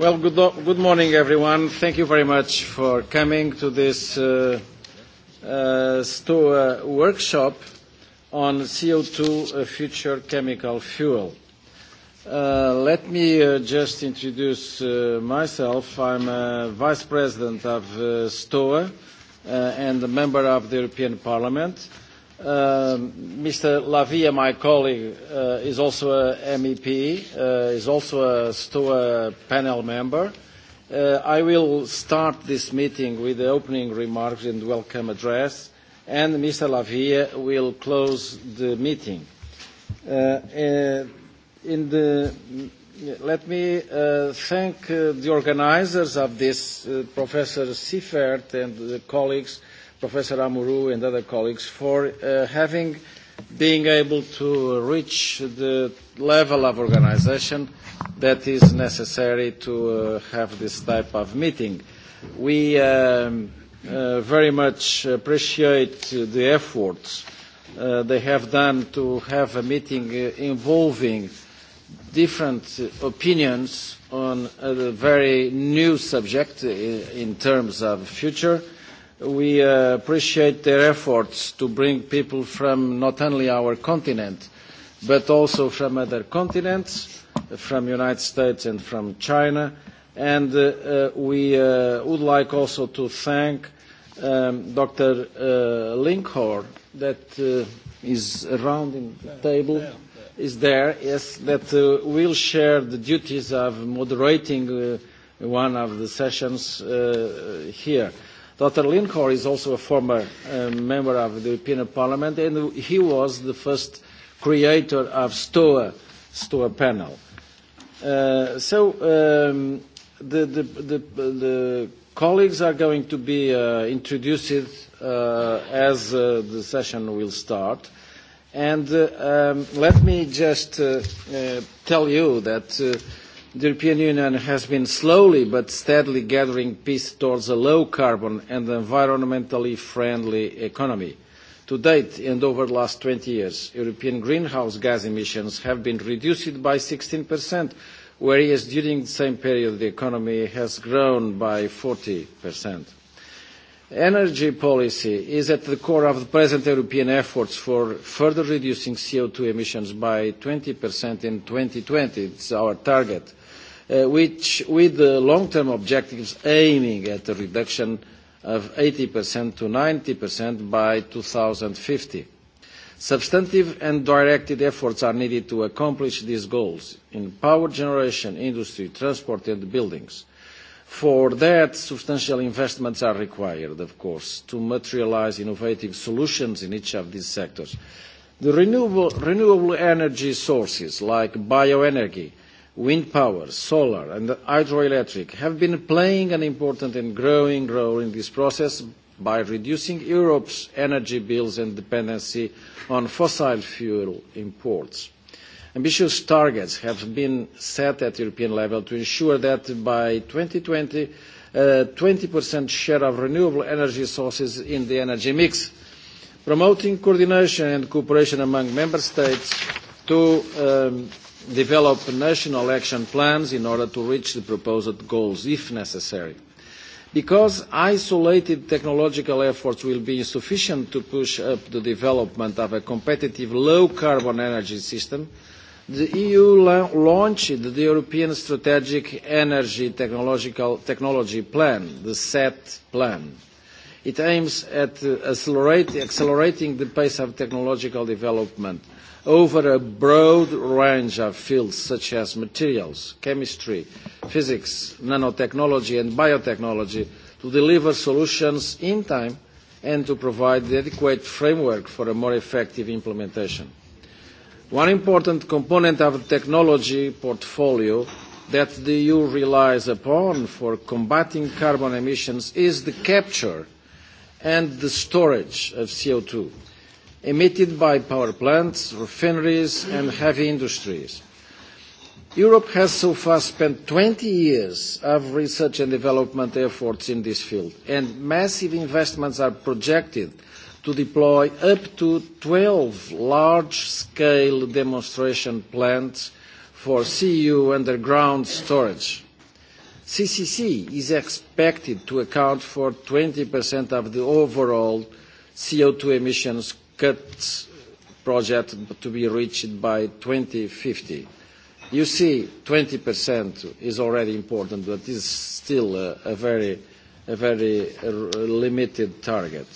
Well, good morning, everyone. Thank you very much for coming to this STOA workshop on CO2, a future chemical fuel. Let me just introduce myself. I'm a Vice President of STOA and a member of the European Parliament Mr. Lavia, my colleague, is also an MEP, is also a STOA panel member. I will start this meeting with the opening remarks and welcome address, and Mr. Lavia will close the meeting. Let me thank the organizers of this, Professor Seifert and the colleagues Professor Amuru and other colleagues for having being able to reach the level of organisation that is necessary to have this type of meeting. We very much appreciate the efforts they have done to have a meeting involving different opinions on a very new subject in terms of future we appreciate their efforts to bring people from not only our continent but also from other continents from the united states and from china and we would like also to thank dr linkhor that is around the table is there yes that will share the duties of moderating one of the sessions here Dr. Lincoln is also a former member of the European Parliament, and he was the first creator of STOA, STOA panel. So the colleagues are going to be introduced as the session will start. And let me just tell you that The European Union has been slowly but steadily gathering peace towards a low-carbon and environmentally friendly economy. To date, and over the last 20 years, European greenhouse gas emissions have been reduced by 16%, whereas during the same period the economy has grown by 40%. Energy policy is at the core of the present European efforts for further reducing CO2 emissions by 20% in 2020. It's our target which with the long-term objectives aiming at a reduction of 80% to 90% by 2050. Substantive and directed efforts are needed to accomplish these goals in power generation, industry, transport and buildings. For that, substantial investments are required, of course, to materialise innovative solutions in each of these sectors. The renewable energy sources, like bioenergy, wind power, solar and hydroelectric have been playing an important and growing role in this process by reducing Europe's energy bills and dependency on fossil fuel imports. Ambitious targets have been set at European level to ensure that by 2020 a 20% share of renewable energy sources in the energy mix, promoting coordination and cooperation among member states to develop national action plans in order to reach the proposed goals if necessary. Because isolated technological efforts will be insufficient to push up the development of a competitive low-carbon energy system, the EU launched the European Strategic Energy Technological Technology Plan, the SET Plan. It aims at accelerating the pace of technological development over a broad range of fields such as materials, chemistry, physics, nanotechnology and biotechnology to deliver solutions in time and to provide the adequate framework for a more effective implementation. One important component of the technology portfolio that the EU relies upon for combating carbon emissions is the capture and the storage of CO2 emitted by power plants, refineries and heavy industries. Europe has so far spent 20 years of research and development efforts in this field, and massive investments are projected to deploy up to 12 large-scale demonstration plants for CU underground storage. CCC is expected to account for 20% of the overall CO2 emissions cut project to be reached by 2050. You see, 20% is already important, but is still a very limited target.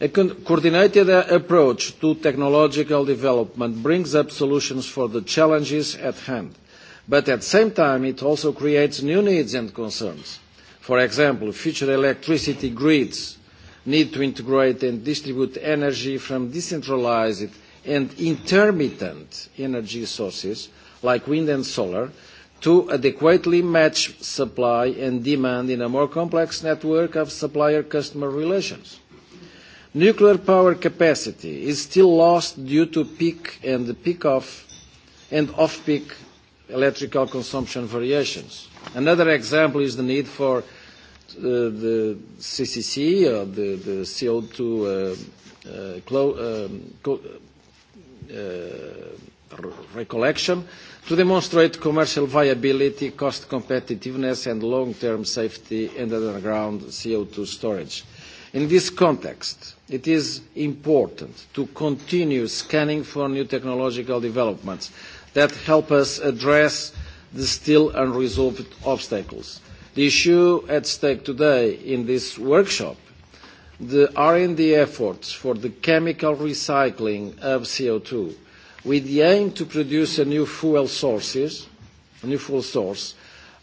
A coordinated approach to technological development brings up solutions for the challenges at hand, but at the same time it also creates new needs and concerns. For example, future electricity grids need to integrate and distribute energy from decentralized and intermittent energy sources like wind and solar to adequately match supply and demand in a more complex network of supplier-customer relations. Nuclear power capacity is still lost due to peak and peak-off and off-peak electrical consumption variations. Another example is the need for the CCC, the CO2 recollection, to demonstrate commercial viability, cost competitiveness and long-term safety and underground CO2 storage. In this context, it is important to continue scanning for new technological developments that help us address the still unresolved obstacles. The issue at stake today in this workshop, the R&D efforts for the chemical recycling of CO2, with the aim to produce a new fuel sources, new fuel source,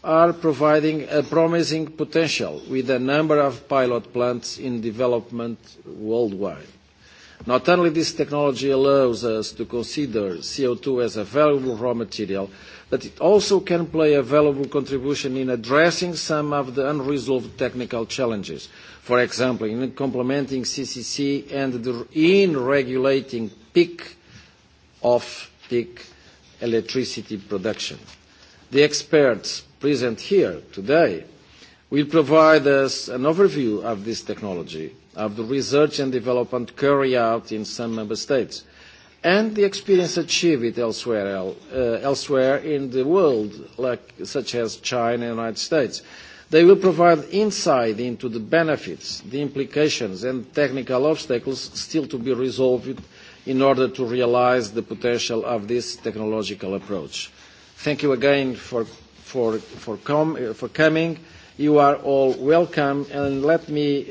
are providing a promising potential with a number of pilot plants in development worldwide. Not only this technology allows us to consider CO2 as a valuable raw material, but it also can play a valuable contribution in addressing some of the unresolved technical challenges, for example, in complementing CCC and in regulating peak off-peak electricity production. The experts present here today will provide us an overview of this technology, of the research and development carried out in some member states, and the experience achieved elsewhere elsewhere in the world, such as China and the United States. They will provide insight into the benefits, the implications and technical obstacles still to be resolved in order to realize the potential of this technological approach. Thank you again for coming. You are all welcome and let me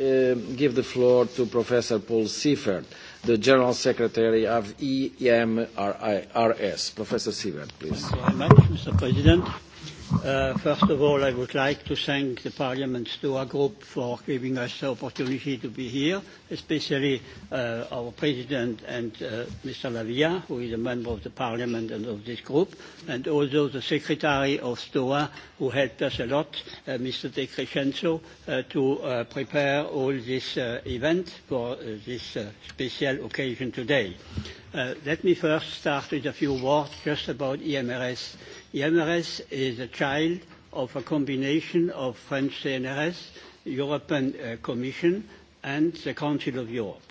give the floor to Professor Paul Seifert the General Secretary of EMRS. Professor Sievert, please. Thank you very much, President. First of all, I would like to thank the Parliament Stoa Group for giving us the opportunity to be here, especially our President and Mr. Lavia, who is a member of the Parliament and of this group, and also the Secretary of Stoa, who helped us a lot, Mr. De Crescenzo, to prepare all this event for this special occasion today. Let me first start with a few words just about EMRS Yamares is a child of a combination of French CNRS, European Commission, and the Council of Europe.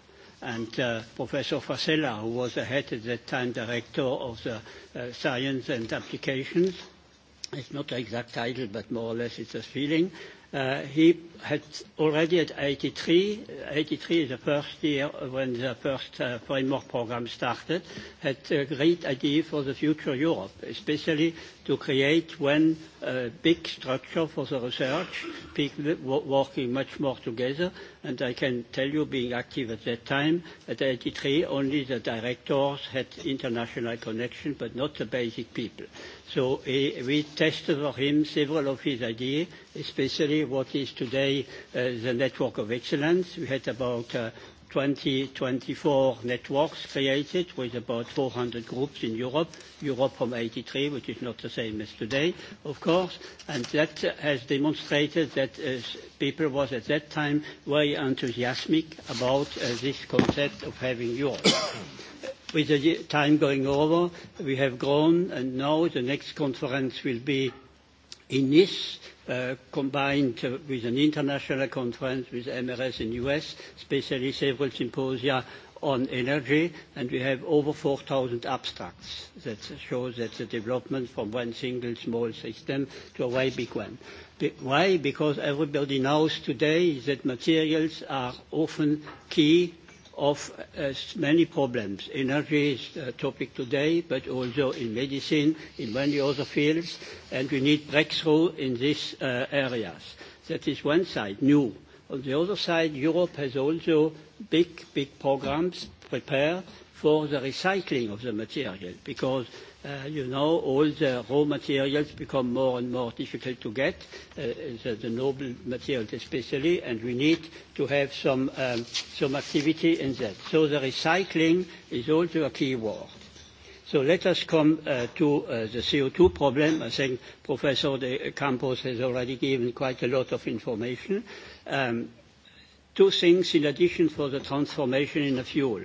And Professor Fasella, who was the head at that time director of the Science and Applications, it's not the exact title, but more or less it's a feeling, He had already at 83, 83 is the first year when the first framework program started, had a great idea for the future Europe, especially to create one big structure for the research, people working much more together, and I can tell you, being active at that time, at 83, only the directors had international connection, but not the basic people. So we tested for him several of his ideas, especially what is today the network of excellence. We had about 2024 networks created with about 400 groups in Europe, Europe from 83, which is not the same as today, of course, and that has demonstrated that people was at that time very enthusiastic about this concept of having Europe. With the time going over, we have grown, and now the next conference will be in Nice combined with an international conference with MRS in U.S., especially several symposia on energy, and we have over 4,000 abstracts that show that the development from one single small system to a very big one. Why? Because everybody knows today that materials are often key of many problems. Energy is a topic today, but also in medicine, in many other fields, and we need breakthrough in these areas. That is one side, new. On the other side, Europe has also big, big programs prepared for the recycling of the material because you know all the raw materials become more and more difficult to get the noble materials especially and we need to have some some activity in that so the recycling is also a key word so let us come to the co2 problem i think professor de campos has already given quite a lot of information two things in addition for the transformation in the fuel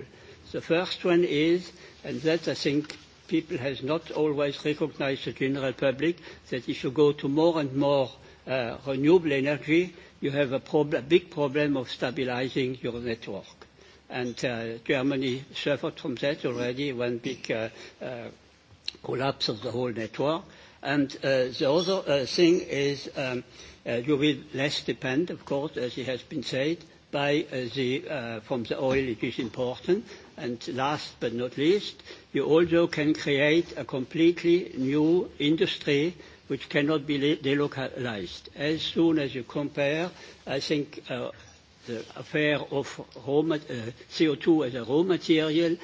The first one is, and that I think people has not always recognized the general public, that if you go to more and more renewable energy, you have a big problem of stabilizing your network. And Germany suffered from that already, one big collapse of the whole network. And the other thing is you will less depend, of course, as it has been said, by the from the oil it is important, And last but not least, you also can create a completely new industry which cannot be delocalized. As soon as you compare, I think the affair of CO2 as a raw material,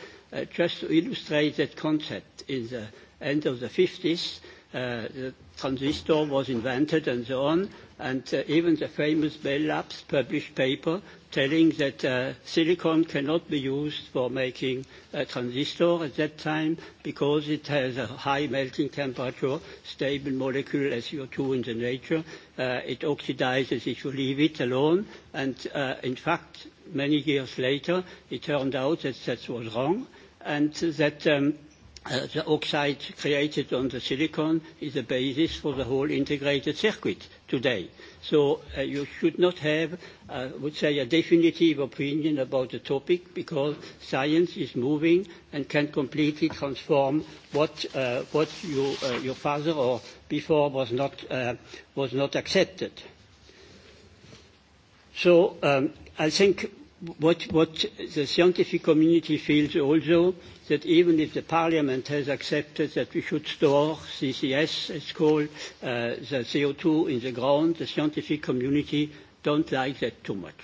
just to illustrate that concept, in the end of the 50s, the transistor was invented and so on and even the famous Bell Labs published paper telling that silicon cannot be used for making a transistor at that time because it has a high melting temperature, stable molecule SO2 in the nature. It oxidizes if you leave it alone. And in fact, many years later, it turned out that that was wrong and that the oxide created on the silicon is the basis for the whole integrated circuit today. So you should not have, I would say, a definitive opinion about the topic because science is moving and can completely transform what what your father or before was not was not accepted. So um I think what the scientific community feels also that even if the Parliament has accepted that we should store CCS, it's called, the CO2 in the ground, the scientific community don't like that too much.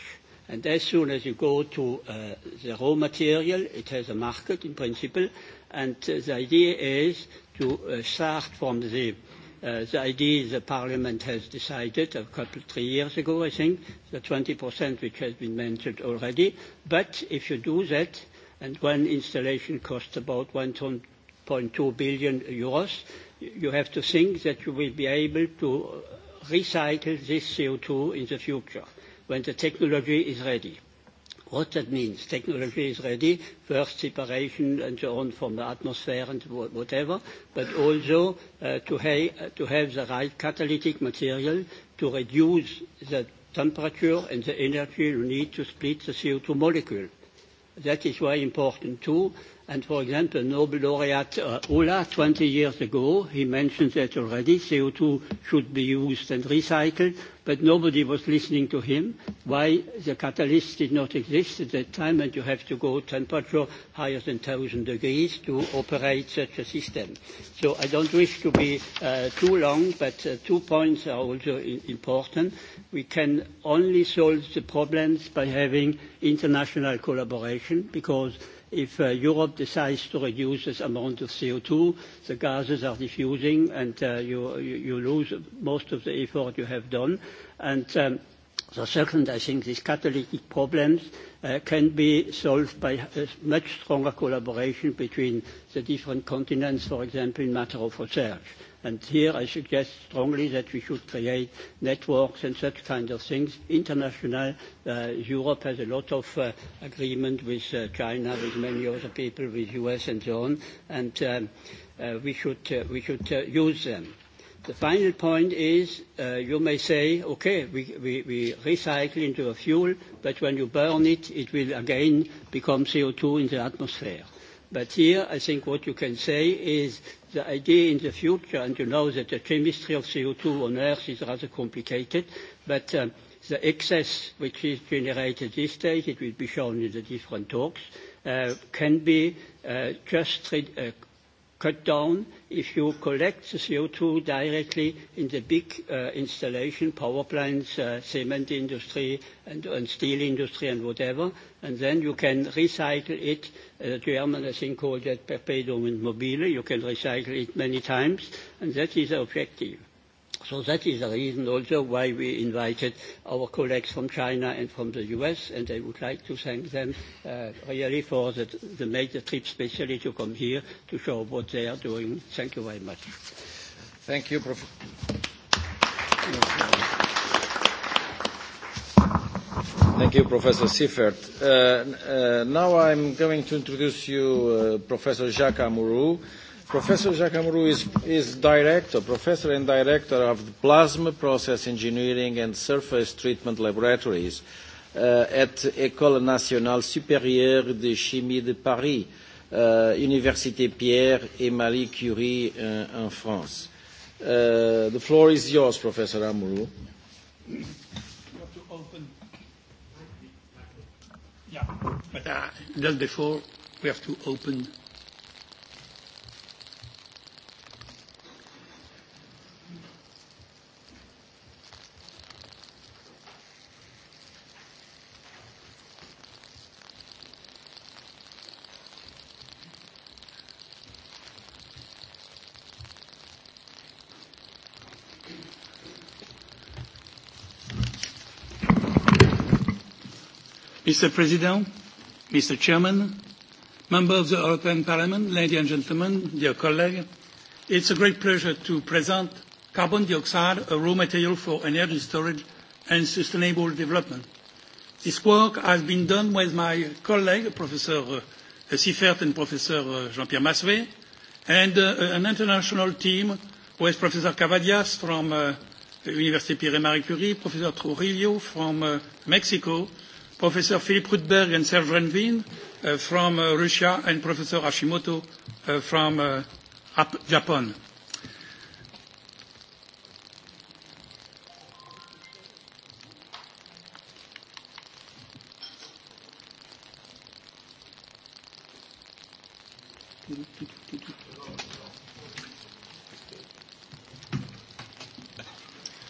And as soon as you go to the raw material, it has a market in principle, and the idea is to start from the The idea the Parliament has decided a couple three years ago, I think, the 20% which has been mentioned already. But if you do that, and one installation costs about 1.2 billion euros, you have to think that you will be able to recycle this CO2 in the future when the technology is ready. What that means, technology is ready, first separation and so on from the atmosphere and whatever, but also to have the right catalytic material to reduce the temperature and the energy you need to split the CO2 molecule. That is very important too. And for example, Nobel laureate Ola, 20 years ago, he mentioned that already CO2 should be used and recycled, but nobody was listening to him. Why the catalyst did not exist at that time, and you have to go temperature higher than 1,000 degrees to operate such a system. So I don't wish to be too long, but two points are also important. We can only solve the problems by having international collaboration, because If Europe decides to reduce this amount of CO2, the gases are diffusing and you lose most of the effort you have done. And the second, I think, these catalytic problems can be solved by a much stronger collaboration between the different continents, for example, in matter of research. And here I suggest strongly that we should create networks and such kind of things. International, Europe has a lot of agreement with China, with many other people, with US and so on, and we should we should use them. The final point is, you may say, okay, we, we, we recycle into a fuel, but when you burn it, it will again become CO2 in the atmosphere. But here I think what you can say is the idea in the future, and you know that the chemistry of CO2 on Earth is rather complicated, but the excess which is generated this day, it will be shown in the different talks, can be just cut down if you collect the CO2 directly in the big installation, power plants, cement industry and steel industry and whatever, and then you can recycle it. The German, I think, called that perpetuum mobile. You can recycle it many times, and that is the objective. So that is the reason also why we invited our colleagues from China and from the US, and I would like to thank them really for the, the major trip, especially to come here to show what they are doing. Thank you very much. Thank you, Professor. Thank you, Professor Siefert. now I'm going to introduce you Professor Jacques Amourou Professor Jacques is, is director, professor and director of the Plasma Process Engineering and Surface Treatment Laboratories at École Nationale Supérieure de Chimie de Paris, Université Pierre et Marie Curie in France. The floor is yours, Professor Amuru. Yeah, but before we have to open Mr. President, Mr. Chairman, members of the European Parliament, ladies and gentlemen, dear colleagues, it's a great pleasure to present carbon dioxide, a raw material for energy storage and sustainable development. This work has been done with my colleague, Professor Siffert and Professor Jean-Pierre Massuet, and an international team with Professor Cavadias from Université Pierre-Marie Curie, Professor Trujillo from Mexico, Professor Philip Rutberg and Serge Renvin from Russia and Professor Hashimoto from Japan.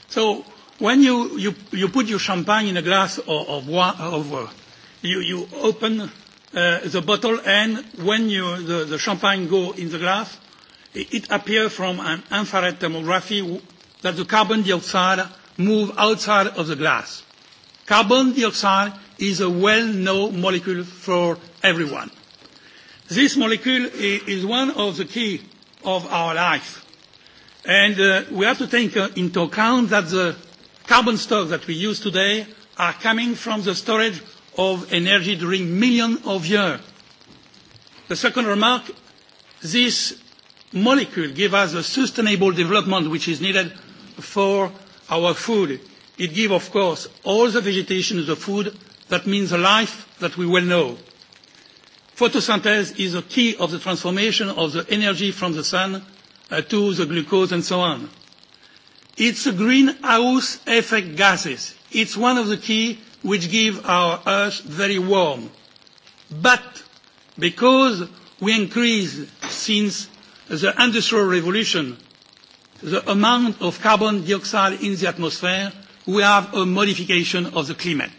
So When you you you put your champagne in a glass of of you you open the bottle and when you the champagne go in the glass, it appears from an infrared tomography that the carbon dioxide move outside of the glass. Carbon dioxide is a well-known molecule for everyone. This molecule is one of the key of our life, and we have to take into account that the carbon stocks that we use today are coming from the storage of energy during millions of years. The second remark, this molecule gives us a sustainable development which is needed for our food. It gives, of course, all the vegetation, the food, that means the life that we will know. Photosynthesis is the key of the transformation of the energy from the sun to the glucose and so on. It's a greenhouse effect gases. It's one of the key which give our Earth very warm. But because we increase since the Industrial Revolution the amount of carbon dioxide in the atmosphere, we have a modification of the climate.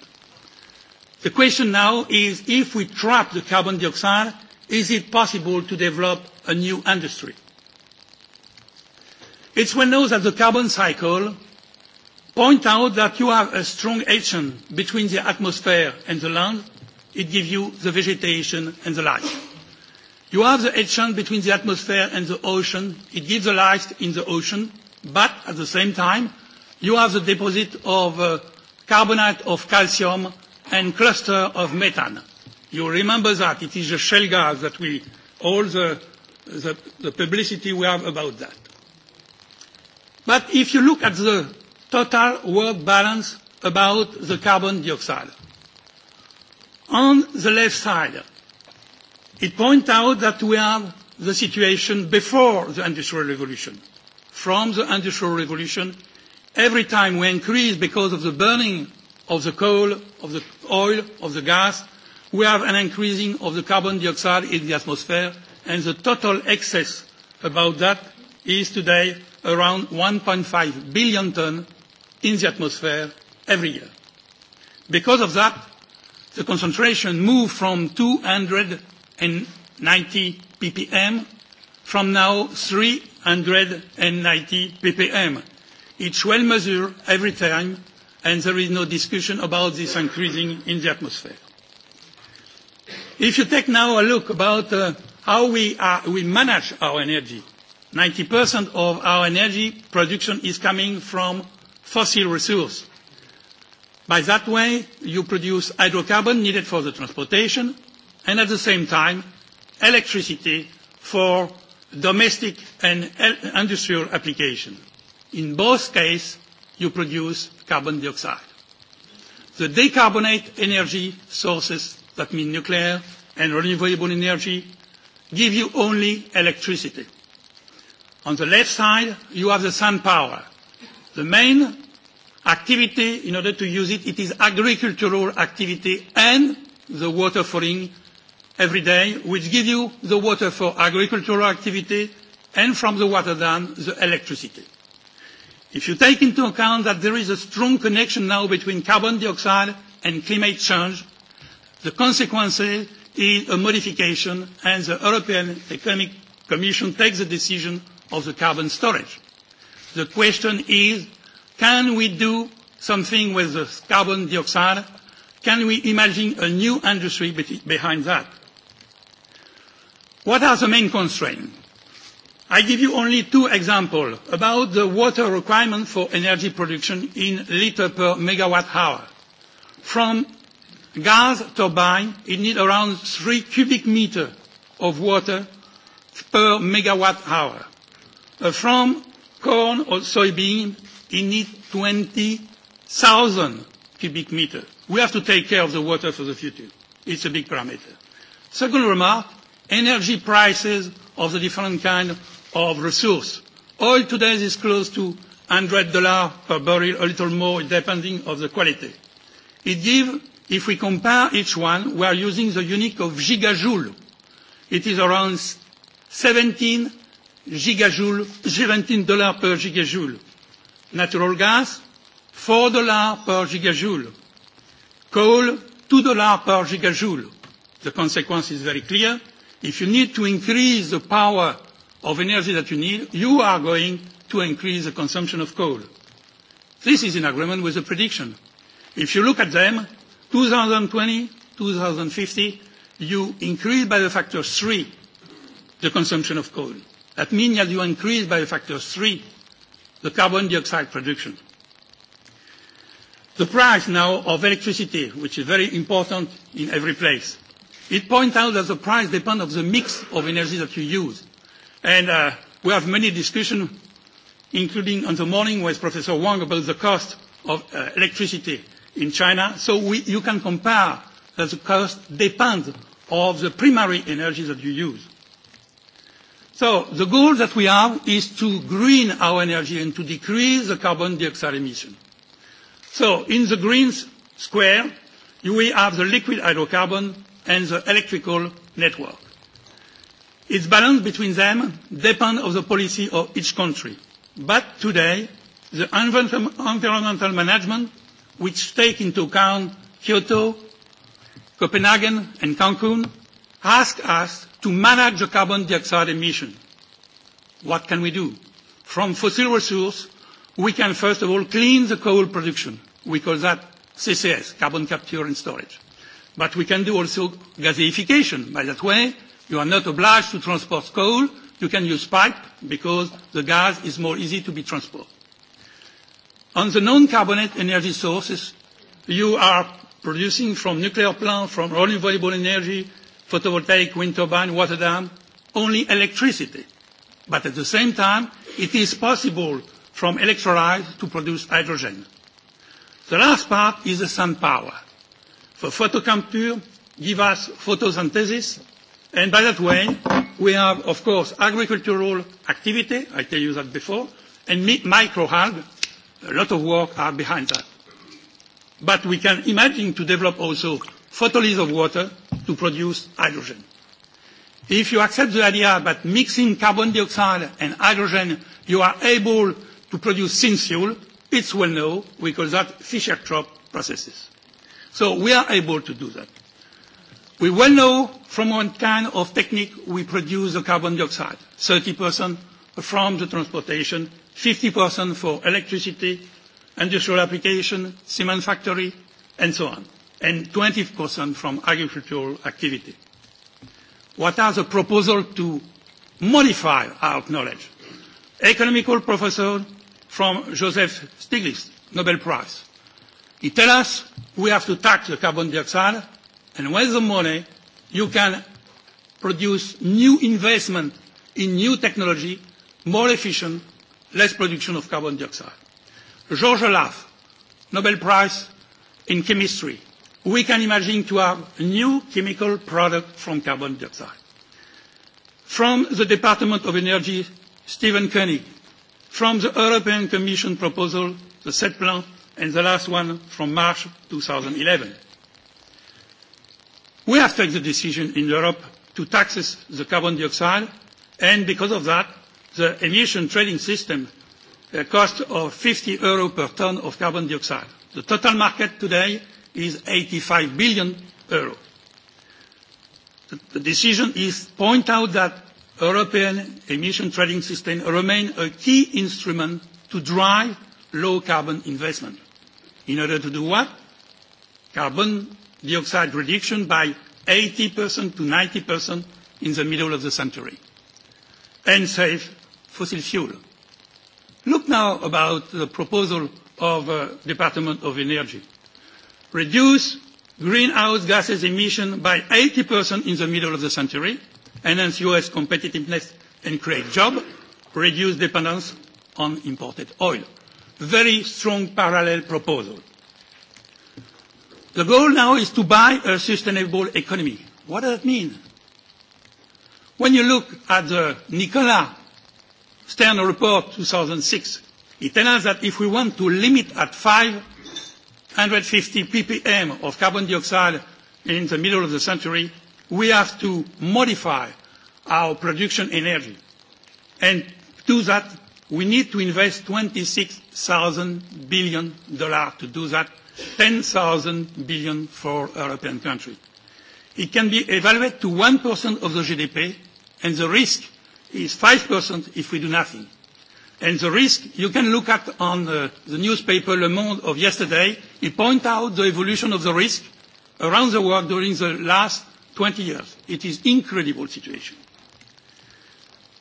The question now is if we trap the carbon dioxide, is it possible to develop a new industry? It's well known that the carbon cycle points out that you have a strong action between the atmosphere and the land. It gives you the vegetation and the life. You have the action between the atmosphere and the ocean. It gives the life in the ocean. But at the same time, you have the deposit of carbonate of calcium and cluster of methane. You remember that. It is the shell gas that we, all the publicity we have about that. But if you look at the total work balance about the carbon dioxide, on the left side, it points out that we have the situation before the Industrial Revolution. From the Industrial Revolution, every time we increase because of the burning of the coal, of the oil, of the gas, we have an increasing of the carbon dioxide in the atmosphere, and the total excess about that is today around 1.5 billion tonnes in the atmosphere every year. Because of that, the concentration moved from 290 ppm from now 390 ppm. It's well measured every time, and there is no discussion about this increasing in the atmosphere. If you take now a look about how we are we manage our energy, 90% of our energy production is coming from fossil resources. By that way, you produce hydrocarbon needed for the transportation and at the same time electricity for domestic and industrial application. In both cases, you produce carbon dioxide. The decarbonate energy sources, that mean nuclear and renewable energy, give you only electricity. On the left side, you have the sun power. The main activity, in order to use it, it is agricultural activity and the water falling every day, which gives you the water for agricultural activity and from the water down the electricity. If you take into account that there is a strong connection now between carbon dioxide and climate change, the consequence is a modification and the European Economic Commission takes a decision of the carbon storage. The question is, can we do something with the carbon dioxide? Can we imagine a new industry behind that? What are the main constraints? I give you only two examples about the water requirement for energy production in liter per megawatt hour. From gas turbine, it needs around three cubic meters of water per megawatt hour. From corn or soybean, it needs 20,000 cubic meters. We have to take care of the water for the future. It's a big parameter. Second remark, energy prices of the different kind of resource. Oil today is close to $100 per barrel, a little more depending on the quality. It gives, if we compare each one, we are using the unique of gigajoule. It is around 17 gigajoule, 20 dollars per gigajoule. Natural gas, 4 dollars per gigajoule. Coal, 2 dollars per gigajoule. The consequence is very clear. If you need to increase the power of energy that you need, you are going to increase the consumption of coal. This is in agreement with the prediction. If you look at them, 2020, 2050, you increase by the factor three the consumption of coal. That means that you increase by a factor of three the carbon dioxide production. The price now of electricity, which is very important in every place, it points out that the price depends on the mix of energy that you use. And we have many discussions, including on the morning with Professor Wang about the cost of electricity in China. So you can compare that the cost depends on the primary energy that you use. So the goal that we have is to green our energy and to decrease the carbon dioxide emission. So in the green square, we have the liquid hydrocarbon and the electrical network. Its balance between them depends on the policy of each country. But today, the environmental management, which take into account Kyoto, Copenhagen and Cancun, ask us to manage the carbon dioxide emission. What can we do? From fossil resources, we can first of all clean the coal production. We call that CCS, carbon capture and storage. But we can do also gasification. By that way, you are not obliged to transport coal. You can use pipe because the gas is more easy to be transported. On the non-carbonate energy sources, you are producing from nuclear plants, from renewable energy, photovoltaic wind turbine, water dam, only electricity. But at the same time, it is possible from electrolyte to produce hydrogen. The last part is the sun power. The photocapture, gives us photosynthesis, and by that way, we have, of course, agricultural activity, I tell you that before, and microalgae, a lot of work are behind that. But we can imagine to develop also photolysis of water to produce hydrogen. If you accept the idea that mixing carbon dioxide and hydrogen you are able to produce synfuel, it's well known, we call that Fischer-Tropsch processes. So we are able to do that. We well know from what kind of technique we produce the carbon dioxide, 30% from the transportation, 50% for electricity, industrial application, cement factory, and so on and 20% from agricultural activity. What are the proposals to modify our knowledge? Economical professor from Joseph Stiglitz, Nobel Prize. He tells us we have to tax the carbon dioxide, and with the money you can produce new investment in new technology, more efficient, less production of carbon dioxide. George Laff, Nobel Prize in Chemistry we can imagine to have new chemical product from carbon dioxide. From the Department of Energy, Stephen Koenig. From the European Commission proposal, the set plan, and the last one from March 2011. We have taken the decision in Europe to tax the carbon dioxide, and because of that, the emission trading system cost of 50 euro per ton of carbon dioxide. The total market today is 85 billion euro. The decision is point out that European emission trading system remain a key instrument to drive low carbon investment. In order to do what? Carbon dioxide reduction by 80% to 90% in the middle of the century. And save fossil fuel. Look now about the proposal of the Department of Energy reduce greenhouse gases emission by 80% in the middle of the century, enhance U.S. competitiveness and create jobs, reduce dependence on imported oil. Very strong parallel proposal. The goal now is to buy a sustainable economy. What does that mean? When you look at the Nicola Stern report 2006, it tells us that if we want to limit at five 150 ppm of carbon dioxide in the middle of the century, we have to modify our production energy. And to do that, we need to invest 26,000 billion to do that, 10,000 billion for European countries. It can be evaluated to 1% of the GDP, and the risk is 5% if we do nothing. And the risk, you can look at on the newspaper Le Monde of yesterday, He point out the evolution of the risk around the world during the last 20 years. It is incredible situation.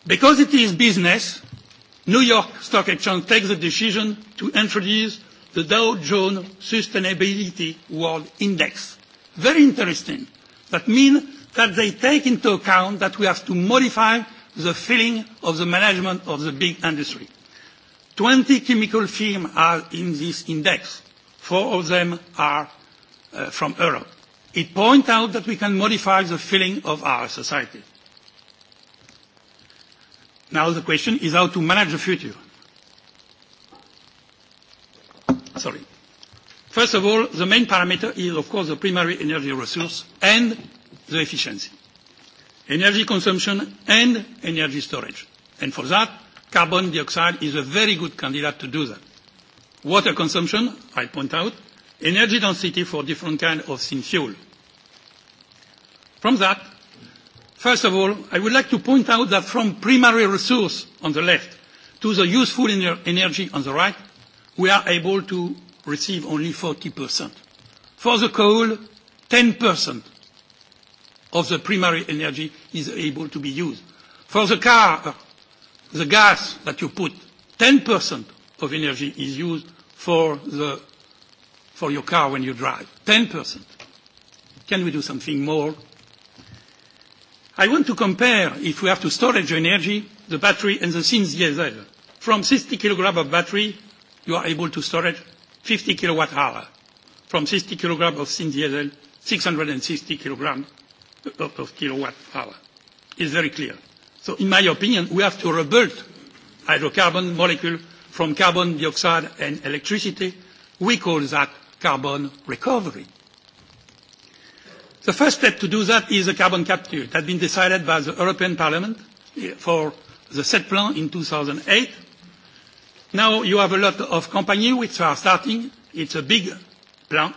Because it is business, New York Stock Exchange takes the decision to introduce the Dow Jones Sustainability World Index. Very interesting. That means that they take into account that we have to modify the feeling of the management of the big industry. 20 chemical firms are in this index. Four of them are from Europe. It points out that we can modify the feeling of our society. Now the question is how to manage the future. Sorry. First of all, the main parameter is, of course, the primary energy resource and the efficiency. Energy consumption and energy storage. And for that, carbon dioxide is a very good candidate to do that water consumption, I point out, energy density for different kinds of thin fuel. From that, first of all, I would like to point out that from primary resource on the left to the useful energy on the right, we are able to receive only 40%. For the coal, 10% of the primary energy is able to be used. For the car, the gas that you put, 10% of energy is used for the for your car when you drive. 10%. Can we do something more? I want to compare, if we have to storage energy, the battery and the sins diesel. From 60 kg of battery, you are able to storage 50 kilowatt hour. From 60 kg of sin diesel, 660 kg of kilowatt hour. It's very clear. So in my opinion, we have to rebuild hydrocarbon molecule from carbon dioxide and electricity, we call that carbon recovery. The first step to do that is a carbon capture. It had been decided by the European Parliament for the set plan in 2008. Now you have a lot of companies which are starting. It's a big plan.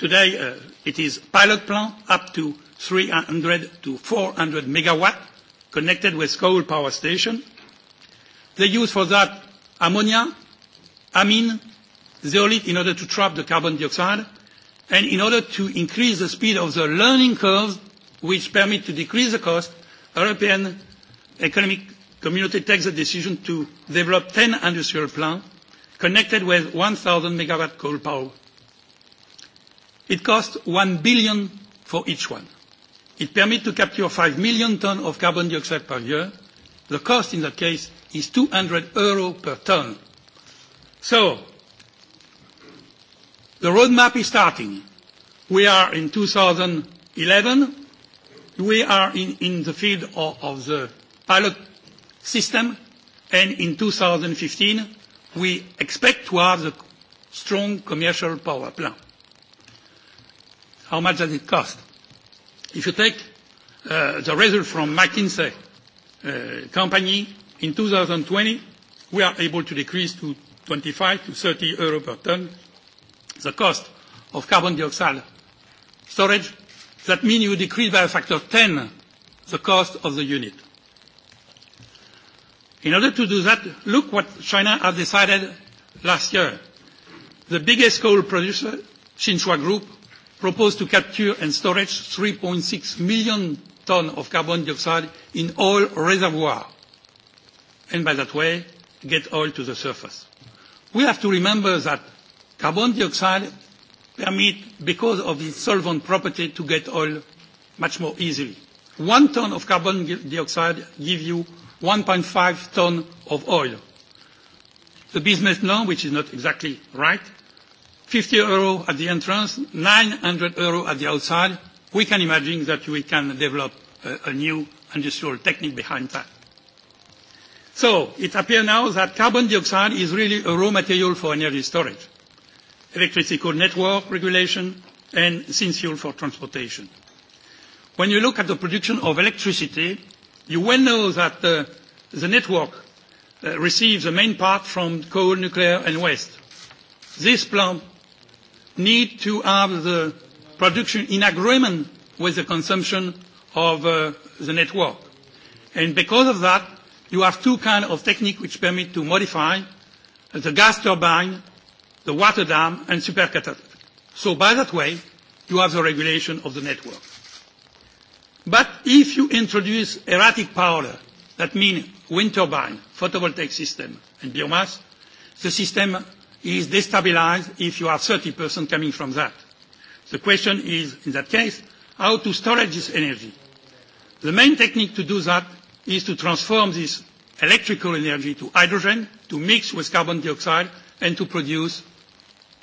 Today it is pilot plan up to 300 to 400 megawatt connected with coal power station. They use for that ammonia, amine, zeolite in order to trap the carbon dioxide and in order to increase the speed of the learning curves which permit to decrease the cost, European Economic Community takes the decision to develop 10 industrial plants connected with 1,000 megawatt coal power. It costs 1 billion for each one. It permits to capture 5 million tons of carbon dioxide per year The cost in that case is 200 euro per ton. So, the roadmap is starting. We are in 2011. We are in the field of the pilot system, and in 2015 we expect to have a strong commercial power plant. How much does it cost? If you take the result from McKinsey company in 2020 we are able to decrease to 25 to 30 euro per ton the cost of carbon dioxide storage. That means you decrease by a factor of 10 the cost of the unit. In order to do that, look what China has decided last year. The biggest coal producer, Xinhua Group, proposed to capture and storage 3.6 million ton of carbon dioxide in all reservoirs and by that way get oil to the surface. We have to remember that carbon dioxide permits, because of its solvent property, to get oil much more easily. One ton of carbon dioxide gives you 1.5 ton of oil. The business norm, which is not exactly right, 50 euro at the entrance, 900 euro at the outside, we can imagine that we can develop a new industrial technique behind that. So it appears now that carbon dioxide is really a raw material for energy storage, electrical network regulation, and since fuel for transportation. When you look at the production of electricity, you well know that the network receives the main part from coal, nuclear, and waste. This plant need to have the production in agreement with the consumption of the network. And because of that, you have two kinds of techniques which permit to modify the gas turbine, the water dam, and supercatalytic. So by that way, you have the regulation of the network. But if you introduce erratic power, that means wind turbine, photovoltaic system, and biomass, the system is destabilized if you have 30% coming from that. The question is, in that case, how to storage this energy. The main technique to do that is to transform this electrical energy to hydrogen, to mix with carbon dioxide, and to produce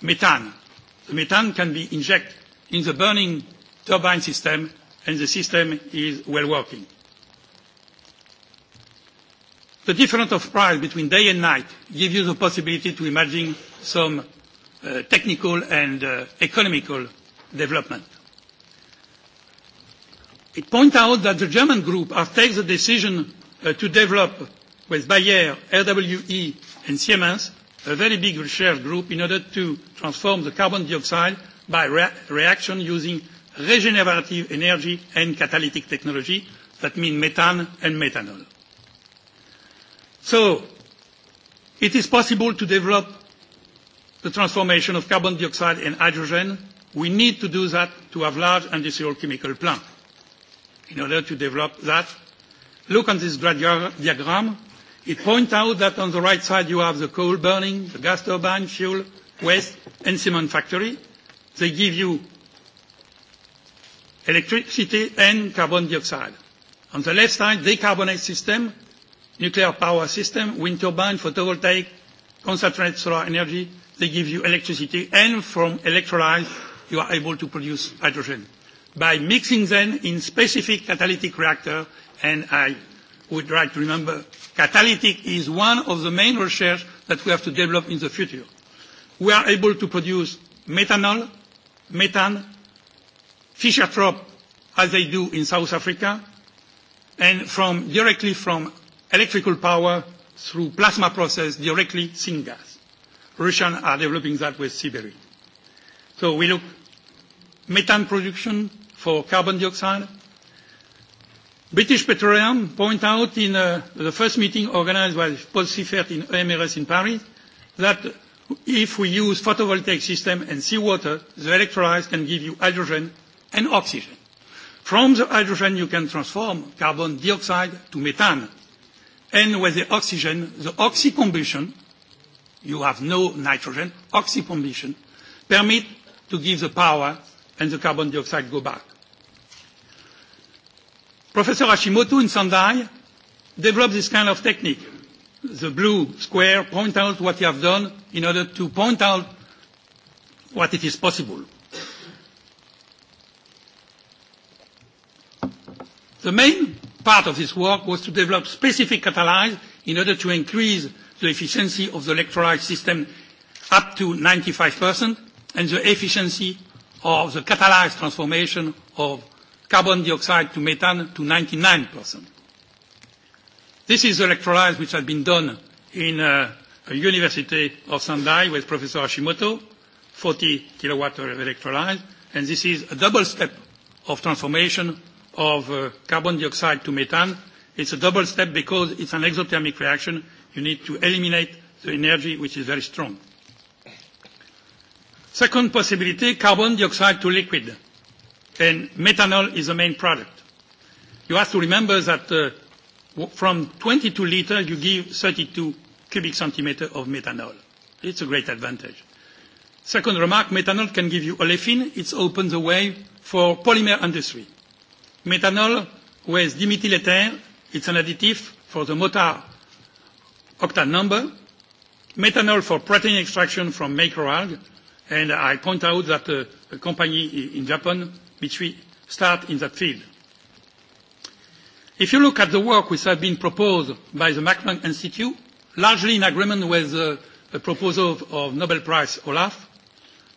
methane. The methane can be injected in the burning turbine system, and the system is well working. The difference of price between day and night gives you the possibility to imagine some technical and economical development. It points out that the German group has taken the decision to develop with Bayer, RWE and Siemens a very big research group in order to transform the carbon dioxide by reaction using regenerative energy and catalytic technology that means methane and methanol. So it is possible to develop the transformation of carbon dioxide and hydrogen We need to do that to have large industrial chemical plants. In order to develop that, look at this diagram. It points out that on the right side you have the coal burning, the gas turbine, fuel, waste, and cement factory. They give you electricity and carbon dioxide. On the left side, carbonate system, nuclear power system, wind turbine, photovoltaic, concentrated solar energy. They give you electricity and from electrolyzed you are able to produce hydrogen by mixing them in specific catalytic reactors. And I would like to remember, catalytic is one of the main research that we have to develop in the future. We are able to produce methanol, methane, fischer-tropsch, as they do in South Africa, and from directly from electrical power through plasma process directly syngas. Russians are developing that with Siberia. So we look methane production for carbon dioxide. British Petroleum point out in the first meeting organized by Paul in EMRS in Paris that if we use photovoltaic system and seawater, the electrolyzer can give you hydrogen and oxygen. From the hydrogen you can transform carbon dioxide to methane. And with the oxygen, the oxycombustion, you have no nitrogen, oxycombustion, permit to give the power and the carbon dioxide go back. Professor Hashimoto in Sandai developed this kind of technique. The blue square point out what you have done in order to point out what it is possible. The main part of this work was to develop specific catalyze in order to increase the efficiency of the electrolyte system up to 95% and the efficiency of the catalyzed transformation of carbon dioxide to methane to 99%. This is the electrolyse which has been done in a University of Sendai with Professor Hashimoto, 40 kilowatt of electrolyse, and this is a double step of transformation of carbon dioxide to methane. It's a double step because it's an exothermic reaction. You need to eliminate the energy which is very strong. Second possibility, carbon dioxide to liquid. And methanol is the main product. You have to remember that from 22 liters you give 32 cubic centimeter of methanol. It's a great advantage. Second remark, methanol can give you olefin. It opens the way for polymer industry. Methanol with dimethyl ether, it's an additive for the motor octane number. Methanol for protein extraction from microalgae And I point out that a company in Japan which we start in that field. If you look at the work which has been proposed by the Macmillan Institute, largely in agreement with the proposal of Nobel Prize Olaf,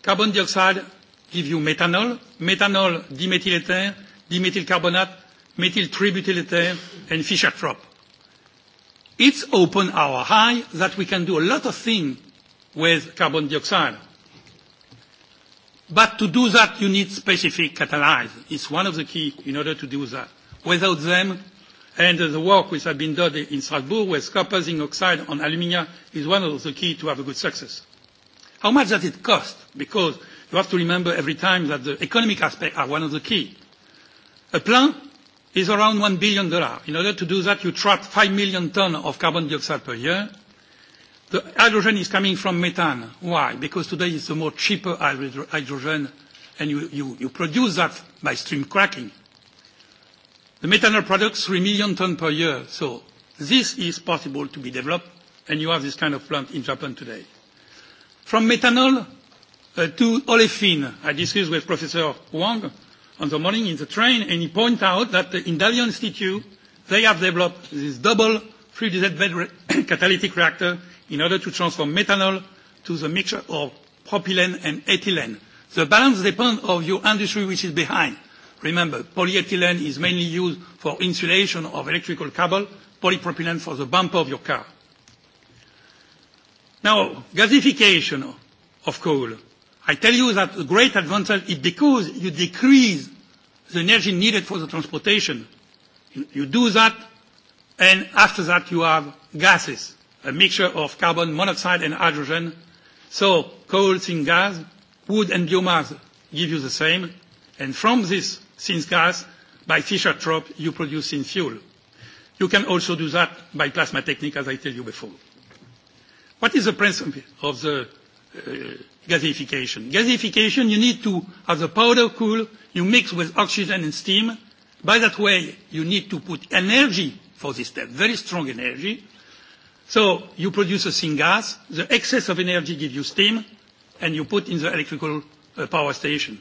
carbon dioxide gives you methanol, methanol dimethyl ether, dimethyl carbonate, methyl tributyl ether, and Fischer-Tropsch. It's opened our eye that we can do a lot of things with carbon dioxide But to do that, you need specific catalysts. It's one of the key in order to do that. Without them, and the work which has been done in Strasbourg with copper, oxide on aluminium is one of the key to have a good success. How much does it cost? Because you have to remember every time that the economic aspects are one of the key. A plant is around $1 billion. dollars. In order to do that, you trap five million tons of carbon dioxide per year. The hydrogen is coming from methane. Why? Because today it's the more cheaper hydrogen, and you you produce that by stream cracking. The methanol products 3 million tons per year, so this is possible to be developed, and you have this kind of plant in Japan today. From methanol to olefin, I discussed with Professor Wang on the morning in the train, and he pointed out that in Dalian Institute, they have developed this double 3DZ bed catalytic reactor in order to transform methanol to the mixture of propylene and ethylene. The balance depends on your industry which is behind. Remember, polyethylene is mainly used for insulation of electrical cable, polypropylene for the bumper of your car. Now, gasification of coal. I tell you that the great advantage is because you decrease the energy needed for the transportation. You do that, and after that you have gases a mixture of carbon monoxide and hydrogen. So coal, gas, wood and biomass give you the same. And from this gas, by Fischer-Tropsch, you produce fuel. You can also do that by plasma technique, as I tell you before. What is the principle of the gasification? Gasification, you need to have the powder cool, you mix with oxygen and steam. By that way, you need to put energy for this step, very strong energy. So you produce a syngas, the excess of energy gives you steam, and you put in the electrical power station.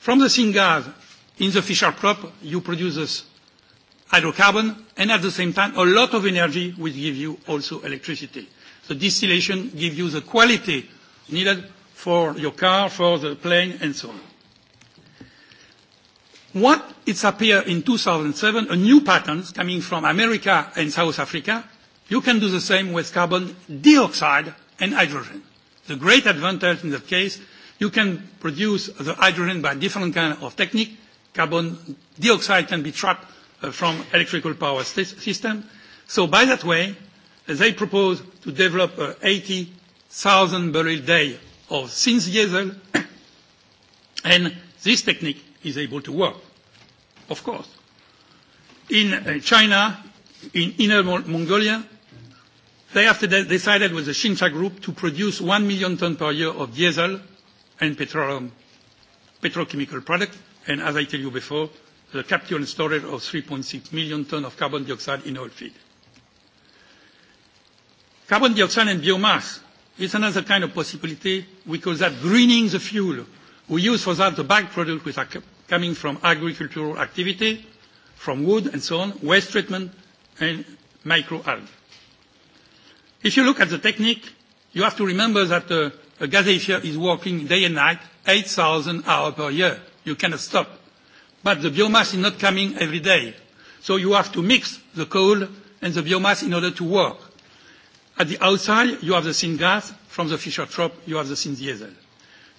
From the syngas, in the fischer crop you produce hydrocarbon, and at the same time, a lot of energy will give you also electricity. The distillation gives you the quality needed for your car, for the plane, and so on. What it's appeared in 2007, a new pattern coming from America and South Africa, You can do the same with carbon dioxide and hydrogen. The great advantage in that case, you can produce the hydrogen by different kind of technique. Carbon dioxide can be trapped from electrical power system. So by that way, they propose to develop 80,000 barrel day of synth-diesel, and this technique is able to work, of course. In China, in Inner Mongolia, They have decided with the Xincha Group to produce 1 million ton per year of diesel and petrochemical products, and as I tell you before, the capture and storage of 3.6 million ton of carbon dioxide in oil feed. Carbon dioxide and biomass is another kind of possibility. We call that greening the fuel. We use for that the by-products which are coming from agricultural activity, from wood and so on, waste treatment and microalgae. If you look at the technique, you have to remember that a gasifier is working day and night, 8,000 hours per year. You cannot stop. But the biomass is not coming every day. So you have to mix the coal and the biomass in order to work. At the outside, you have the syngas. From the fisher Trop, you have the diesel.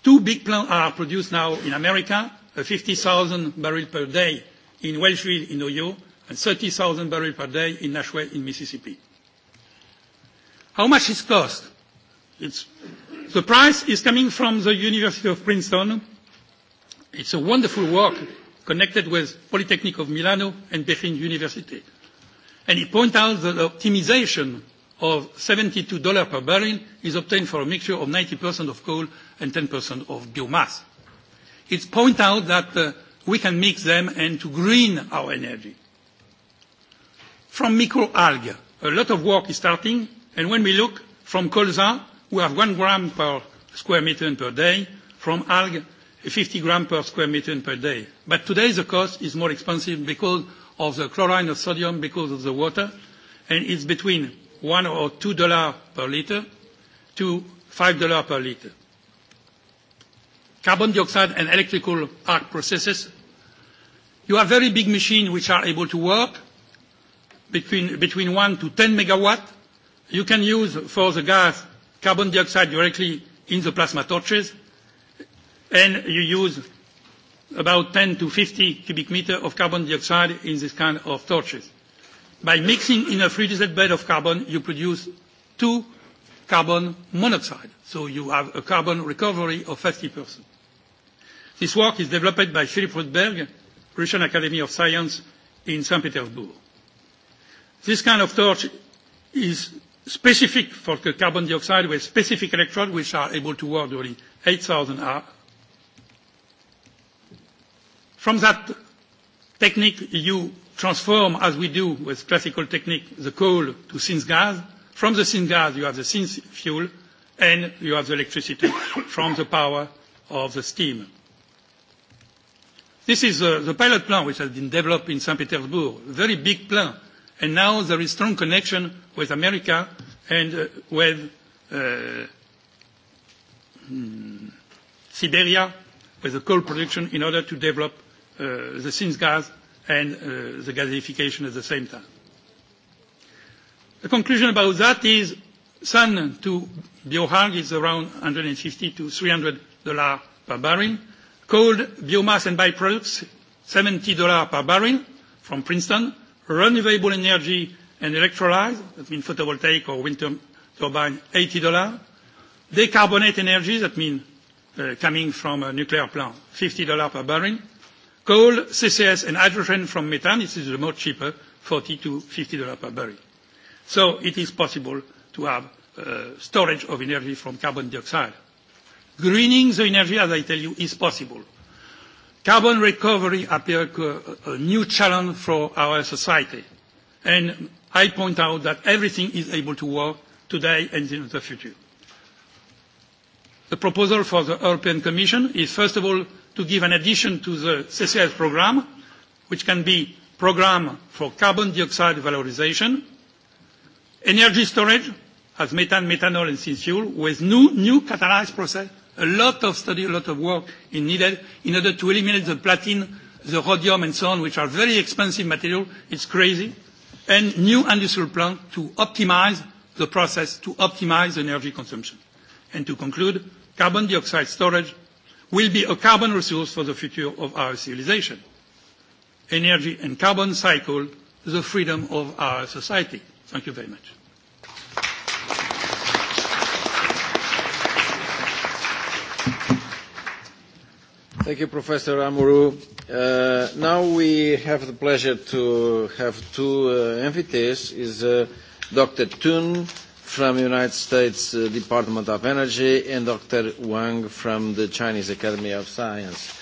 Two big plants are produced now in America, 50,000 barrels per day in Welshville in Ohio, and 30,000 barrels per day in Nashville in Mississippi. How much is cost? The price is coming from the University of Princeton. It's a wonderful work connected with Polytechnic of Milano and Berlin University. And he points out that the optimization of $72 per barrel is obtained for a mixture of 90% of coal and 10% of biomass. It points out that we can mix them and to green our energy. From microalgae, a lot of work is starting And when we look from colza, we have one gram per square meter per day, from algae 50 gram per square meter per day. But today the cost is more expensive because of the chlorine of sodium, because of the water, and it's between one or 2 dollars per liter to 5 dollars per liter. Carbon dioxide and electrical arc processes. You have very big machines which are able to work between one to 10 megawatt You can use for the gas carbon dioxide directly in the plasma torches, and you use about 10 to 50 cubic meter of carbon dioxide in this kind of torches. By mixing in a free bed of carbon, you produce two carbon monoxide, so you have a carbon recovery of 50%. This work is developed by Philip Rutberg, Russian Academy of Science in St. Petersburg. This kind of torch is specific for the carbon dioxide with specific electrodes which are able to work during 8,000 hours. From that technique, you transform, as we do with classical technique, the coal to gas. From the gas you have the synth fuel, and you have the electricity from the power of the steam. This is the pilot plant which has been developed in St. Petersburg, a very big plant, and now there is strong connection with America and with Siberia with the coal production in order to develop the gas and the gasification at the same time. The conclusion about that is sun to biohag is around 150 to 300 dollars per barrel. Coal, biomass and byproducts, 70 dollars per barrel from Princeton. Renewable energy and electrolyze, that means photovoltaic or wind turbine, $80. Decarbonate energy, that means coming from a nuclear plant, $50 per barrel. Coal, CCS and hydrogen from methane, this is the most cheaper, $40 to $50 per barrel. So it is possible to have storage of energy from carbon dioxide. Greening the energy, as I tell you, is possible. Carbon recovery appears a new challenge for our society. And I point out that everything is able to work today and in the future. The proposal for the European Commission is, first of all, to give an addition to the CCS programme, which can be programme for carbon dioxide valorisation, energy storage as methane, methanol and fuel, with new catalyzed process. A lot of study, a lot of work is needed in order to eliminate the platinum, the rhodium and so on, which are very expensive material. It's crazy and new industrial plan to optimize the process, to optimize energy consumption. And to conclude, carbon dioxide storage will be a carbon resource for the future of our civilization. Energy and carbon cycle, the freedom of our society. Thank you very much. Thank you, Professor Amuru. Now we have the pleasure to have two invitees. Is Dr. Tun from the United States Department of Energy and Dr. Wang from the Chinese Academy of Science.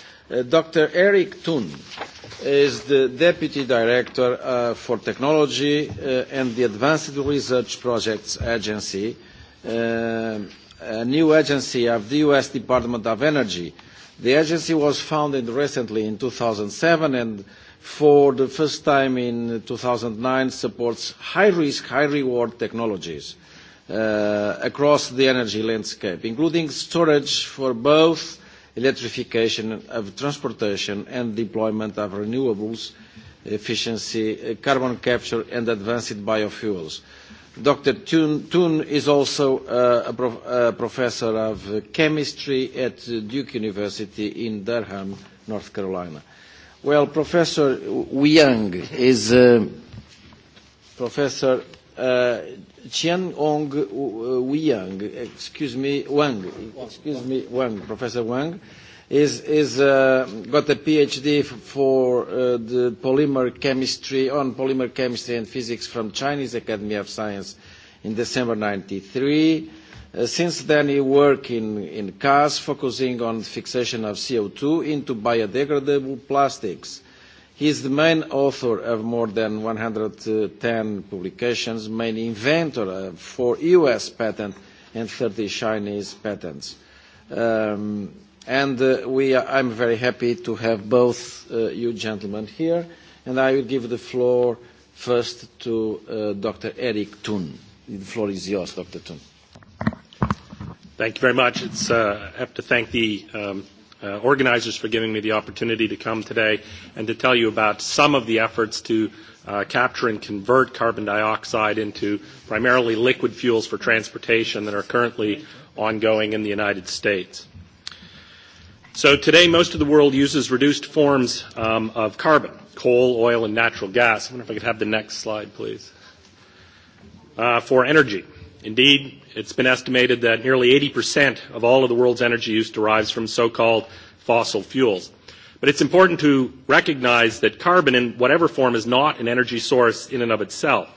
Dr. Eric Tun is the Deputy Director for Technology and the Advanced Research Projects Agency, a new agency of the U.S. Department of Energy The agency was founded recently in 2007 and for the first time in 2009 supports high-risk, high-reward technologies across the energy landscape, including storage for both electrification of transportation and deployment of renewables, efficiency, carbon capture and advanced biofuels. Dr. Thun is also a professor of chemistry at Duke University in Durham, North Carolina. Well, Professor Wiang is Professor Wu Yang excuse me, Wang, excuse me, Wang, Professor Wang is got a PhD for the polymer chemistry on polymer chemistry and physics from Chinese Academy of Science in December 93. Since then he worked in CAS focusing on fixation of CO2 into biodegradable plastics. He is the main author of more than 110 publications, main inventor of four US patents and 30 Chinese patents and I am very happy to have both you gentlemen here, and I will give the floor first to Dr. Eric Thun. The floor is yours, Dr. Thun. Thank you very much. I have to thank the organizers for giving me the opportunity to come today and to tell you about some of the efforts to capture and convert carbon dioxide into primarily liquid fuels for transportation that are currently ongoing in the United States. So today, most of the world uses reduced forms of carbon, coal, oil, and natural gas. I wonder if I could have the next slide, please, for energy. Indeed, it's been estimated that nearly 80% of all of the world's energy use derives from so-called fossil fuels. But it's important to recognize that carbon, in whatever form, is not an energy source in and of itself.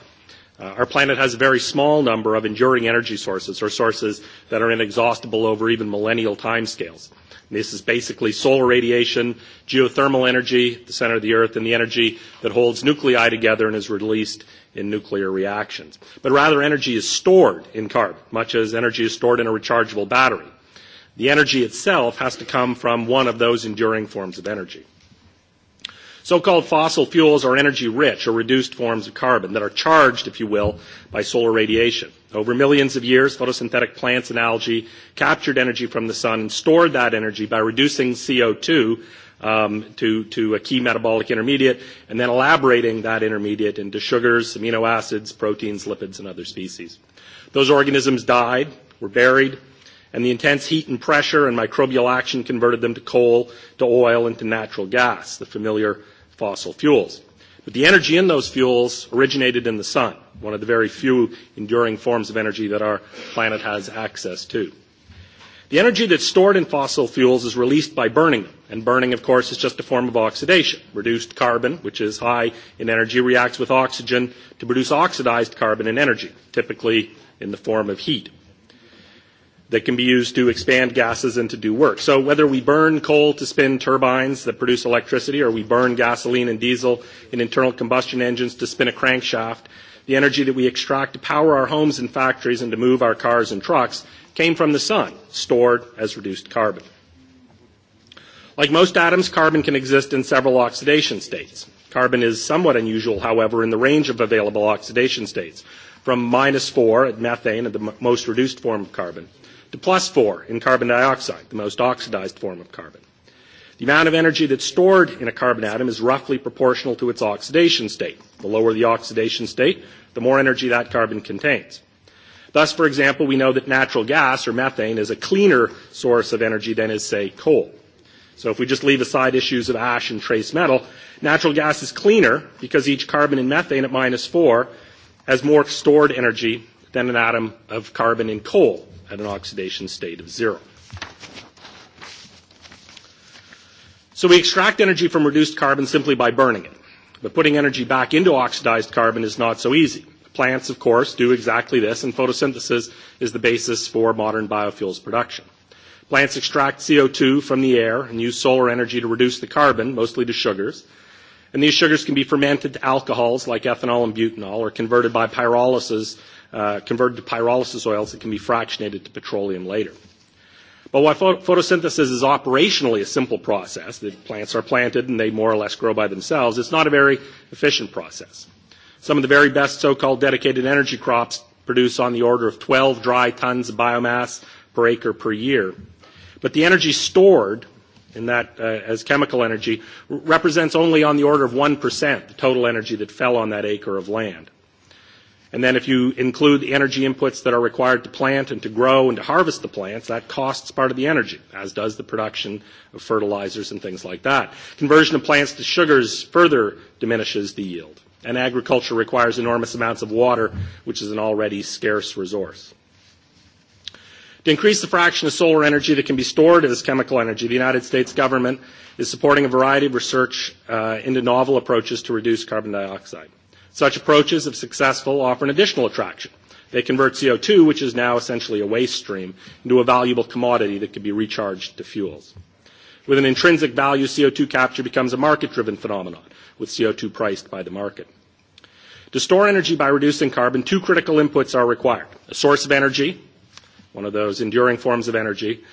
Our planet has a very small number of enduring energy sources, or sources that are inexhaustible over even millennial timescales. This is basically solar radiation, geothermal energy, the center of the Earth, and the energy that holds nuclei together and is released in nuclear reactions. But rather, energy is stored in carbon, much as energy is stored in a rechargeable battery. The energy itself has to come from one of those enduring forms of energy. So-called fossil fuels are energy-rich or reduced forms of carbon that are charged, if you will, by solar radiation. Over millions of years, photosynthetic plants and algae captured energy from the sun and stored that energy by reducing CO2 to a key metabolic intermediate and then elaborating that intermediate into sugars, amino acids, proteins, lipids, and other species. Those organisms died, were buried, and the intense heat and pressure and microbial action converted them to coal, to oil, and to natural gas, the familiar fossil fuels. But the energy in those fuels originated in the sun, one of the very few enduring forms of energy that our planet has access to. The energy that's stored in fossil fuels is released by burning them. And burning, of course, is just a form of oxidation. Reduced carbon, which is high in energy, reacts with oxygen to produce oxidized carbon and energy, typically in the form of heat that can be used to expand gases and to do work. So whether we burn coal to spin turbines that produce electricity or we burn gasoline and diesel in internal combustion engines to spin a crankshaft, the energy that we extract to power our homes and factories and to move our cars and trucks came from the sun, stored as reduced carbon. Like most atoms, carbon can exist in several oxidation states. Carbon is somewhat unusual, however, in the range of available oxidation states, from minus four at methane, the most reduced form of carbon, to plus 4 in carbon dioxide, the most oxidized form of carbon. The amount of energy that's stored in a carbon atom is roughly proportional to its oxidation state. The lower the oxidation state, the more energy that carbon contains. Thus, for example, we know that natural gas or methane is a cleaner source of energy than is, say, coal. So if we just leave aside issues of ash and trace metal, natural gas is cleaner because each carbon in methane at minus 4 has more stored energy than an atom of carbon in coal at an oxidation state of zero. So we extract energy from reduced carbon simply by burning it. But putting energy back into oxidized carbon is not so easy. Plants, of course, do exactly this, and photosynthesis is the basis for modern biofuels production. Plants extract CO2 from the air and use solar energy to reduce the carbon, mostly to sugars. And these sugars can be fermented to alcohols like ethanol and butanol, or converted by pyrolysis converted to pyrolysis oils that can be fractionated to petroleum later. But while photosynthesis is operationally a simple process, the plants are planted and they more or less grow by themselves, it's not a very efficient process. Some of the very best so-called dedicated energy crops produce on the order of 12 dry tons of biomass per acre per year. But the energy stored in that as chemical energy represents only on the order of 1% the total energy that fell on that acre of land. And then if you include the energy inputs that are required to plant and to grow and to harvest the plants, that costs part of the energy, as does the production of fertilizers and things like that. Conversion of plants to sugars further diminishes the yield. And agriculture requires enormous amounts of water, which is an already scarce resource. To increase the fraction of solar energy that can be stored as chemical energy, the United States government is supporting a variety of research into novel approaches to reduce carbon dioxide. Such approaches, if successful, offer an additional attraction. They convert CO2, which is now essentially a waste stream, into a valuable commodity that can be recharged to fuels. With an intrinsic value, CO2 capture becomes a market-driven phenomenon, with CO2 priced by the market. To store energy by reducing carbon, two critical inputs are required. A source of energy, one of those enduring forms of energy,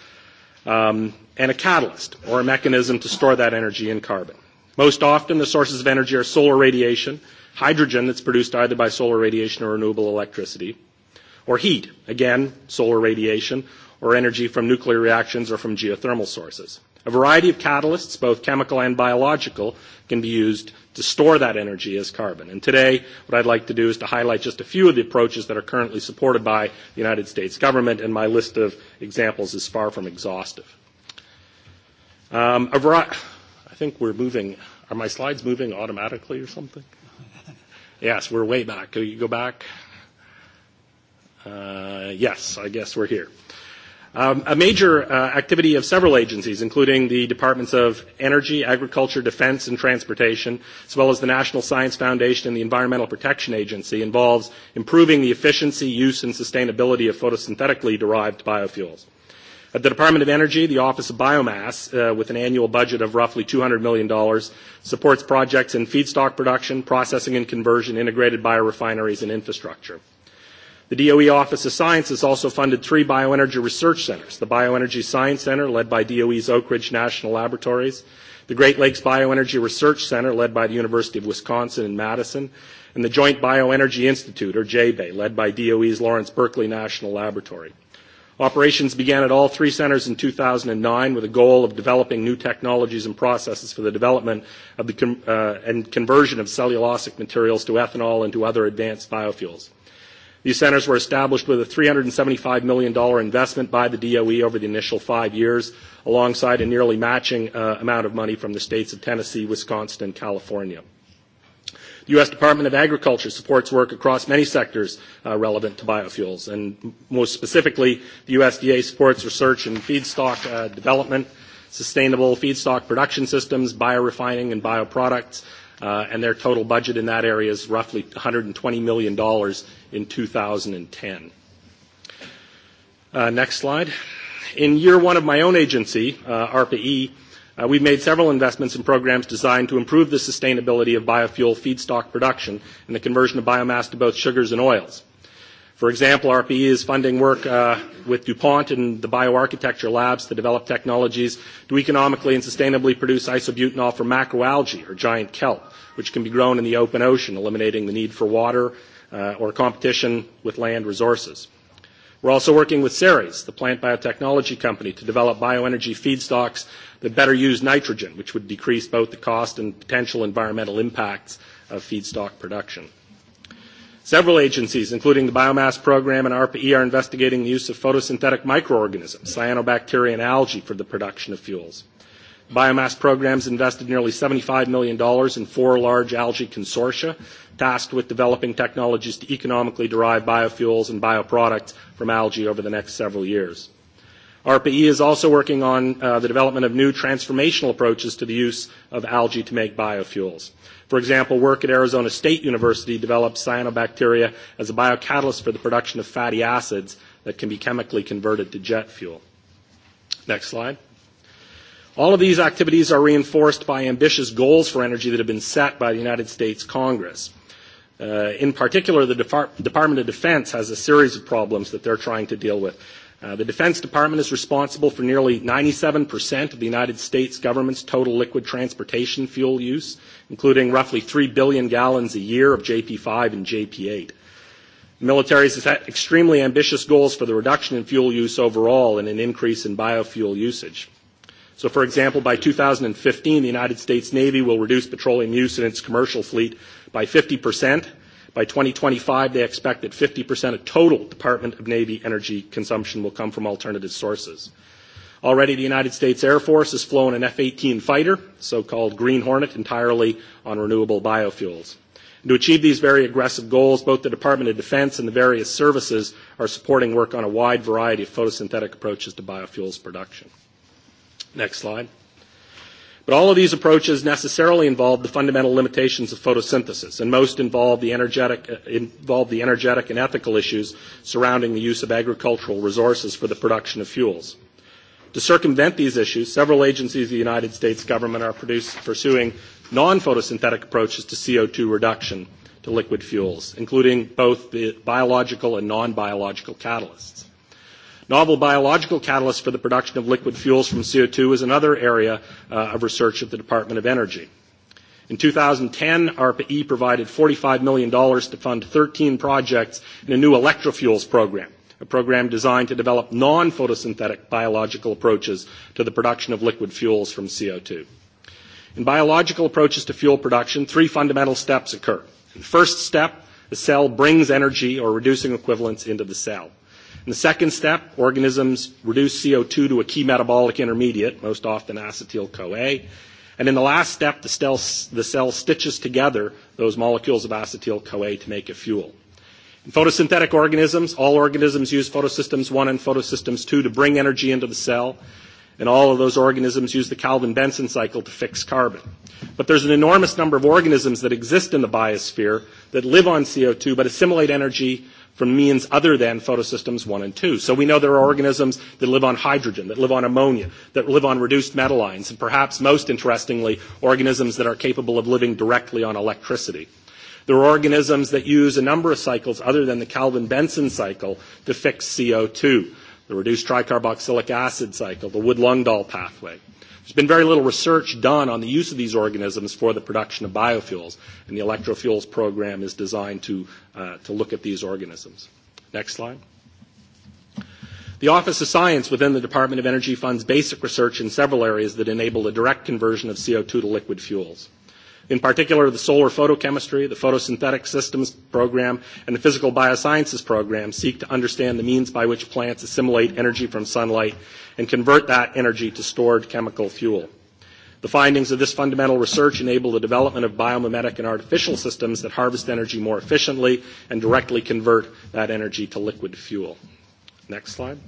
and a catalyst, or a mechanism to store that energy in carbon. Most often, the sources of energy are solar radiation, hydrogen that's produced either by solar radiation or renewable electricity, or heat, again, solar radiation, or energy from nuclear reactions or from geothermal sources. A variety of catalysts, both chemical and biological, can be used to store that energy as carbon. And today, what I'd like to do is to highlight just a few of the approaches that are currently supported by the United States government, and my list of examples is far from exhaustive. Um I think we're moving. Are my slides moving automatically or something? Yes, we're way back. Can you go back? Yes, I guess we're here. A major activity of several agencies, including the Departments of Energy, Agriculture, Defense, and Transportation, as well as the National Science Foundation and the Environmental Protection Agency, involves improving the efficiency, use, and sustainability of photosynthetically derived biofuels. At the Department of Energy, the Office of Biomass, with an annual budget of roughly $200 million, supports projects in feedstock production, processing and conversion, integrated biorefineries, and infrastructure. The DOE Office of Science has also funded three bioenergy research centers, the Bioenergy Science Center, led by DOE's Oak Ridge National Laboratories, the Great Lakes Bioenergy Research Center, led by the University of Wisconsin in Madison, and the Joint Bioenergy Institute, or JBAY, led by DOE's Lawrence Berkeley National Laboratory. Operations began at all three centres in 2009 with a goal of developing new technologies and processes for the development and conversion of cellulosic materials to ethanol and to other advanced biofuels. These centers were established with a $375 million investment by the DOE over the initial five years, alongside a nearly matching amount of money from the states of Tennessee, Wisconsin, and California. The U.S. Department of Agriculture supports work across many sectors relevant to biofuels, and most specifically, the USDA supports research in feedstock development, sustainable feedstock production systems, biorefining, and bioproducts, and their total budget in that area is roughly $120 million in 2010. Next slide. In year one of my own agency, ARPA-E, We've made several investments in programs designed to improve the sustainability of biofuel feedstock production and the conversion of biomass to both sugars and oils. For example, RPE is funding work with DuPont and the bioarchitecture labs to develop technologies to economically and sustainably produce isobutanol for macroalgae, or giant kelp, which can be grown in the open ocean, eliminating the need for water or competition with land resources. We're also working with Ceres, the plant biotechnology company, to develop bioenergy feedstocks that better use nitrogen, which would decrease both the cost and potential environmental impacts of feedstock production. Several agencies, including the Biomass Program and ARPA-E, are investigating the use of photosynthetic microorganisms, cyanobacteria and algae, for the production of fuels. Biomass programs invested nearly $75 million in four large algae consortia tasked with developing technologies to economically derive biofuels and bioproducts from algae over the next several years. RPE is also working on the development of new transformational approaches to the use of algae to make biofuels. For example, work at Arizona State University developed cyanobacteria as a biocatalyst for the production of fatty acids that can be chemically converted to jet fuel. Next slide. All of these activities are reinforced by ambitious goals for energy that have been set by the United States Congress. In particular, the Department of Defense has a series of problems that they're trying to deal with. The Defense Department is responsible for nearly 97% of the United States government's total liquid transportation fuel use, including roughly 3 billion gallons a year of JP5 and JP8. The military has set extremely ambitious goals for the reduction in fuel use overall and an increase in biofuel usage. So, for example, by 2015, the United States Navy will reduce petroleum use in its commercial fleet by 50%. By 2025, they expect that 50% of total Department of Navy energy consumption will come from alternative sources. Already, the United States Air Force has flown an F-18 fighter, so-called Green Hornet, entirely on renewable biofuels. To achieve these very aggressive goals, both the Department of Defense and the various services are supporting work on a wide variety of photosynthetic approaches to biofuels production. Next slide. But all of these approaches necessarily involve the fundamental limitations of photosynthesis, and most involve the energetic and ethical issues surrounding the use of agricultural resources for the production of fuels. To circumvent these issues, several agencies of the United States government are pursuing non-photosynthetic approaches to CO2 reduction to liquid fuels, including both the biological and non-biological catalysts. Novel biological catalysts for the production of liquid fuels from CO2 is another area of research at the Department of Energy. In 2010, ARPA-E provided $45 million to fund 13 projects in a new electrofuels program, a program designed to develop non-photosynthetic biological approaches to the production of liquid fuels from CO2. In biological approaches to fuel production, three fundamental steps occur. The first step, the cell brings energy or reducing equivalents into the cell. In the second step, organisms reduce CO2 to a key metabolic intermediate, most often acetyl-CoA. And in the last step, the cell stitches together those molecules of acetyl-CoA to make a fuel. In photosynthetic organisms, all organisms use photosystems 1 and photosystems 2 to bring energy into the cell, and all of those organisms use the Calvin-Benson cycle to fix carbon. But there's an enormous number of organisms that exist in the biosphere that live on CO2 but assimilate energy from means other than photosystems 1 and 2. So we know there are organisms that live on hydrogen, that live on ammonia, that live on reduced metal ions, and perhaps most interestingly, organisms that are capable of living directly on electricity. There are organisms that use a number of cycles other than the Calvin-Benson cycle to fix CO2, the reduced tricarboxylic acid cycle, the Wood-Lundahl pathway. There's been very little research done on the use of these organisms for the production of biofuels, and the electrofuels program is designed to look at these organisms. Next slide. The Office of Science within the Department of Energy funds basic research in several areas that enable the direct conversion of CO2 to liquid fuels in particular the solar photochemistry, the photosynthetic systems program, and the physical biosciences program seek to understand the means by which plants assimilate energy from sunlight and convert that energy to stored chemical fuel. The findings of this fundamental research enable the development of biomimetic and artificial systems that harvest energy more efficiently and directly convert that energy to liquid fuel. Next slide.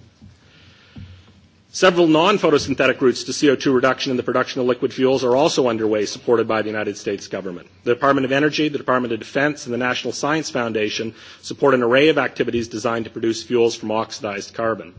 Several non-photosynthetic routes to CO2 reduction in the production of liquid fuels are also underway, supported by the United States government. The Department of Energy, the Department of Defense, and the National Science Foundation support an array of activities designed to produce fuels from oxidized carbon.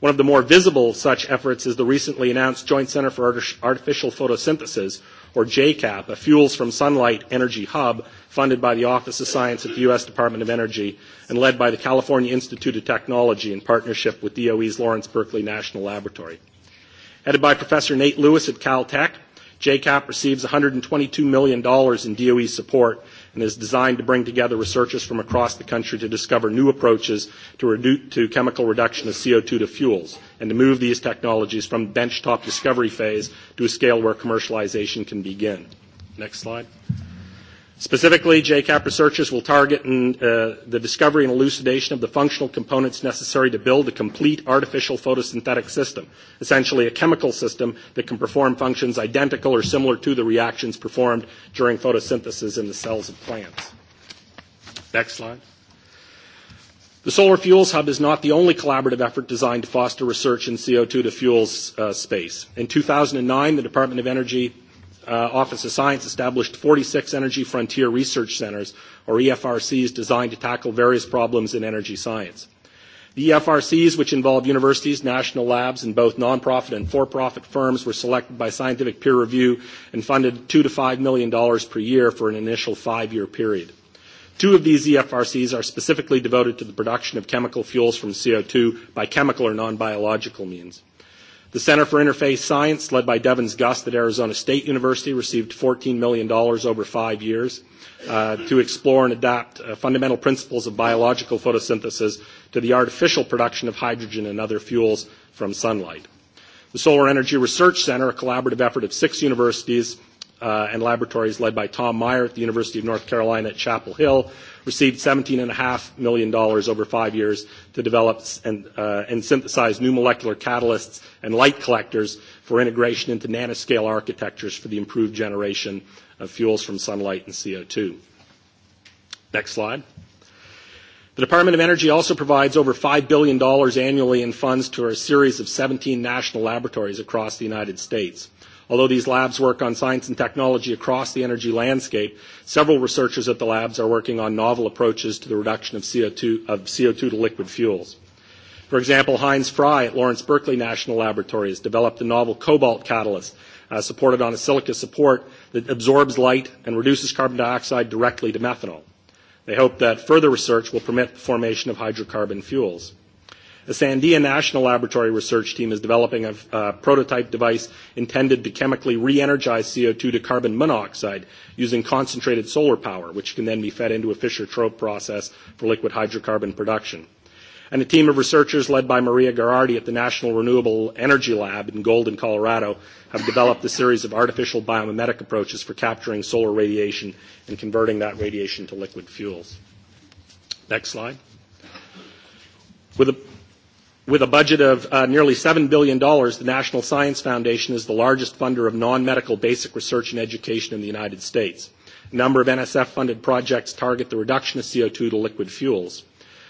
One of the more visible such efforts is the recently announced Joint Center for Artificial Photosynthesis, or JCAP, a fuels from sunlight energy hub funded by the Office of Science at the U.S. Department of Energy and led by the California Institute of Technology in partnership with DOE's Lawrence Berkeley National Laboratory. Headed by Professor Nate Lewis at Caltech, JCAP receives $122 million in DOE support and is designed to bring together researchers from across the country to discover new approaches to chemical reduction of CO2 to fuels and to move these technologies from benchtop discovery phase to a scale where commercialization can begin. Next slide. Specifically, JCAP researchers will target the discovery and elucidation of the functional components necessary to build a complete artificial photosynthetic system, essentially a chemical system that can perform functions identical or similar to the reactions performed during photosynthesis in the cells of plants. Next slide. The Solar Fuels Hub is not the only collaborative effort designed to foster research in CO2 to fuels space. In 2009, the Department of Energy Office of Science established 46 Energy Frontier Research Centers, or EFRCs, designed to tackle various problems in energy science. The EFRCs, which involve universities, national labs, and both nonprofit and for-profit firms, were selected by scientific peer review and funded two to five million dollars per year for an initial five-year period. Two of these EFRCs are specifically devoted to the production of chemical fuels from CO2 by chemical or non-biological means. The Center for Interface Science, led by Devins Gust at Arizona State University, received $14 million over five years to explore and adapt fundamental principles of biological photosynthesis to the artificial production of hydrogen and other fuels from sunlight. The Solar Energy Research Center, a collaborative effort of six universities and laboratories led by Tom Meyer at the University of North Carolina at Chapel Hill, received $17.5 million over five years to develop and synthesize new molecular catalysts and light collectors for integration into nanoscale architectures for the improved generation of fuels from sunlight and CO2. Next slide. The Department of Energy also provides over $5 billion annually in funds to a series of 17 national laboratories across the United States. Although these labs work on science and technology across the energy landscape, several researchers at the labs are working on novel approaches to the reduction of CO2 to liquid fuels. For example, Heinz Fry at Lawrence Berkeley National Laboratory has developed a novel cobalt catalyst supported on a silica support that absorbs light and reduces carbon dioxide directly to methanol. They hope that further research will permit the formation of hydrocarbon fuels. The Sandia National Laboratory research team is developing a prototype device intended to chemically re-energize CO2 to carbon monoxide using concentrated solar power, which can then be fed into a fischer trope process for liquid hydrocarbon production. And a team of researchers led by Maria Garardi at the National Renewable Energy Lab in Golden, Colorado, have developed a series of artificial biomimetic approaches for capturing solar radiation and converting that radiation to liquid fuels. Next slide. With a With a budget of nearly $7 billion, the National Science Foundation is the largest funder of non-medical basic research and education in the United States. A number of NSF-funded projects target the reduction of CO2 to liquid fuels.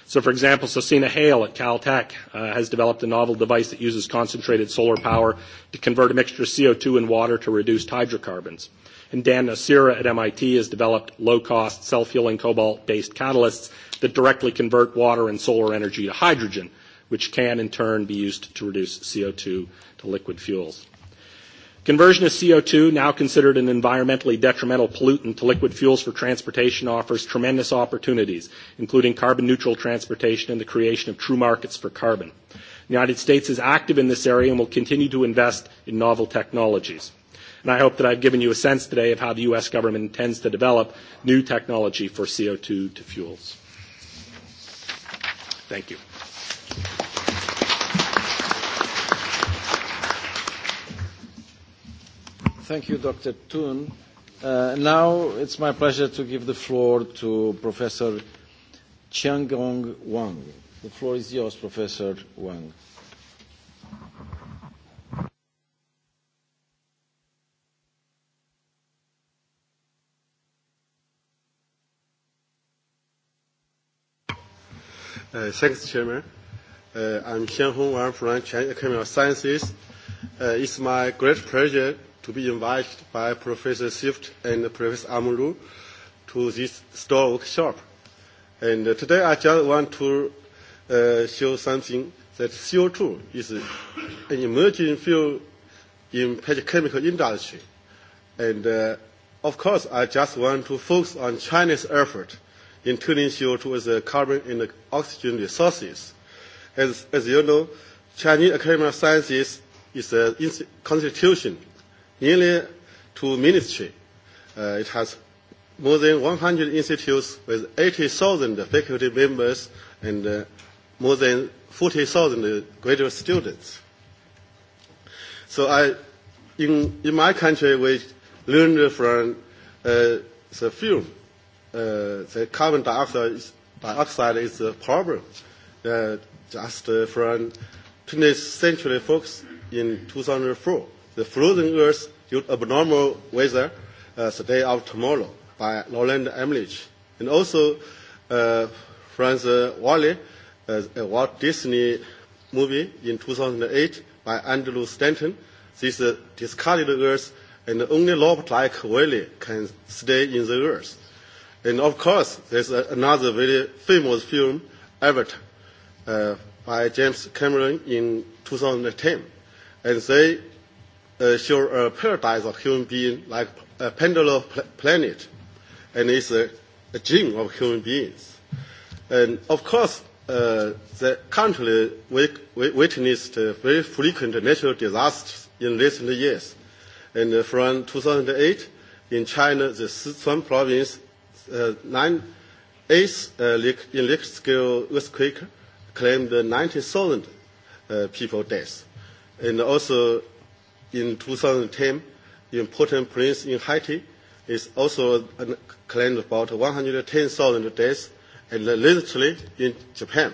So, for example, Sosina Hale at Caltech has developed a novel device that uses concentrated solar power to convert a mixture of CO2 and water to reduce hydrocarbons. And Dan Nasira at MIT has developed low-cost, self-healing cobalt-based catalysts that directly convert water and solar energy to hydrogen which can in turn be used to reduce CO2 to liquid fuels. Conversion of CO2, now considered an environmentally detrimental pollutant to liquid fuels for transportation, offers tremendous opportunities, including carbon-neutral transportation and the creation of true markets for carbon. The United States is active in this area and will continue to invest in novel technologies. And I hope that I've given you a sense today of how the U.S. government intends to develop new technology for CO2 to fuels. Thank you. Thank you, Dr. Thun. Now it's my pleasure to give the floor to Professor Chiangong Wang. The floor is yours, Professor Wang. Thanks, Chairman. I'm Xianhong Wang from Chinese Academy of Sciences. It's my great pleasure to be invited by Professor Swift and Professor Amuru to this store workshop. And today I just want to uh show something that CO2 is an emerging field in petrochemical industry. And of course, I just want to focus on China's effort in turning CO2 as a carbon and oxygen resources. As, as you know, Chinese Academy of Sciences is a constitution, nearly to ministry. it has more than 100 institutes with 80,000 faculty members and more than 40,000 graduate students. So I, in, in my country, we learned from uh, the film. Uh, the carbon dioxide is, a is problem. Uh, just from 20th century folks in 2004. The Frozen Earth due to abnormal weather, the day of tomorrow by Roland Emmerich. And also from the Wally, a Walt Disney movie in 2008 by Andrew Stanton. This discarded Earth and only lob like Wally can stay in the Earth. And of course, there's another very famous film, Avatar by James Cameron in 2010, and they show a paradise of human being like a pendulum planet, and it's a dream of human beings. And of course, the country witnessed very frequent natural disasters in recent years, and from 2008 in China, the Sichuan province, nine eighth in leak scale earthquake claimed 90,000 people deaths. And also in 2010, in port prince in Haiti, is also claimed about 110,000 deaths, and literally in Japan.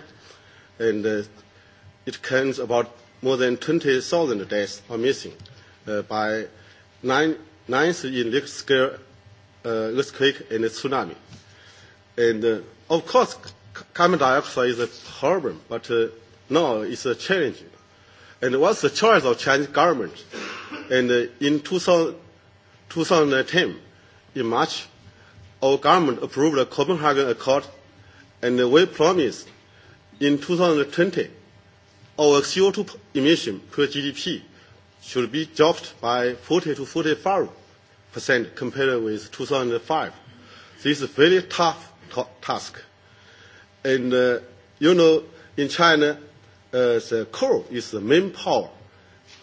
And it claims about more than 20,000 deaths are missing by ninth in earthquake and tsunami. And of course, carbon dioxide is a problem, but no, it's a challenge. And what's the choice of Chinese government? And in 2010, in March, our government approved the Copenhagen Accord, and we promised in 2020 our CO2 emission per GDP should be dropped by 40 to 45 percent compared with 2005. This is a very tough task. And you know, in China, the coal is the main power.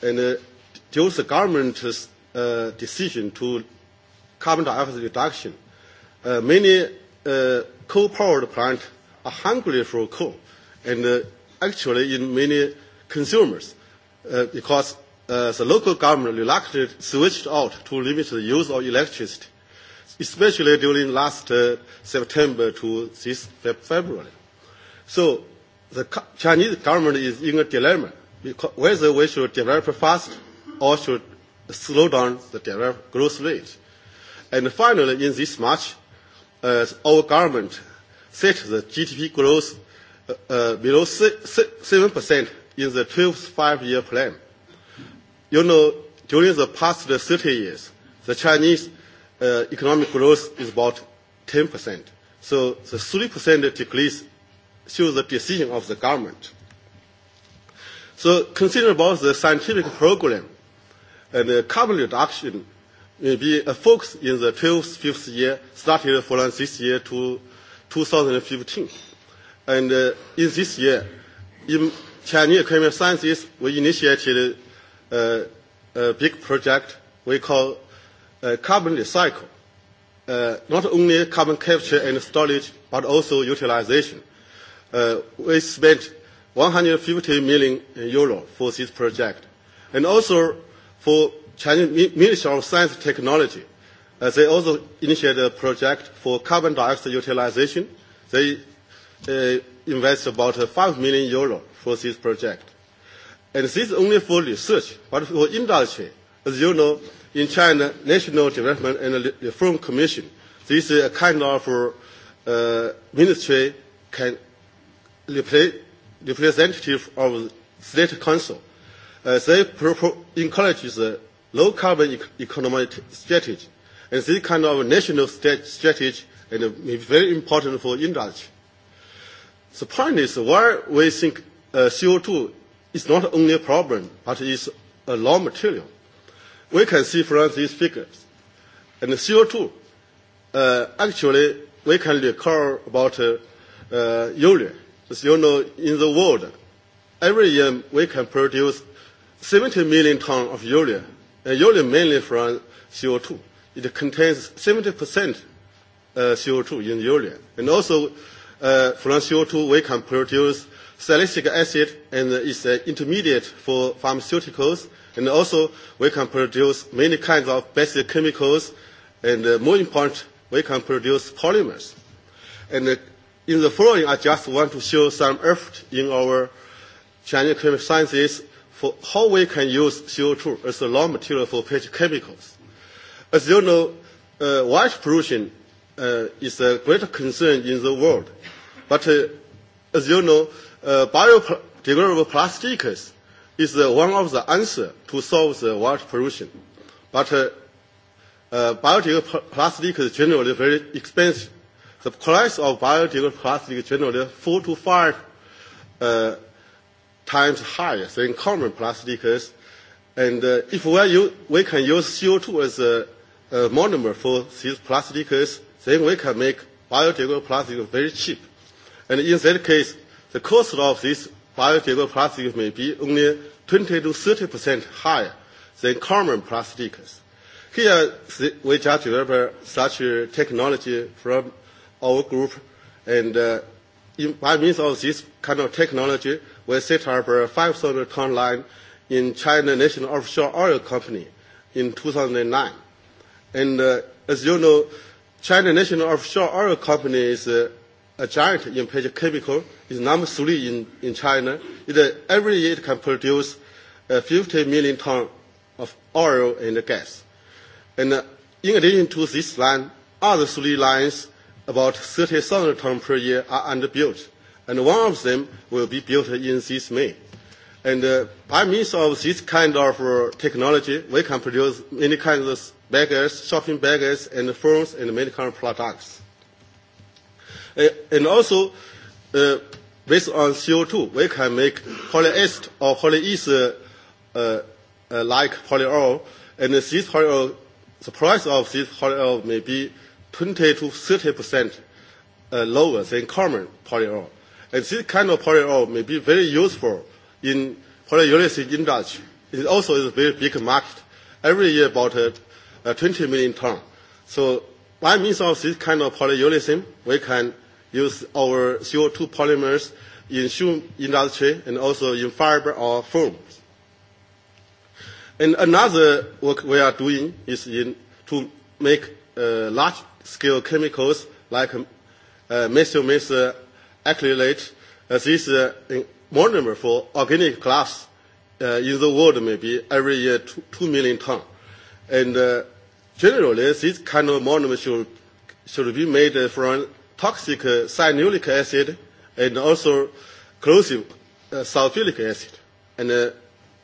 And due to the government's decision to carbon dioxide reduction, many coal-powered plants are hungry for coal, and actually in many consumers, because the local government reluctantly switched out to limit the use of electricity especially during last September to this February. So the Chinese government is in a dilemma whether we should develop fast or should slow down the growth rate. And finally, in this March, our government set the GDP growth below 7% in the 12th five-year plan. You know, during the past 30 years, the Chinese economic growth is about 10%. So the 3% decrease shows the decision of the government. So consider about the scientific program, and the carbon reduction will be a focus in the 12th, 5th year, started from this year to 2015. And in this year, in Chinese of sciences, we initiated a big project we call carbon recycle, not only carbon capture and storage, but also utilization. We spent 150 million euro for this project. And also for Chinese Ministry of Science and Technology, they also initiated a project for carbon dioxide utilization. They invest about 5 million euro for this project. And this is only for research, but for industry, as you know, in China National Development and Reform Commission. This is a kind of ministry can representative of state council. they encourage the low carbon economic strategy, and this kind of national state strategy and is very important for industry. The point is why we think CO2 is not only a problem, but is a raw material we can see from these figures. And CO2, actually, we can recall about urea. As you know, in the world, every year we can produce 70 million tons of urea, and urea mainly from CO2. It contains 70% CO2 in urea. And also, from CO2, we can produce salicylic acid and its intermediate for pharmaceuticals And also, we can produce many kinds of basic chemicals, and more important, we can produce polymers. And in the following, I just want to show some effort in our Chinese chemical sciences for how we can use CO2 as a raw material for petrochemicals. As you know, white pollution is a great concern in the world. But as you know, biodegradable plastics is one of the answers to solve the water pollution. But biodegradable plastic is generally very expensive. The price of biodegradable plastic is generally four to five times higher than common plastic And if we can use CO2 as a monomer for these plastics, then we can make biodegradable plastic very cheap. And in that case, the cost of this biodegradable plastic may be only 20 to 30% higher than common plastics. Here, we just developed such technology from our group, and by means of this kind of technology, we set up a 5,000-ton line in China National Offshore Oil Company in 2009. And as you know, China National Offshore Oil Company is a giant in petrochemical. is number three in China. It Every year, it can produce 50 million tons of oil and gas. And in addition to this line, other three lines, about 30,000 tons per year, are underbuilt. And one of them will be built in this May. And by means of this kind of technology, we can produce many kinds of baggers, shopping baggers, and phones, and many kind of products. And also, based on CO2, we can make polyester or polyester like polyol, and this polyol, the price of this polyol may be 20 to 30% lower than common polyol. And this kind of polyol may be very useful in polyurethane industry. It also is a very big market. Every year about 20 million tons. So by means of this kind of polyurethane, we can use our CO2 polymers in shoe industry and also in fiber or foams. And another work we are doing is in to make large-scale chemicals like methyl acrylate. This is a monomer for organic glass in the world maybe every year two million tons. And generally, this kind of monomer should should be made from toxic cyanuric acid and also corrosive sulfuric acid. And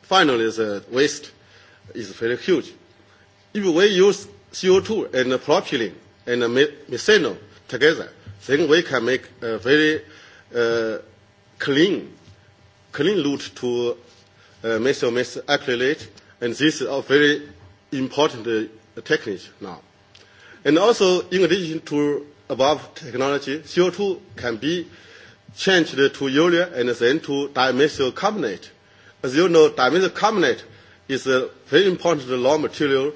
finally, the waste is very huge. If we use CO2 and propylene and methanol together, then we can make a very clean, clean route to uh methyl acrylate, and this is a very important technique now. And also, in addition to above technology, CO2 can be changed to urea and then to dimethyl carbonate. As you know, dimethyl carbonate is a very important raw material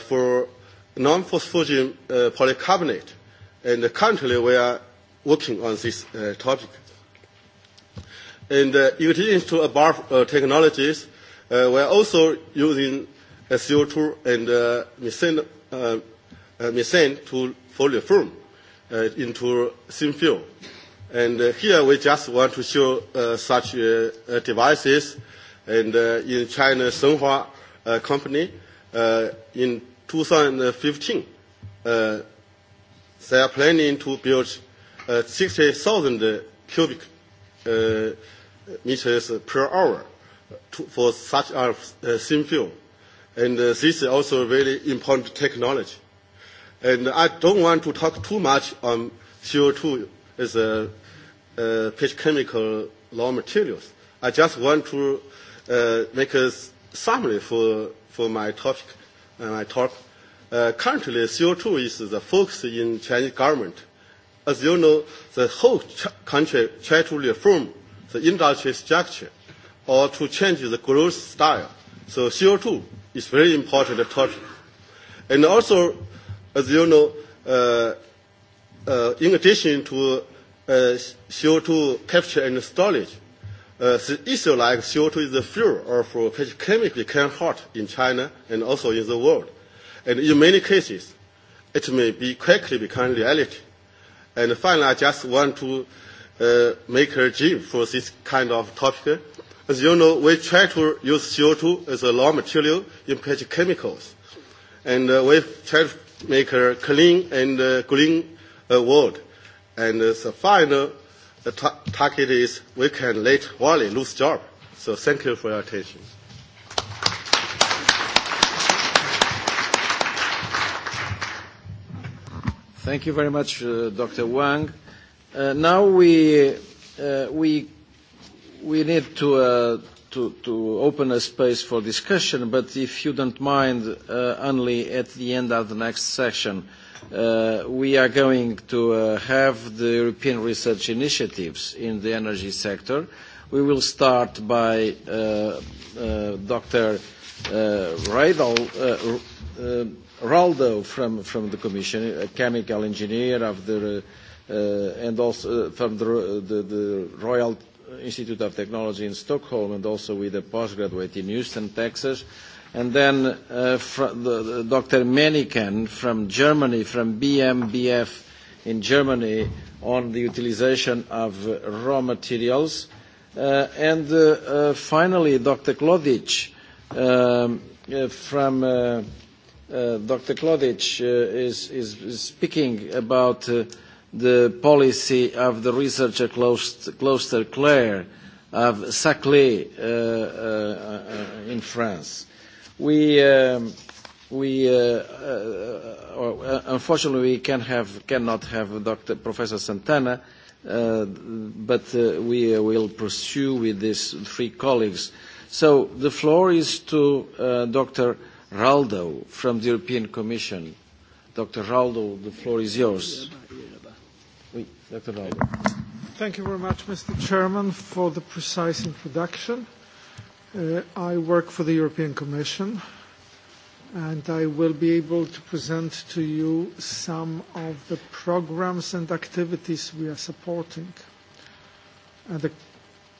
for non uh polycarbonate. And currently we are working on this topic. And in addition to above technologies, we are also using CO2 and methane to fully firm into thin fuel. And here we just want to show such devices and in China Shenhua company in 2015 they are planning to build 60,000 cubic meters per hour for such a thin fuel. And this is also a very important technology. And I don't want to talk too much on CO2 as a petrochemical raw materials. I just want to make a summary for for my topic, my talk. Currently, CO2 is the focus in Chinese government. As you know, the whole country try to reform the industry structure or to change the growth style. So CO2 is very important topic. And also, as you know, in addition to CO2 capture and storage, the issue like CO2 is the fuel of can hot in China and also in the world. And in many cases, it may be quickly become reality. And finally, I just want to make a dream for this kind of topic. As you know, we try to use CO2 as a raw material in petrochemicals. And we try to make a clean and green world. And the final the target is we can let Wally lose job. So thank you for your attention. Thank you very much, Dr. Wang. Now we we we need to to to open a space for discussion, but if you don't mind, only at the end of the next session we are going to have the European research initiatives in the energy sector. We will start by Dr. Raldo from the Commission, a chemical engineer of the and also from the Royal Institute of Technology in Stockholm and also with a postgraduate in Houston, Texas and then Dr. Meniken from Germany, from BMBF in Germany, on the utilization of raw materials. And finally, Dr. Klodic from Dr. Klodic is speaking about the policy of the researcher Closter Claire of Saclay in France we unfortunately we can have cannot have Dr. Professor Santana, but we will pursue with these three colleagues. So the floor is to Dr. Raldo from the European Commission. Dr. Raldo, the floor is yours. Dr. Raldo. Thank you very much, Mr. Chairman, for the precise introduction. I work for the European Commission and I will be able to present to you some of the programs and activities we are supporting. The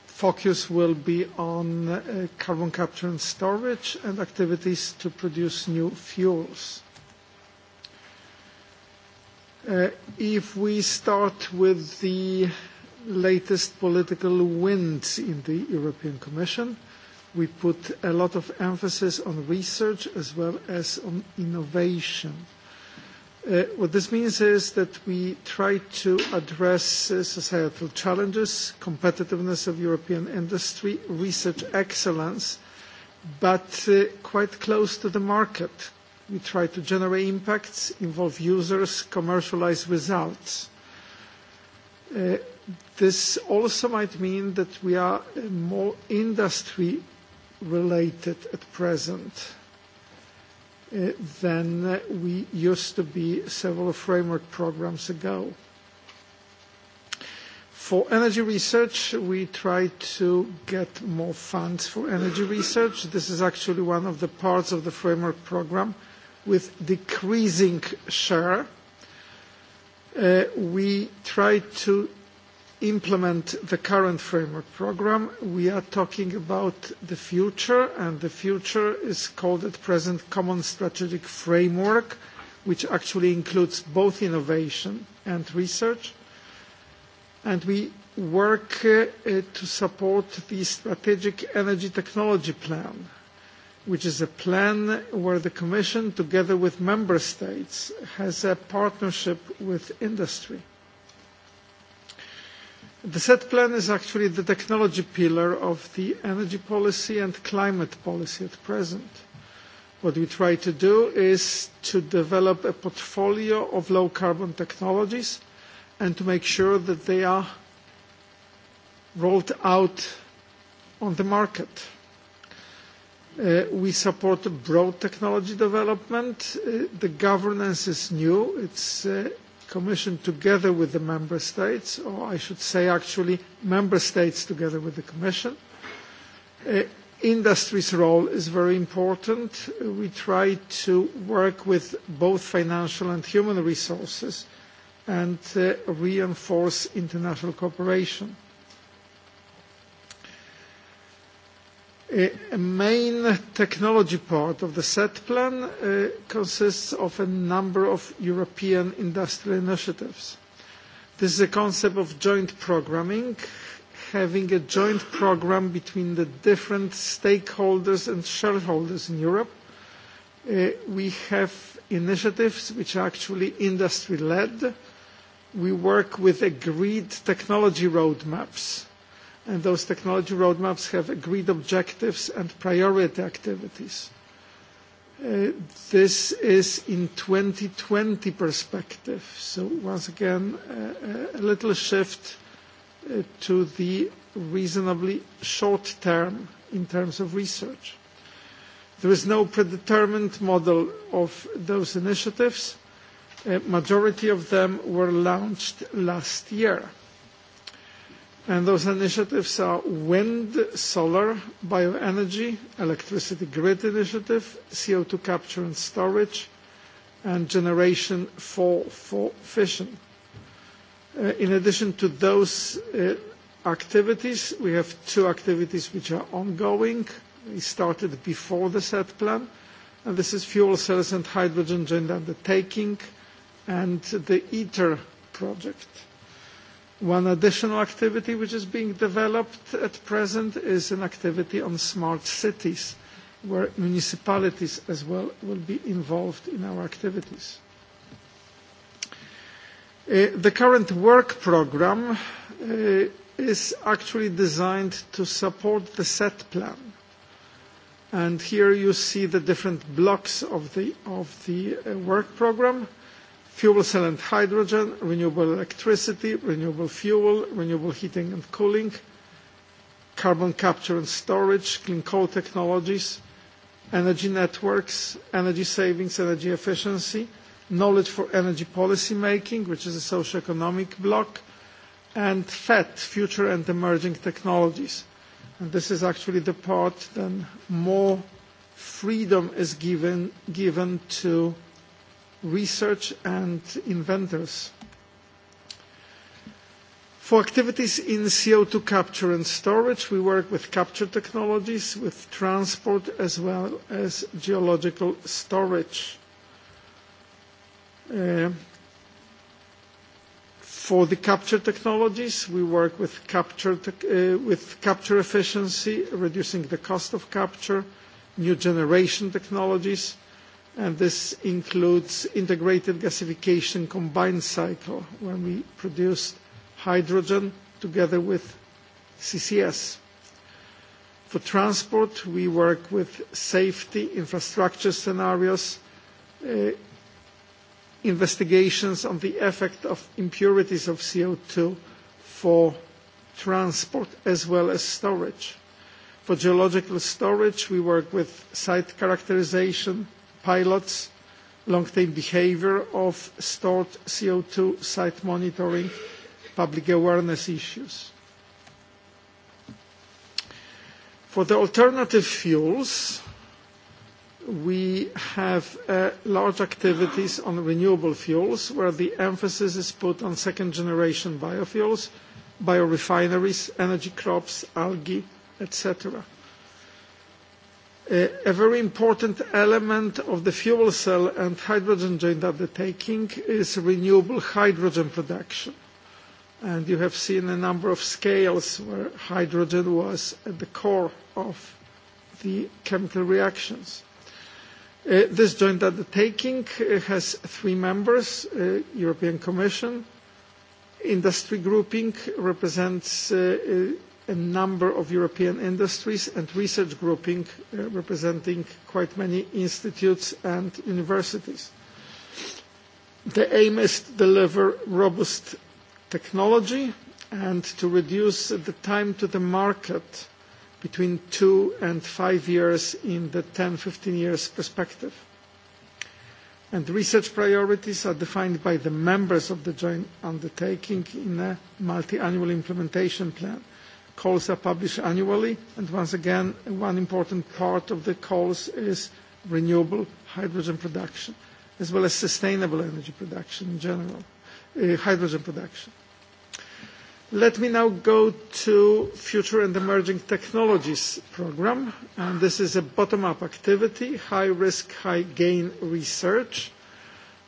focus will be on carbon capture and storage and activities to produce new fuels. If we start with the latest political winds in the European Commission, We put a lot of emphasis on research as well as on innovation. What this means is that we try to address societal challenges, competitiveness of European industry, research excellence, but quite close to the market. We try to generate impacts, involve users, commercialise results. This also might mean that we are more industry related at present than we used to be several framework programs ago. For energy research, we try to get more funds for energy research. This is actually one of the parts of the framework program with decreasing share. We try to implement the current framework programme, we are talking about the future, and the future is called at present Common Strategic Framework, which actually includes both innovation and research. And we work to support the Strategic Energy Technology Plan, which is a plan where the Commission, together with Member States, has a partnership with industry The set plan is actually the technology pillar of the energy policy and climate policy at present. What we try to do is to develop a portfolio of low carbon technologies and to make sure that they are rolled out on the market. We support broad technology development. The governance is new. It's Commission together with the Member States, or I should say actually Member States together with the Commission. Industry's role is very important. We try to work with both financial and human resources and reinforce international cooperation. main technology part of the set plan consists of a number of European industrial initiatives. This is a concept of joint programming, having a joint programme between the different stakeholders and shareholders in Europe. We have initiatives which are actually industry-led. We work with agreed technology roadmaps and those technology roadmaps have agreed objectives and priority activities. This is in 2020 perspective, so once again a little shift to the reasonably short term in terms of research. There is no predetermined model of those initiatives. A majority of them were launched last year. And those initiatives are wind, solar, bioenergy, electricity grid initiative, CO2 capture and storage, and generation for fission. In addition to those activities, we have two activities which are ongoing. We started before the set plan, and this is fuel cells and hydrogen joint undertaking and the ITER project. One additional activity which is being developed at present is an activity on smart cities, where municipalities as well will be involved in our activities. The current work programme is actually designed to support the set plan. And here you see the different blocks of the work programme fuel cell and hydrogen, renewable electricity, renewable fuel, renewable heating and cooling, carbon capture and storage, clean coal technologies, energy networks, energy savings, energy efficiency, knowledge for energy policy making, which is a socio-economic block, and FET, future and emerging technologies. this is actually the part then more freedom is given to research and inventors. For activities in CO2 capture and storage, we work with capture technologies, with transport, as well as geological storage. For the capture technologies, we work with capture efficiency, reducing the cost of capture, new generation technologies, and this includes integrated gasification combined cycle where we produce hydrogen together with CCS. For transport, we work with safety infrastructure scenarios, investigations on the effect of impurities of CO2 for transport as well as storage. For geological storage, we work with site characterization, pilots, long term behavior of stored CO2 site monitoring, public awareness issues. For the alternative fuels, we have large activities on renewable fuels, where the emphasis is put on second-generation biofuels, biorefineries, energy crops, algae, etc. A very important element of the fuel cell and hydrogen joint undertaking is renewable hydrogen production. And you have seen a number of scales where hydrogen was at the core of the chemical reactions. This joint undertaking has three members. European Commission, industry grouping represents a number of European industries and research grouping representing quite many institutes and universities. The aim is to deliver robust technology and to reduce the time to the market between two and five years in the 10-15 years perspective. And research priorities are defined by the members of the joint undertaking in a multi-annual implementation plan calls are published annually, and once again, one important part of the calls is renewable hydrogen production, as well as sustainable energy production in general, hydrogen production. Let me now go to Future and Emerging Technologies program, and this is a bottom-up activity, high-risk, high-gain research,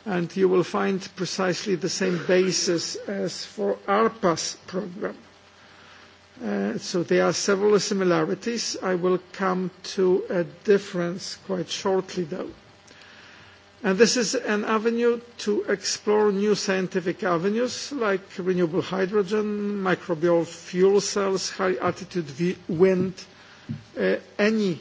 and you will find precisely the same basis as for ARPA's program. So there are several similarities. I will come to a difference quite shortly, though. And this is an avenue to explore new scientific avenues like renewable hydrogen, microbial fuel cells, high-altitude wind, any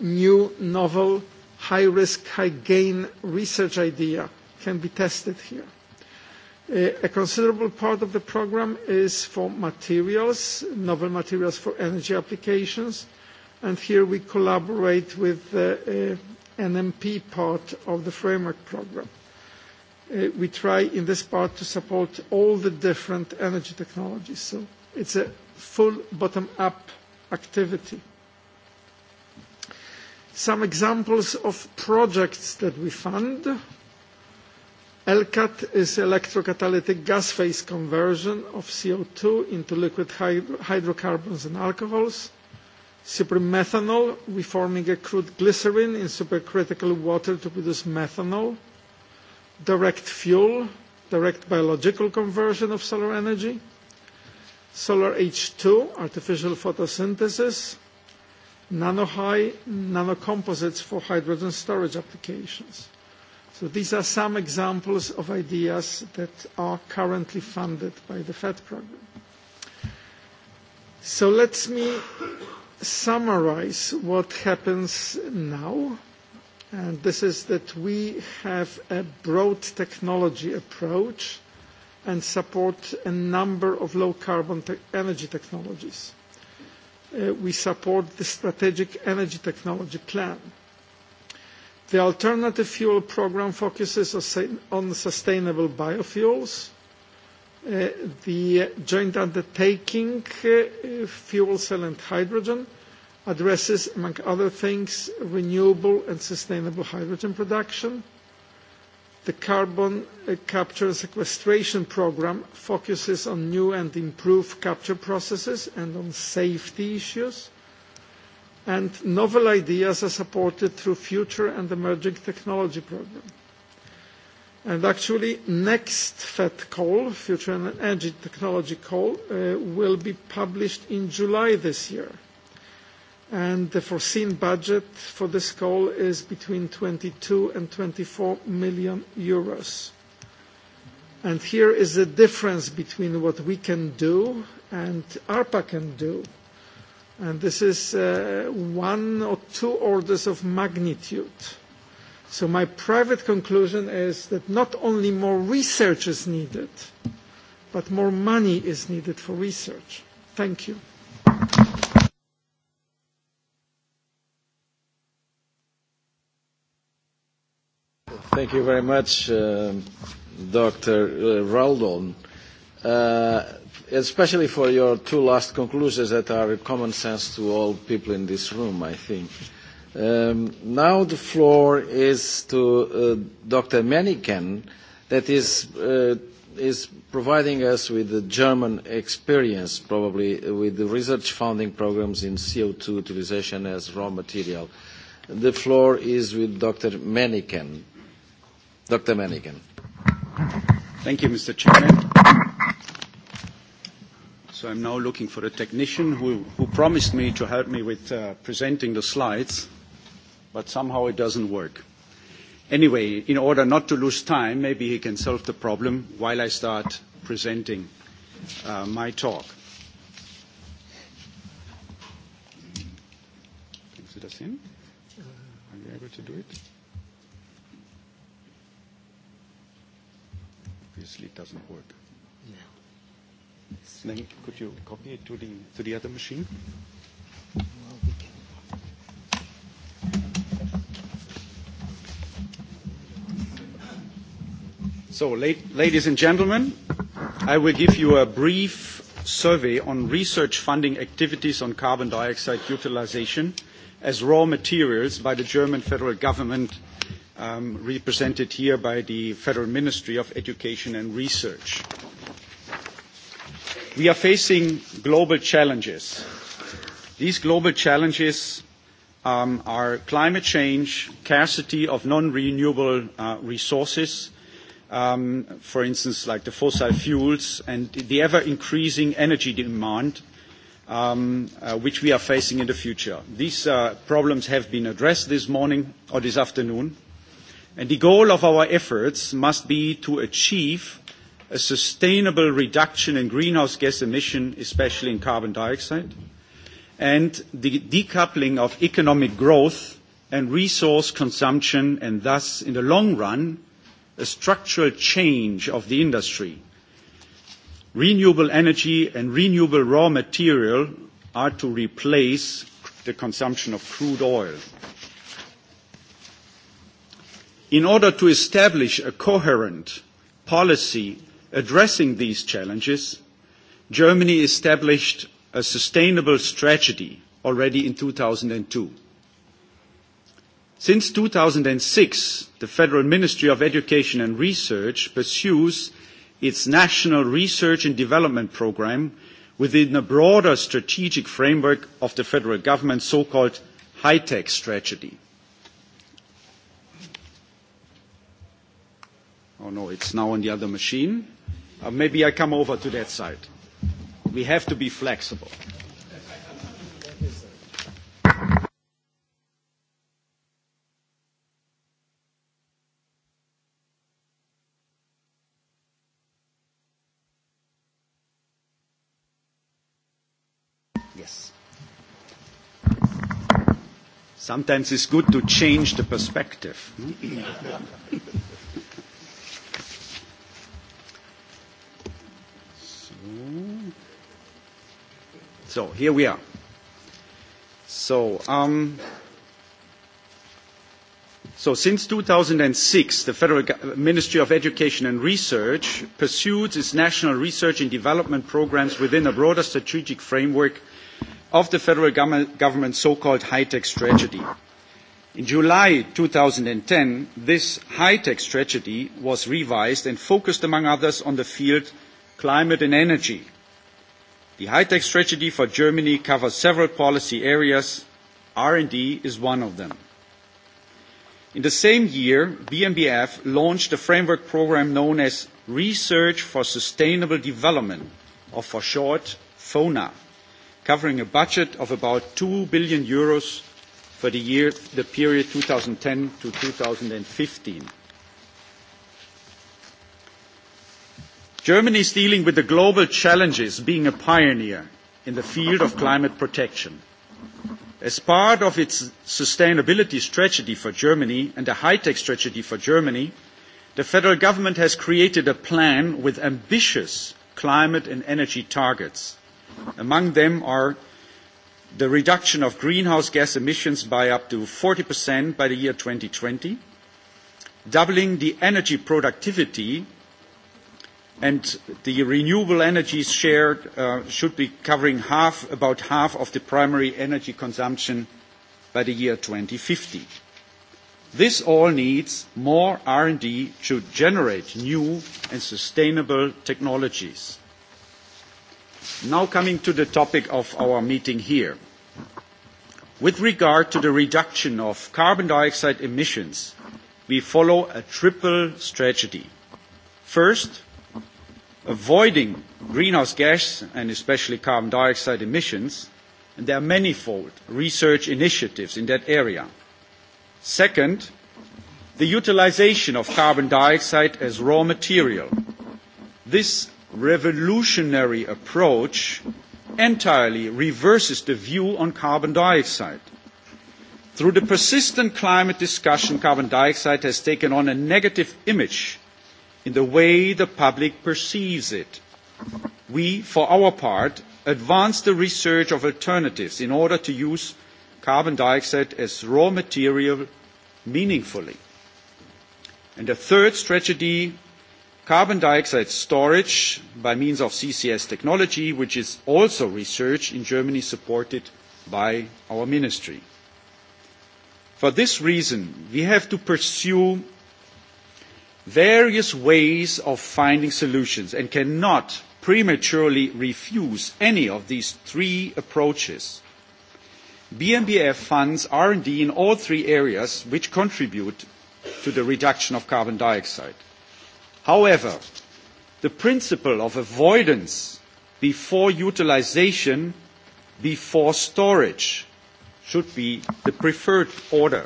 new, novel, high-risk, high-gain research idea can be tested here. A considerable part of the programme is for materials, novel materials for energy applications, and here we collaborate with the NMP part of the framework programme. We try in this part to support all the different energy technologies, so it's a full bottom-up activity. Some examples of projects that we fund LCAT is electrocatalytic gas phase conversion of CO2 into liquid hydrocarbons and alcohols. Supermethanol, reforming a crude glycerin in supercritical water to produce methanol. Direct fuel, direct biological conversion of solar energy. Solar H2, artificial photosynthesis. nanohy nanocomposites for hydrogen storage applications. So these are some examples of ideas that are currently funded by the FED program. So let me summarize what happens now. And this is that we have a broad technology approach and support a number of low-carbon energy technologies. We support the Strategic Energy Technology Plan The alternative fuel Programme focuses on sustainable biofuels. The joint undertaking, fuel cell and hydrogen, addresses, among other things, renewable and sustainable hydrogen production. The carbon capture and sequestration Programme focuses on new and improved capture processes and on safety issues and novel ideas are supported through future and emerging technology programme. And actually, next FET call, Future and Energy Technology call, will be published in July this year. And the foreseen budget for this call is between 22 and 24 million euros. And here is the difference between what we can do and ARPA can do and this is one or two orders of magnitude. So my private conclusion is that not only more research is needed, but more money is needed for research. Thank you. Thank you very much, Dr. Raldon especially for your two last conclusions that are common sense to all people in this room, I think. Now the floor is to Dr. Menniken, that is providing us with the German experience, probably, with the research funding programs in CO2 utilization as raw material. The floor is with Dr. Menniken. Dr. Menniken. Thank you, Mr. Chairman. So I'm now looking for a technician who promised me to help me with presenting the slides, but somehow it doesn't work. Anyway, in order not to lose time, maybe he can solve the problem while I start presenting my talk. Are you able to do it? Obviously, it doesn't work. Then could you copy it to the to the other machine? So, ladies and gentlemen, I will give you a brief survey on research funding activities on carbon dioxide utilization as raw materials by the German federal government, represented here by the Federal Ministry of Education and Research we are facing global challenges. These global challenges are climate change, scarcity of non-renewable resources, for instance, like the fossil fuels, and the ever-increasing energy demand, which we are facing in the future. These problems have been addressed this morning or this afternoon, and the goal of our efforts must be to achieve a sustainable reduction in greenhouse gas emission, especially in carbon dioxide, and the decoupling of economic growth and resource consumption, and thus, in the long run, a structural change of the industry. Renewable energy and renewable raw material are to replace the consumption of crude oil. In order to establish a coherent policy addressing these challenges, Germany established a sustainable strategy already in 2002. Since 2006, the Federal Ministry of Education and Research pursues its national research and development program within a broader strategic framework of the federal government's so-called high-tech strategy. Oh no, it's now on the other machine. Maybe I come over to that side. We have to be flexible. Yes. Sometimes it's good to change the perspective. So here we are. So since 2006, the Federal Ministry of Education and Research pursued its national research and development programs within a broader strategic framework of the federal government's so-called high-tech strategy. In July 2010, this high-tech strategy was revised and focused, among others, on the field climate and energy The high-tech strategy for Germany covers several policy areas. R&D is one of them. In the same year, BMBF launched a framework programme known as Research for Sustainable Development, or for short, FONA, covering a budget of about EUR 2 billion for the period 2010 to 2015. Germany is dealing with the global challenges being a pioneer in the field of climate protection. As part of its sustainability strategy for Germany and a high-tech strategy for Germany, the federal government has created a plan with ambitious climate and energy targets. Among them are the reduction of greenhouse gas emissions by up to 40% by the year 2020, doubling the energy productivity and the renewable energies share should be covering half, about half of the primary energy consumption by the year 2050. This all needs more R&D to generate new and sustainable technologies. Now coming to the topic of our meeting here. With regard to the reduction of carbon dioxide emissions, we follow a triple strategy. First, Avoiding greenhouse gas and especially carbon dioxide emissions, and there are manifold research initiatives in that area. Second, the utilisation of carbon dioxide as raw material. This revolutionary approach entirely reverses the view on carbon dioxide. Through the persistent climate discussion, carbon dioxide has taken on a negative image in the way the public perceives it. We, for our part, advance the research of alternatives in order to use carbon dioxide as raw material meaningfully. And the third strategy, carbon dioxide storage by means of CCS technology, which is also research in Germany supported by our ministry. For this reason, we have to pursue various ways of finding solutions and cannot prematurely refuse any of these three approaches. BMBF funds R&D in all three areas which contribute to the reduction of carbon dioxide. However, the principle of avoidance before utilisation, before storage should be the preferred order.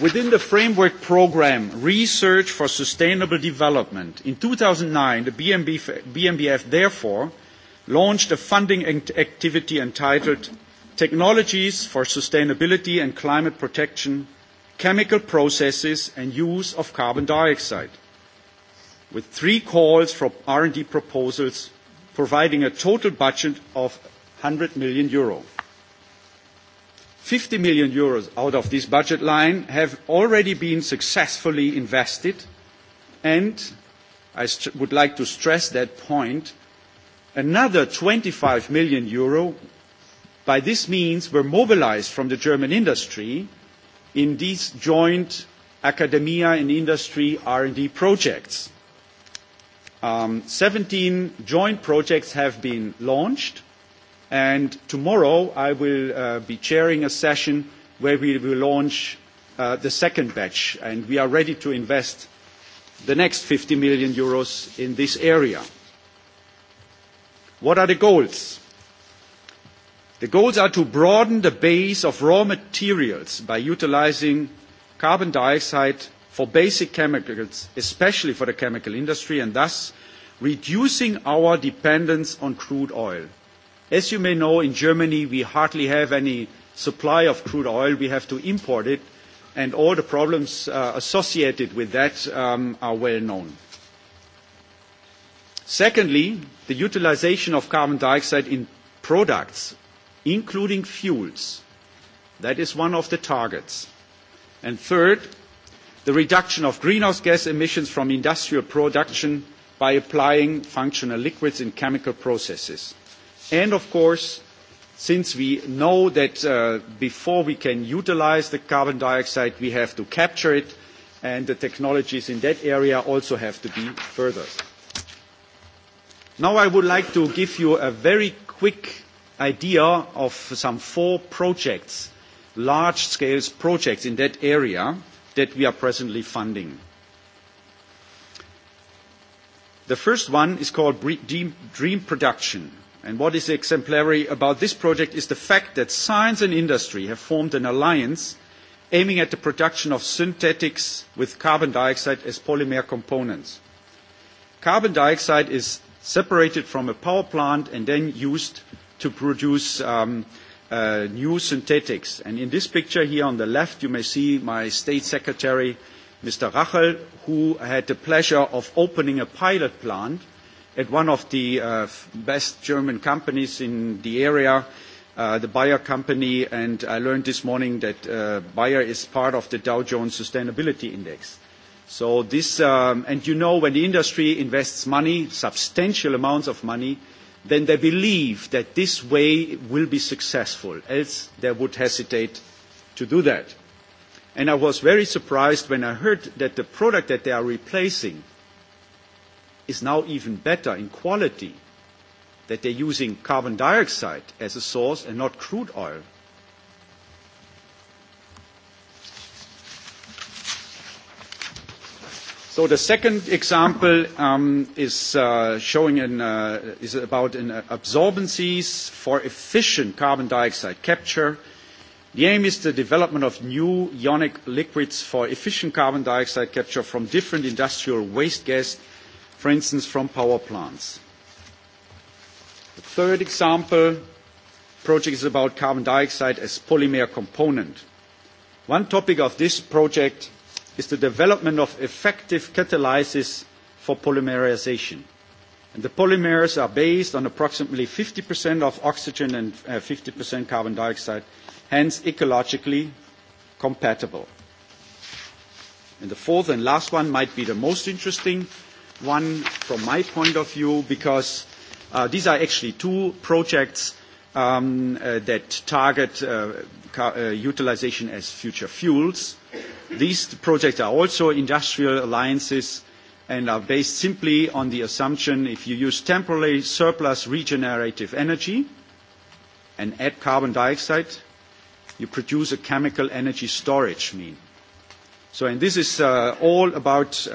Within the framework programme Research for Sustainable Development, in 2009, the BMBF therefore launched a funding activity entitled Technologies for Sustainability and Climate Protection, Chemical Processes and Use of Carbon Dioxide, with three calls for R&D proposals providing a total budget of 100 million euro. 50 million euros out of this budget line have already been successfully invested, and I would like to stress that point, another 25 million euro by this means were mobilised from the German industry in these joint academia and industry R&D projects. 17 joint projects have been launched, And tomorrow I will be chairing a session where we will launch the second batch, and we are ready to invest the next 50 million euros in this area. What are the goals? The goals are to broaden the base of raw materials by utilising carbon dioxide for basic chemicals, especially for the chemical industry, and thus reducing our dependence on crude oil. As you may know, in Germany we hardly have any supply of crude oil. We have to import it, and all the problems associated with that are well known. Secondly, the utilisation of carbon dioxide in products, including fuels. That is one of the targets. And third, the reduction of greenhouse gas emissions from industrial production by applying functional liquids in chemical processes. And of course, since we know that before we can utilise the carbon dioxide, we have to capture it, and the technologies in that area also have to be furthered. Now I would like to give you a very quick idea of some four projects, large-scale projects in that area that we are presently funding. The first one is called Dream Production. And what is exemplary about this project is the fact that science and industry have formed an alliance aiming at the production of synthetics with carbon dioxide as polymer components. Carbon dioxide is separated from a power plant and then used to produce new synthetics. And in this picture here on the left, you may see my state secretary, Mr. Rachel, who had the pleasure of opening a pilot plant at one of the best German companies in the area, the Bayer company, and I learned this morning that Bayer is part of the Dow Jones Sustainability Index. So this, and you know, when the industry invests money, substantial amounts of money, then they believe that this way will be successful, else they would hesitate to do that. And I was very surprised when I heard that the product that they are replacing is now even better in quality, that they're using carbon dioxide as a source and not crude oil. So the second example is showing is about absorbencies for efficient carbon dioxide capture. The aim is the development of new ionic liquids for efficient carbon dioxide capture from different industrial waste gas for instance from power plants. The third example project is about carbon dioxide as polymer component. One topic of this project is the development of effective catalysis for polymerization. And the polymers are based on approximately 50% of oxygen and 50% carbon dioxide, hence ecologically compatible. And the fourth and last one might be the most interesting one from my point of view because these are actually two projects that target utilization as future fuels. These projects are also industrial alliances and are based simply on the assumption if you use temporary surplus regenerative energy and add carbon dioxide, you produce a chemical energy storage mean. So, and this is all about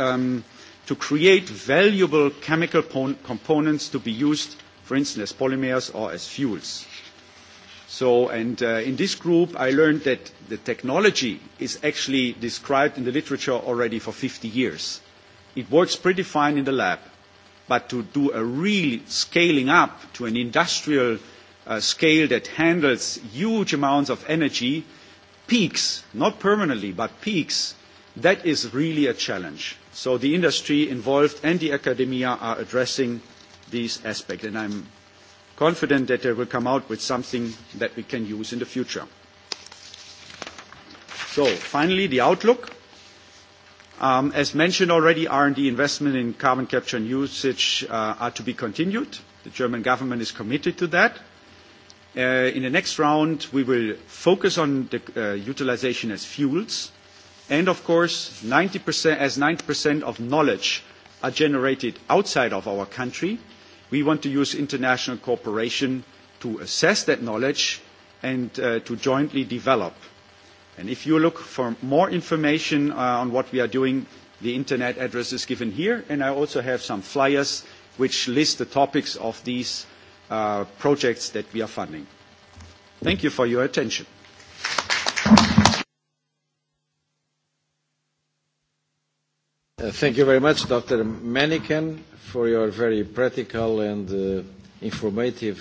to create valuable chemical components to be used, for instance, as polymers or as fuels. So, and in this group, I learned that the technology is actually described in the literature already for 50 years. It works pretty fine in the lab, but to do a real scaling up to an industrial scale that handles huge amounts of energy, peaks, not permanently, but peaks, that is really a challenge. So the industry involved and the academia are addressing these aspects, and I'm confident that they will come out with something that we can use in the future. So finally, the outlook. As mentioned already, R&D investment in carbon capture and usage are to be continued. The German government is committed to that. In the next round, we will focus on the utilization as fuels and of course as 90% of knowledge are generated outside of our country we want to use international cooperation to assess that knowledge and to jointly develop and if you look for more information on what we are doing the internet address is given here and i also have some flyers which list the topics of these projects that we are funding thank you for your attention Thank you very much, Dr. Manican, for your very practical and informative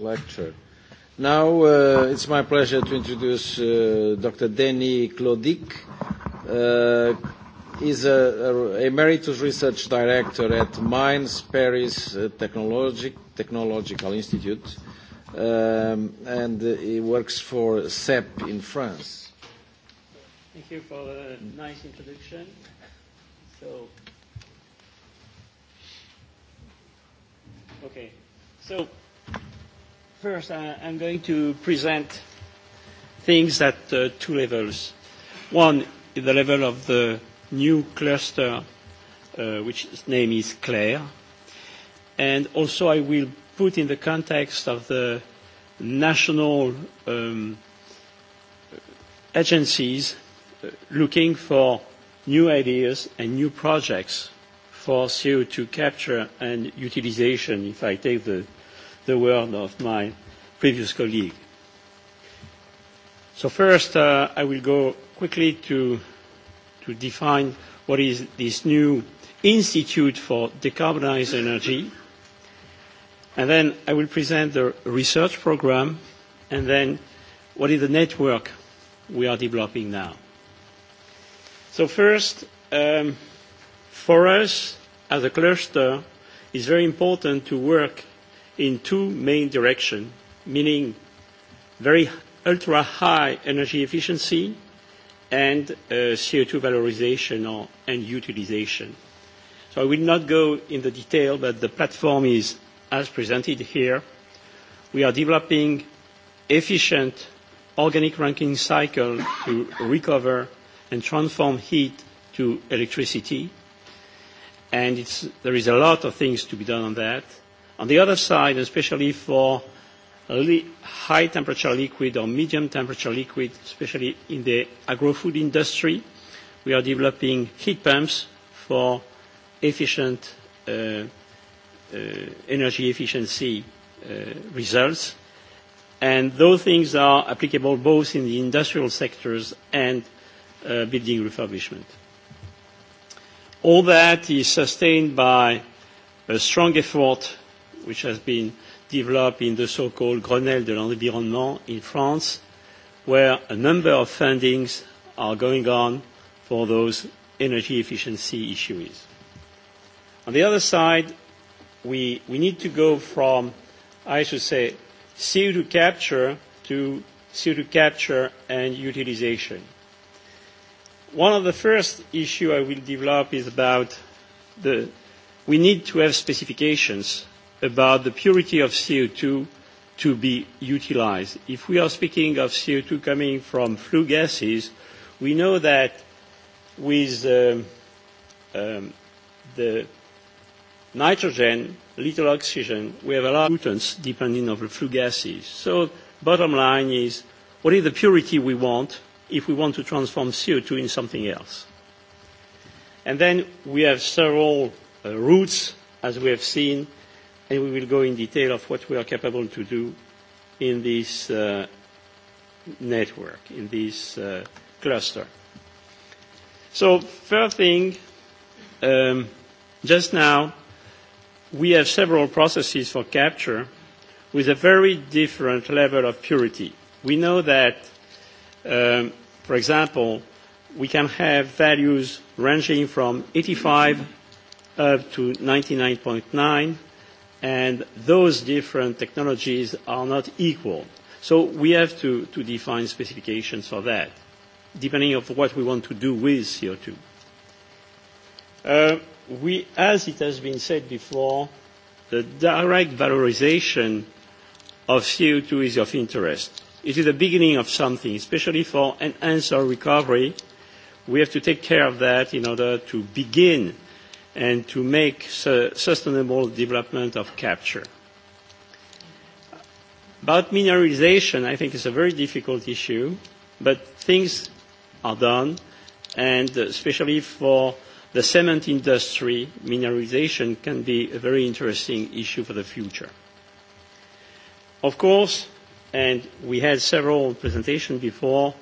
lecture. Now it's my pleasure to introduce Dr. Denis Clodic. is a emeritus research director at Mines Paris Technological Institute, and he works for CEP in France. Thank you for the nice introduction. So, okay. So, first I'm going to present things at two levels. One, the level of the new cluster, which its name is CLAIRE. And also I will put in the context of the national agencies looking for new ideas and new projects for CO2 capture and utilization, if I take the word of my previous colleague. So first, I will go quickly to define what is this new Institute for Decarbonized Energy, and then I will present the research program, and then what is the network we are developing now. So first, for us as a cluster, it's very important to work in two main directions, meaning very ultra-high energy efficiency and CO2 valorization and utilization. So I will not go into detail, but the platform is as presented here. We are developing efficient organic ranking cycle to recover and transform heat to electricity. And there is a lot of things to be done on that. On the other side, especially for high temperature liquid or medium temperature liquid, especially in the agro-food industry, we are developing heat pumps for efficient energy efficiency results. And those things are applicable both in the industrial sectors and building refurbishment. All that is sustained by a strong effort which has been developed in the so-called Grenelle de l'environnement in France, where a number of fundings are going on for those energy efficiency issues. On the other side, we need to go from, I should say, CO2 capture to CO2 capture and utilization. One of the first issues I will develop is about the we need to have specifications about the purity of CO2 to be utilised. If we are speaking of CO2 coming from flue gases, we know that with the nitrogen, little oxygen, we have a lot of pollutants depending on the flue gases. So bottom line is, what is the purity we want if we want to transform CO2 in something else. And then we have several routes, as we have seen, and we will go in detail of what we are capable to do in this network, in this cluster. So, first thing, just now, we have several processes for capture with a very different level of purity. We know that For example, we can have values ranging from 85 up to 99.9, and those different technologies are not equal. So we have to define specifications for that, depending on what we want to do with CO2. as it has been said before, the direct valorization of CO2 is of interest It is the beginning of something, especially for an answer recovery. We have to take care of that in order to begin and to make sustainable development of capture. About mineralization, I think it's a very difficult issue, but things are done, and especially for the cement industry, mineralization can be a very interesting issue for the future. Of course, and we had several presentations before,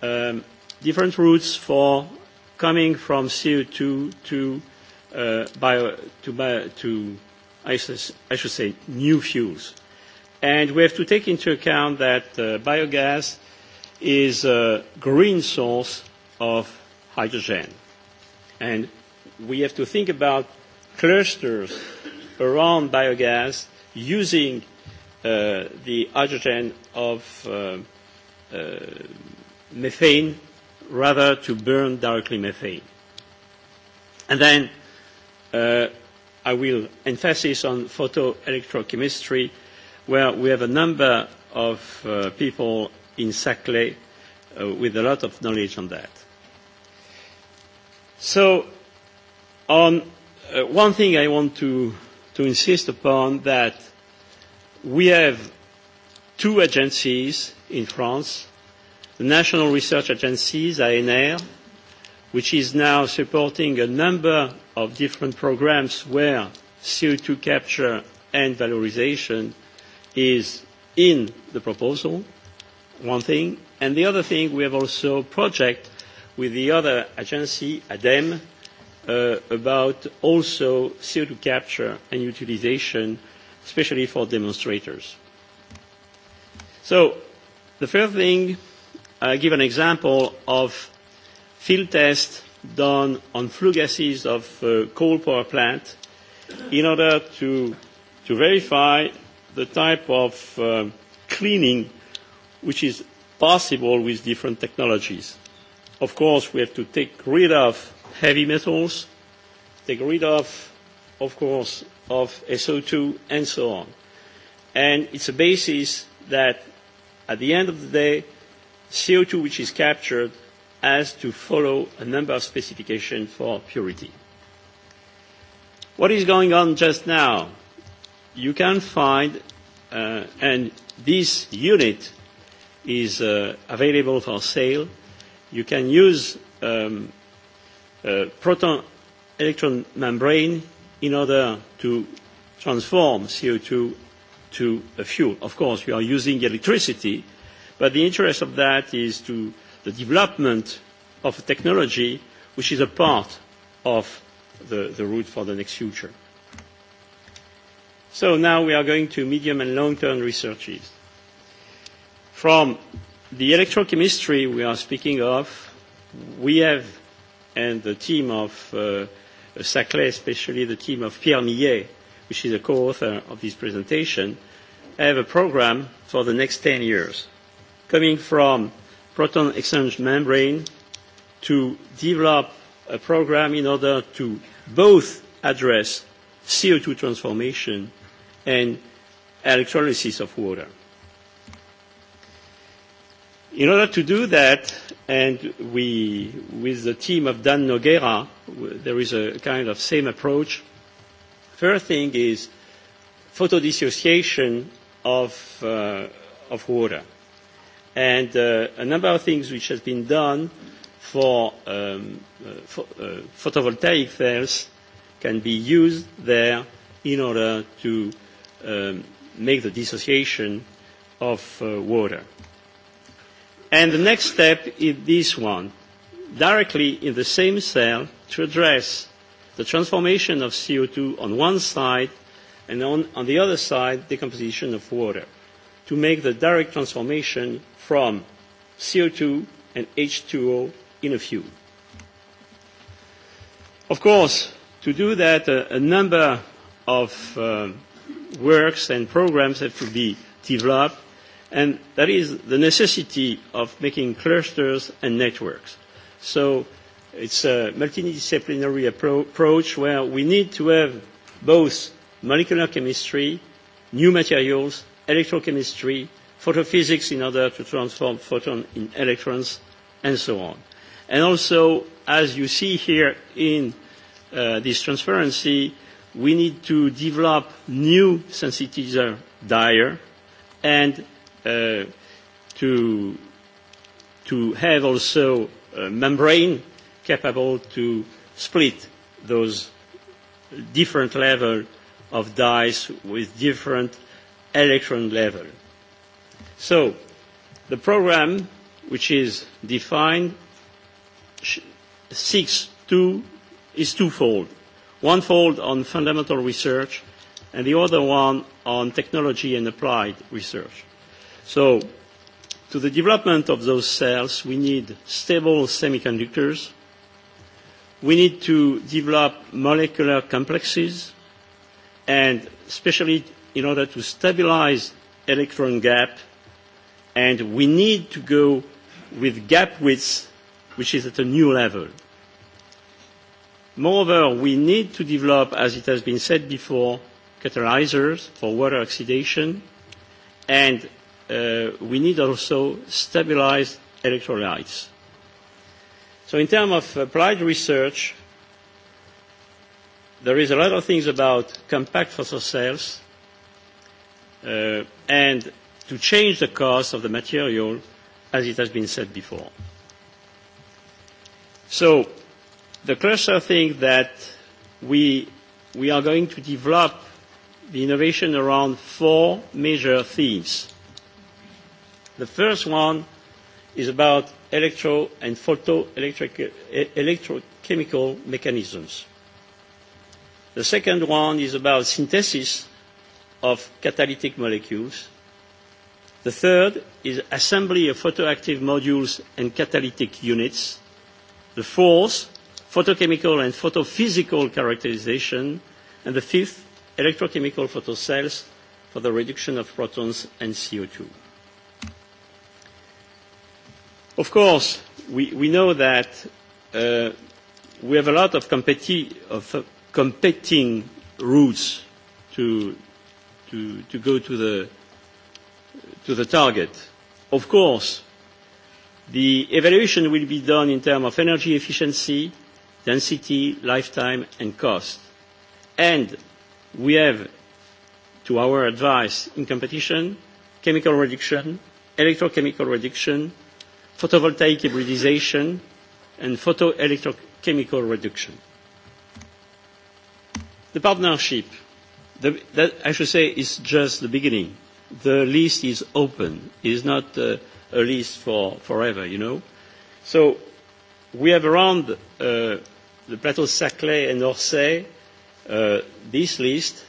different routes for coming from CO2 to bio to I should say new fuels. And we have to take into account that biogas is a green source of hydrogen. And we have to think about clusters around biogas using the hydrogen of methane rather to burn directly methane. And then I will emphasis on photoelectrochemistry where we have a number of people in Saclay with a lot of knowledge on that. So on one thing I want to insist upon that we have two agencies in France, the National Research Agencies, ANR, which is now supporting a number of different programs where CO2 capture and valorisation is in the proposal, one thing. And the other thing, we have also a project with the other agency, ADEME, about also CO2 capture and utilisation especially for demonstrators. So the first thing, I give an example of field tests done on flue gases of coal power plant in order to to verify the type of cleaning which is possible with different technologies. Of course, we have to take rid of heavy metals, take rid of, of course, of SO2 and so on. And it's a basis that at the end of the day, CO2 which is captured has to follow a number of specifications for purity. What is going on just now? You can find, and this unit is available for sale. You can use proton electron membrane in order to transform CO2 to a fuel. Of course, we are using electricity, but the interest of that is to the development of a technology which is a part of the route for the next future. So now we are going to medium and long-term researches. From the electrochemistry we are speaking of, we have, and the team of Saclay, especially the team of Pierre Millet, which is a co-author of this presentation, have a program for the next 10 years, coming from proton exchange membrane to develop a program in order to both address CO2 transformation and electrolysis of water. In order to do that, and we, with the team of Dan Noguera, there is a kind of same approach. First thing is photodissociation of, of water. And a number of things which has been done for photovoltaic cells can be used there in order to make the dissociation of water. And the next step is this one, directly in the same cell to address the transformation of CO2 on one side and on the other side decomposition of water, to make the direct transformation from CO2 and H2O in a fuel. Of course, to do that, a number of works and programs have to be developed and that is the necessity of making clusters and networks. So it's a multidisciplinary approach where we need to have both molecular chemistry, new materials, electrochemistry, photophysics in order to transform photons in electrons, and so on. And also, as you see here in this transparency, we need to develop new sensitizer dyer and to have also a membrane capable to split those different levels of dyes with different electron level. So the program which is defined seeks two is twofold. One fold on fundamental research and the other one on technology and applied research So to the development of those cells, we need stable semiconductors. We need to develop molecular complexes, and especially in order to stabilize electron gap, and we need to go with gap width, which is at a new level. Moreover, we need to develop, as it has been said before, catalyzers for water oxidation, and we need also stabilised electrolytes. So in terms of applied research, there is a lot of things about compact fossil cells and to change the cost of the material as it has been said before. So the cluster thinks that we we are going to develop the innovation around four major themes The first one is about electro and electrochemical mechanisms. The second one is about synthesis of catalytic molecules. The third is assembly of photoactive modules and catalytic units. The fourth, photochemical and photophysical characterization. And the fifth, electrochemical photocells for the reduction of protons and CO2. Of course, we know that we have a lot of competing routes to to go to the to the target. Of course, the evaluation will be done in terms of energy efficiency, density, lifetime and cost. And we have, to our advice in competition, chemical reduction, electrochemical reduction, photovoltaic hybridization, and photoelectrochemical reduction. The partnership, that I should say is just the beginning. The list is open. It is not a list for forever, you know. So we have around the plateau Saclay and Orsay this list,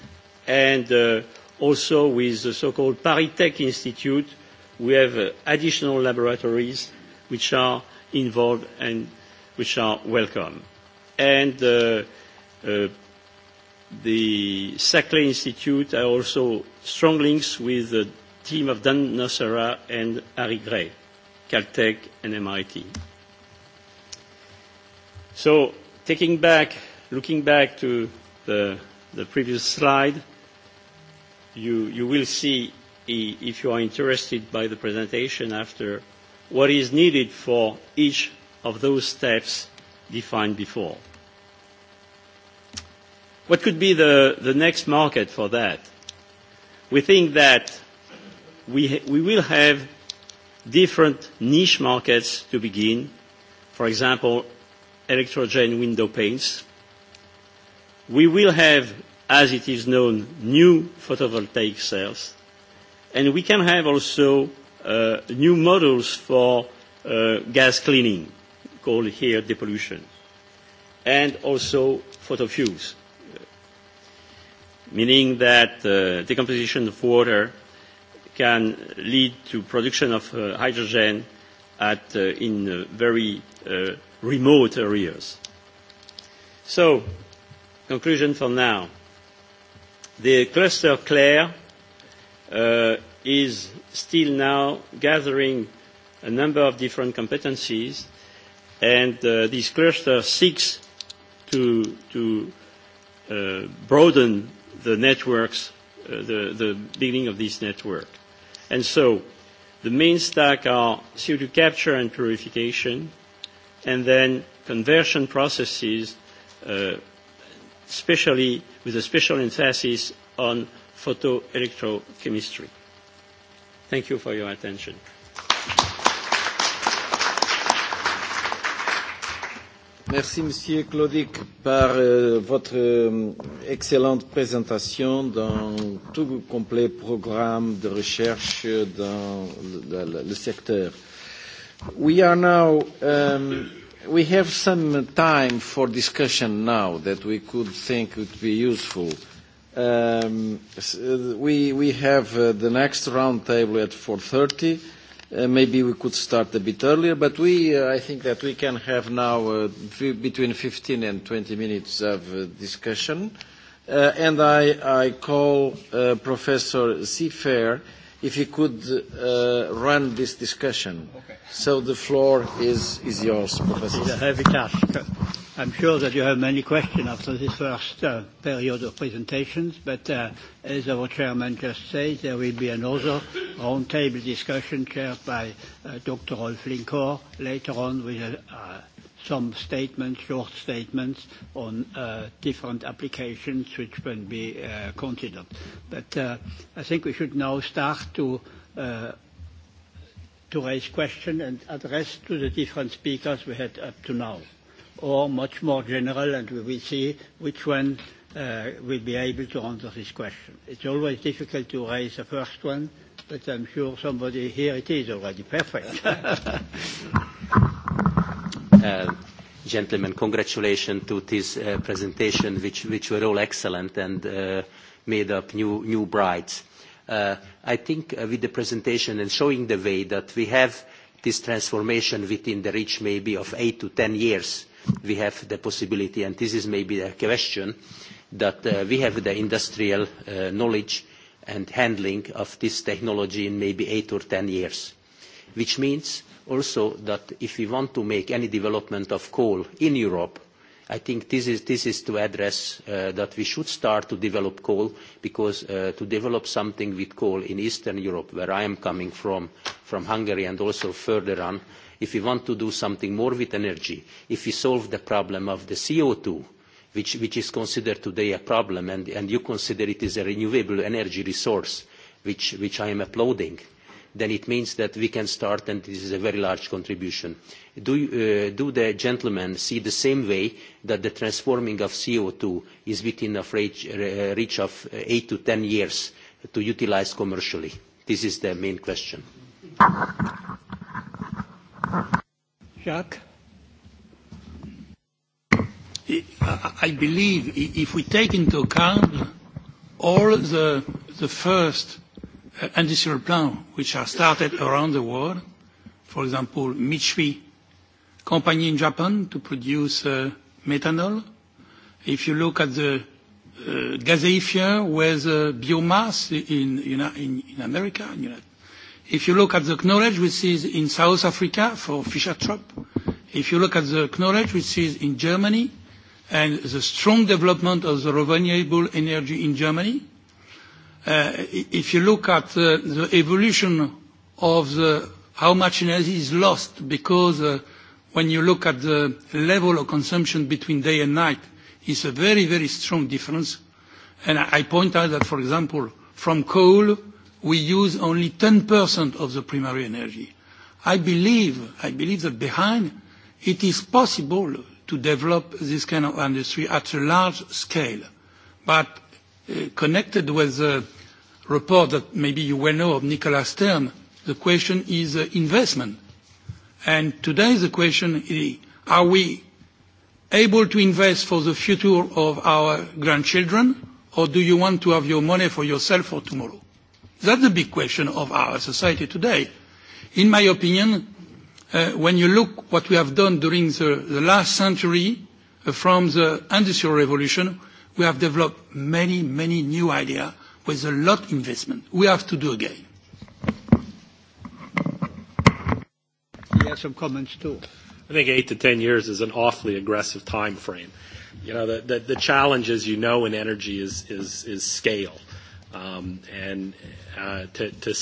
and also with the so-called Paritech Institute, we have additional laboratories which are involved and which are welcome. And the SACLE Institute are also strong links with the team of Dan Nocera and Ari Gray, Caltech and MIT. So taking back, looking back to the previous slide, you will see, if you are interested by the presentation after what is needed for each of those steps defined before. What could be the the next market for that? We think that we will have different niche markets to begin. For example, electrogen window paints. We will have, as it is known, new photovoltaic cells. And we can have also new models for gas cleaning, called here depollution, and also photofuels, meaning that decomposition of water can lead to production of hydrogen at in very remote areas. So, conclusion for now. The cluster CLARE is still now gathering a number of different competencies, and this cluster seeks to broaden the networks, the beginning of this network. And so the main stack are CO2 capture and purification, and then conversion processes, especially with a special emphasis on photoelectrochemistry. Thank you for your attention. Merci, Monsieur Claudic, par votre excellente présentation dans tout le complet programme de recherche dans le secteur. We are now, we have some time for discussion now that we could think would be useful. We we have the next round table at 4.30. Maybe we could start a bit earlier, but we I think that we can have now between 15 and 20 minutes of discussion. And I I call Professor Seafair if he could run this discussion. So the floor is is yours, Professor. I'm sure that you have many questions after this first period of presentations, but as our chairman just said, there will be another roundtable discussion chaired by Dr. Rolf Linkor later on with some statements, short statements on different applications which can be considered. But I think we should now start to to raise questions and address to the different speakers we had up to now or much more general, and we will see which one will be able to answer this question. It's always difficult to raise the first one, but I'm sure somebody here it is already. Perfect. Gentlemen, congratulations to this presentation, which which were all excellent and made up new new brides. I think with the presentation and showing the way that we have this transformation within the reach maybe of eight to ten years we have the possibility, and this is maybe the question, that we have the industrial knowledge and handling of this technology in maybe eight or ten years, which means also that if we want to make any development of coal in Europe, I think this is to address that we should start to develop coal, because to develop something with coal in Eastern Europe, where I am coming from, from Hungary and also further on, if we want to do something more with energy, if we solve the problem of the CO2, which is considered today a problem, and you consider it is a renewable energy resource, which I am applauding, then it means that we can start, and this is a very large contribution. Do the gentlemen see the same way that the transforming of CO2 is within a reach of 8 to 10 years to utilize commercially? This is the main question. Jacques? I believe if we take into account all the the first industrial plants which are started around the world, for example, Mitsui company in Japan to produce methanol. If you look at the gazeifier with biomass in in America, in If you look at the knowledge which is in South Africa for Fischer Trop, if you look at the knowledge which is in Germany and the strong development of the renewable energy in Germany, if you look at the evolution of the how much energy is lost because when you look at the level of consumption between day and night, it's a very, very strong difference. And I point out that, for example, from coal we use only 10% of the primary energy. I believe, I believe that behind it is possible to develop this kind of industry at a large scale. But connected with the report that maybe you well know of Nicola Stern, the question is investment. And today the question is, are we able to invest for the future of our grandchildren, or do you want to have your money for yourself for tomorrow? That's the big question of our society today. In my opinion, when you look what we have done during the last century, from the Industrial Revolution, we have developed many, many new ideas with a lot of investment. We have to do again. He has some comments too. I think eight to ten years is an awfully aggressive time frame. You know, the challenge, as you know, in energy is scale and to to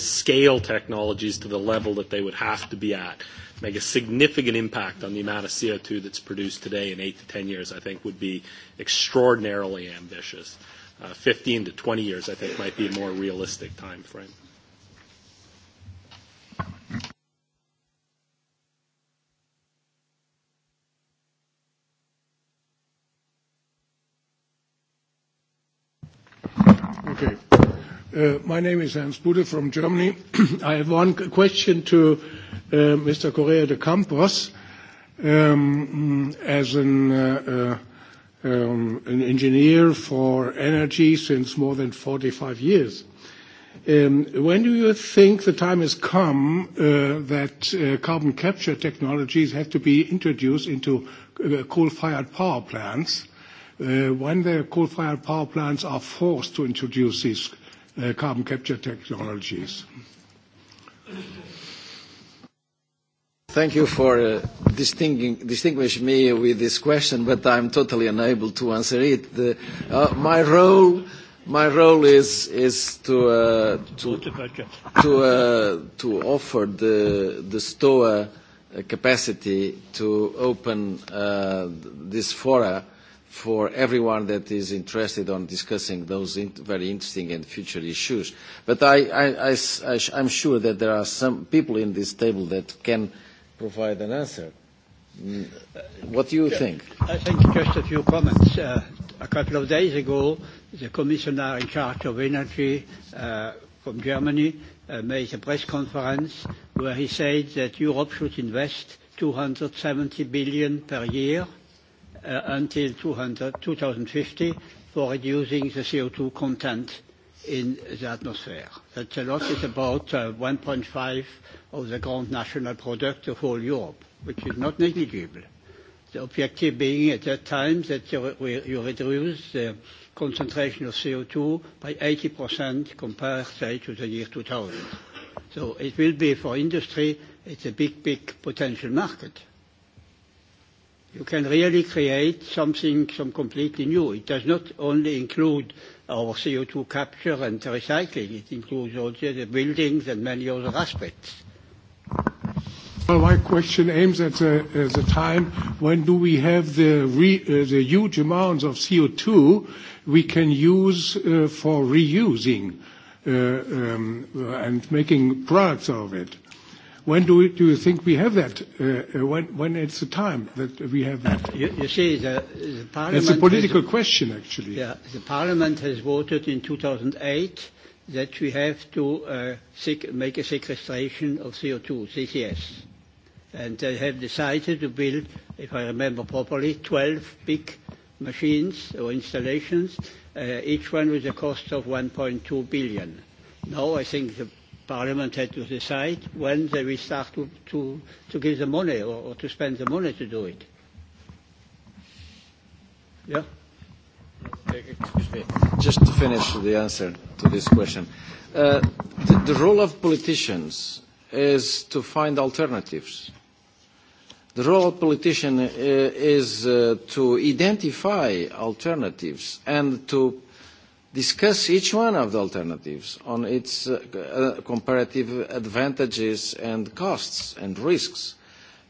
scale technologies to the level that they would have to be at, make a significant impact on the amount of CO2 that's produced today in eight to 10 years, I think would be extraordinarily ambitious. 15 to 20 years, I think, might be a more realistic time frame. Okay. My name is Hans Bude from Germany. I have one question to Mr. Correa de Campos. As an engineer for energy since more than 45 years, when do you think the time has come that carbon capture technologies have to be introduced into coal-fired power plants? when the coal-fired power plants are forced to introduce these carbon capture technologies. Thank you for distinguishing me with this question, but I'm totally unable to answer it. My role is to to offer the the stoa capacity to open this fora for everyone that is interested in discussing those very interesting and future issues. But I I'm sure that there are some people in this table that can provide an answer. What do you think? I think just a few comments. A couple of days ago, the commissioner in charge of energy from Germany made a press conference where he said that Europe should invest 270 billion per year until 2050 for reducing the CO2 content in the atmosphere. That's a lot. It's about 1.5 of the gross national product of all Europe, which is not negligible. The objective being at that time that you reduce the concentration of CO2 by 80% compared, say, to the year 2000. So it will be for industry, it's a big, big potential market you can really create something, some completely new. It does not only include our CO2 capture and recycling, it includes also the buildings and many other aspects. Well, my question aims at the time when do we have the huge amounts of CO2 we can use for reusing and making products of it. When do you think we have that? When it's the time that we have that? You see, the Parliament... That's a political question, actually. the Parliament has voted in 2008 that we have to make a sequestration of CO2, CCS. And they have decided to build, if I remember properly, 12 big machines or installations, each one with a cost of 1.2 billion. Now I think the Parliament had to decide when they will start to, to, to give the money or, to spend the money to do it. Yeah? me. Just to finish the answer to this question. the, the role of politicians is to find alternatives. The role of politician is to identify alternatives and to discuss each one of the alternatives on its comparative advantages and costs and risks.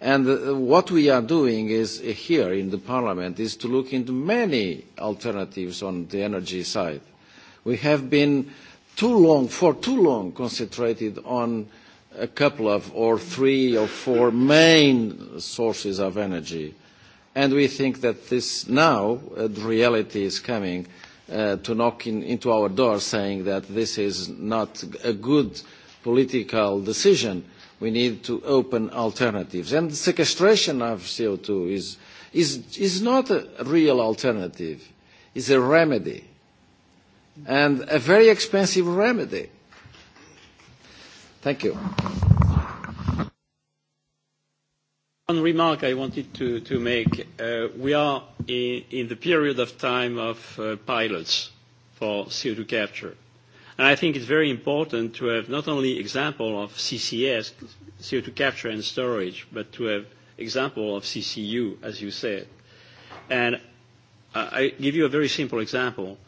And what we are doing is here in the Parliament is to look into many alternatives on the energy side. We have been too long, for too long, concentrated on a couple of or three or four main sources of energy. And we think that this now, the reality is coming to knock into our door saying that this is not a good political decision. We need to open alternatives. And the sequestration of CO2 is not a real alternative. It's a remedy. And a very expensive remedy. Thank you. One remark I wanted to make. We are in the period of time of pilots for CO2 capture. And I think it's very important to have not only example of CCS, CO2 capture and storage, but to have example of CCU, as you said. And I give you a very simple example.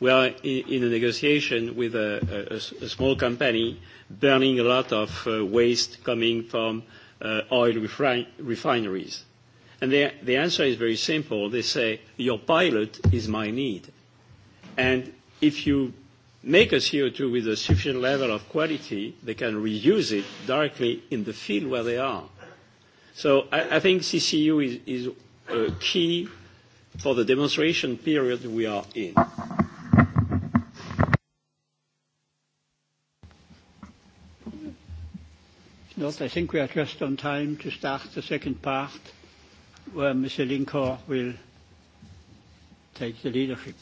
We are in a negotiation with a small company burning a lot of waste coming from oil refineries. And the answer is very simple. They say, your pilot is my need. And if you make a CO2 with a sufficient level of quality, they can reuse it directly in the field where they are. So I think CCU is key for the demonstration period we are in. I think we are just on time to start the second part, where Mr. Linkor will take the leadership.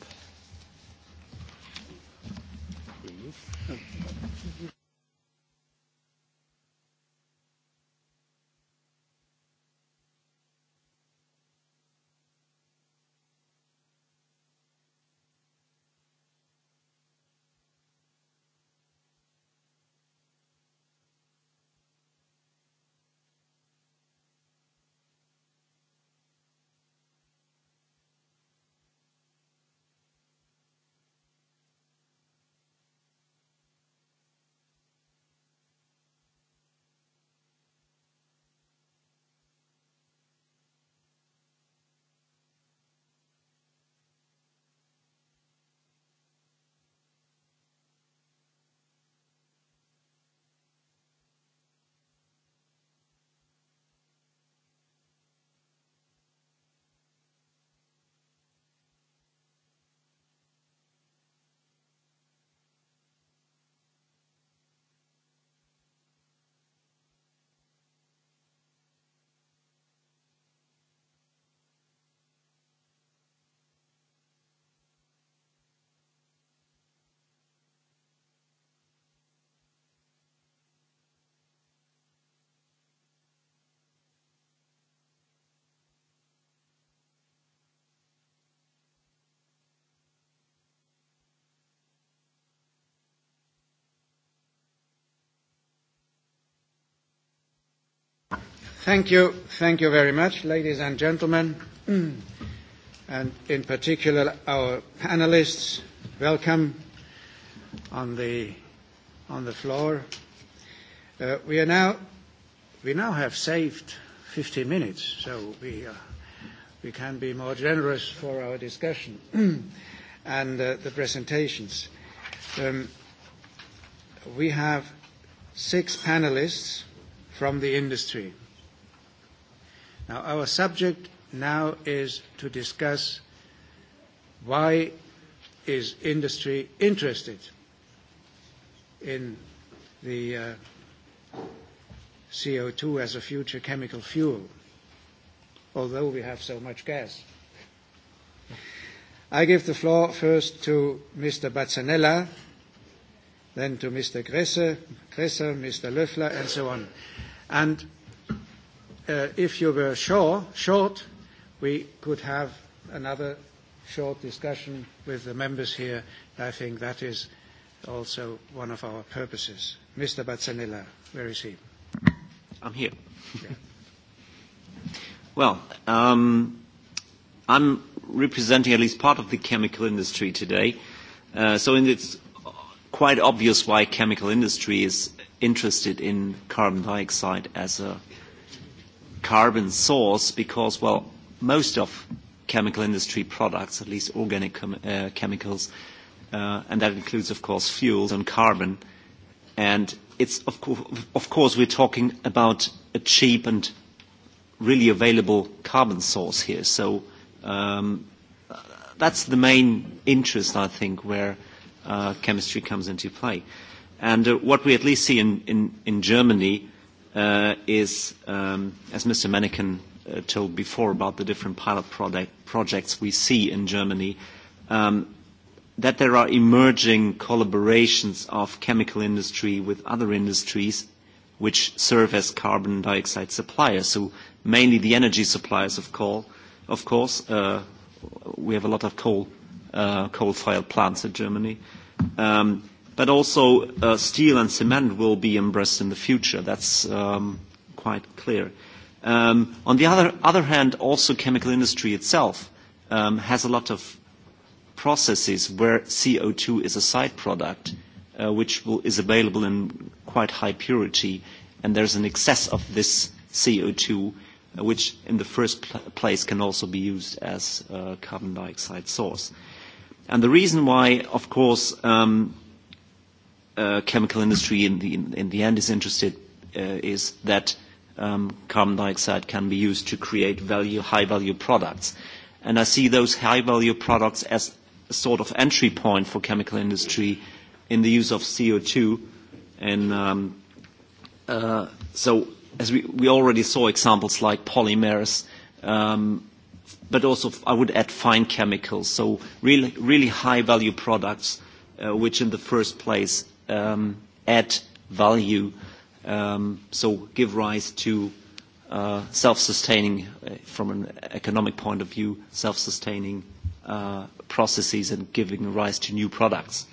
Thank you. Thank you very much, ladies and gentlemen, and in particular our panelists. Welcome on the on the floor. We are now we now have saved 15 minutes, so we we can be more generous for our discussion and the presentations. We have six panelists from the industry. Now, our subject now is to discuss why is industry interested in the CO2 as a future chemical fuel, although we have so much gas. I give the floor first to Mr. Bazzanella, then to Mr. Gresser, Mr. Löffler, and so on. And if you were sure, short, we could have another short discussion with the members here. I think that is also one of our purposes. Mr. Bazzanella, where is he? I'm here. Well, I'm representing at least part of the chemical industry today. so it's quite obvious why chemical industry is interested in carbon dioxide as a carbon source because, well, most of chemical industry products, at least organic chemicals, and that includes, of course, fuels and carbon. And it's, of course, we're talking about a cheap and really available carbon source here. So that's the main interest, I think, where chemistry comes into play. And what we at least see in Germany is, as Mr. Menneken told before about the different pilot projects we see in Germany, that there are emerging collaborations of chemical industry with other industries which serve as carbon dioxide suppliers, so mainly the energy suppliers of coal. Of course, we have a lot of coal-fired plants in Germany. But also steel and cement will be embraced in the future. That's quite clear. On the other hand, also chemical industry itself has a lot of processes where CO2 is a side product, which is available in quite high purity, and there's an excess of this CO2, which in the first place can also be used as a carbon dioxide source. And the reason why, of course, chemical industry in the in the end is interested is that carbon dioxide can be used to create value high value products and i see those high value products as a sort of entry point for chemical industry in the use of co2 and so as we we already saw examples like polymers but also i would add fine chemicals so really really high value products which in the first place add value, so give rise to self-sustaining, from an economic point of view, self-sustaining processes and giving rise to new products.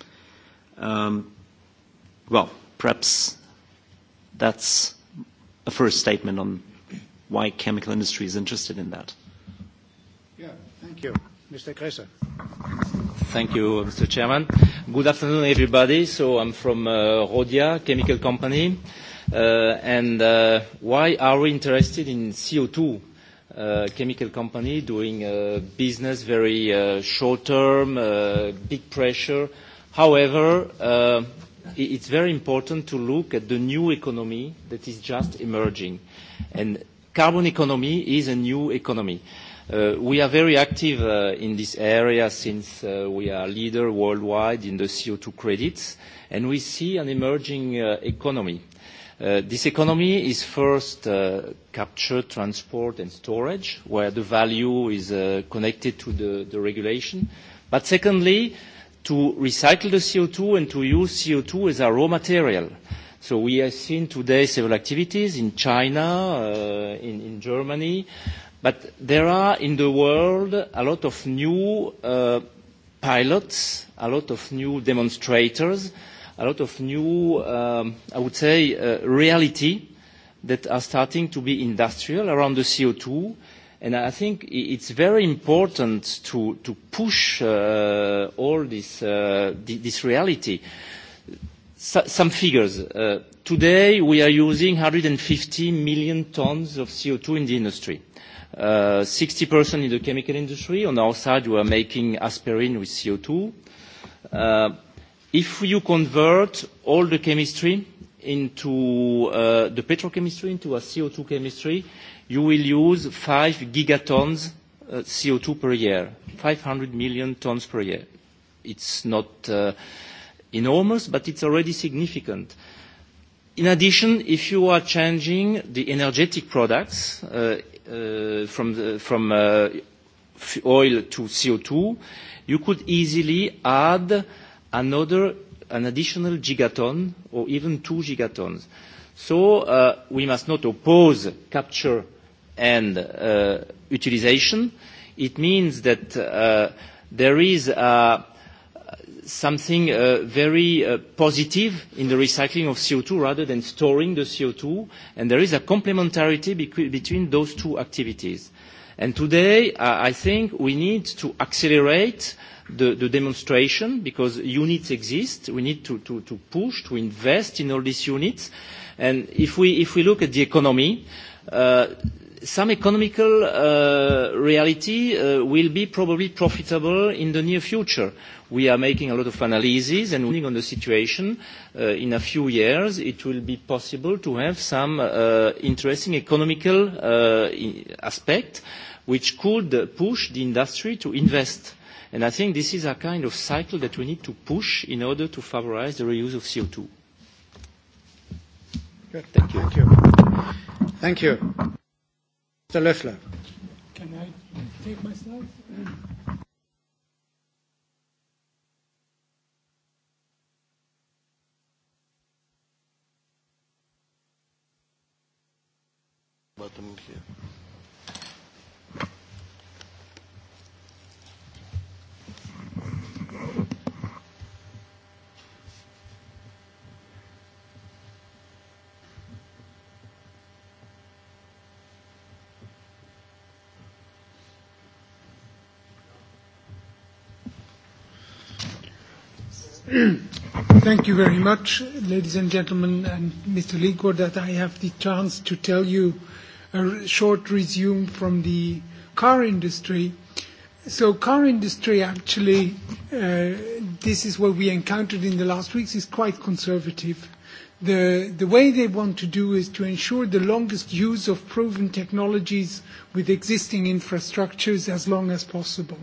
Well, perhaps that's a first statement on why chemical industry is interested in that. Yeah, thank you. Mr. Kresser. Thank you, Mr. Chairman. Good afternoon, everybody. So I'm from Rodia Chemical Company. And uh why are we interested in CO2? Chemical company doing business very short term, big pressure. However, it's very important to look at the new economy that is just emerging. And carbon economy is a new economy. We are very active in this area since we are leader worldwide in the CO2 credits, and we see an emerging economy. This economy is first capture, transport, and storage, where the value is connected to the regulation. But secondly, to recycle the CO2 and to use CO2 as a raw material. So we have seen today several activities in China, in Germany, But there are in the world a lot of new pilots, a lot of new demonstrators, a lot of new, I would say, reality that are starting to be industrial around the CO2. And I think it's very important to push all this reality. Some figures. Today we are using 150 million tons of CO2 in the industry. 60% in the chemical industry. On our side, we are making aspirin with CO2. If you convert all the chemistry into the petrochemistry into a CO2 chemistry, you will use 5 gigatons CO2 per year, 500 million tons per year. It's not enormous, but it's already significant. In addition, if you are changing the energetic products, from oil to CO2, you could easily add another, an additional gigaton or even two gigatons. So we must not oppose capture and utilization. It means that there is a something very positive in the recycling of CO2 rather than storing the CO2, and there is a complementarity between those two activities. And today, I think we need to accelerate the demonstration because units exist. We need to push, to invest in all these units. And if we look at the economy, Some economical reality will be probably profitable in the near future. We are making a lot of analyses and looking on the situation. In a few years, it will be possible to have some interesting economical aspect which could push the industry to invest. And I think this is a kind of cycle that we need to push in order to favorize the reuse of CO2. Thank you. Mr. Löffler. Can I take my slides? Bottom here. Thank you very much, ladies and gentlemen, and Mr. Linko, that I have the chance to tell you a short resume from the car industry. So car industry, actually, this is what we encountered in the last weeks, is quite conservative. The way they want to do is to ensure the longest use of proven technologies with existing infrastructures as long as possible.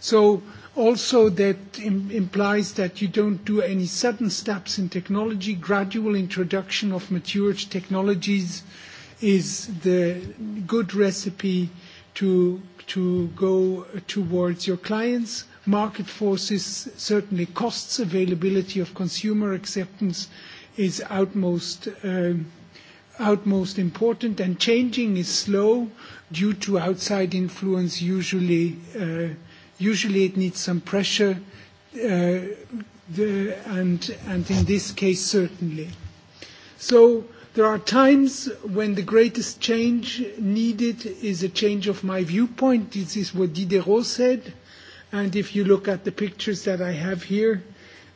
So Also, that implies that you don't do any sudden steps in technology. Gradual introduction of mature technologies is the good recipe to go towards your clients. Market forces, certainly costs, availability of consumer acceptance is utmost important, and changing is slow due to outside influence, usually Usually it needs some pressure, and in this case certainly. So there are times when the greatest change needed is a change of my viewpoint. This is what Diderot said, and if you look at the pictures that I have here,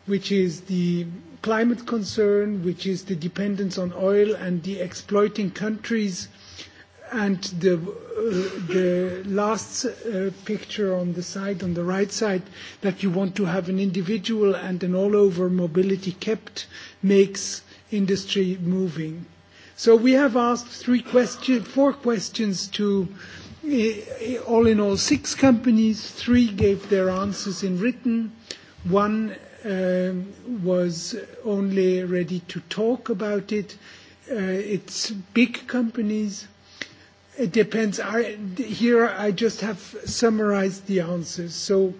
which is the climate concern, which is the dependence on oil and the exploiting countries And the last picture on the side, on the right side, that you want to have an individual and an all-over mobility kept makes industry moving. So we have asked three questions, four questions to, all in all, six companies. Three gave their answers in written. One was only ready to talk about it. It's big companies It depends. Here I just have summarized the answers. So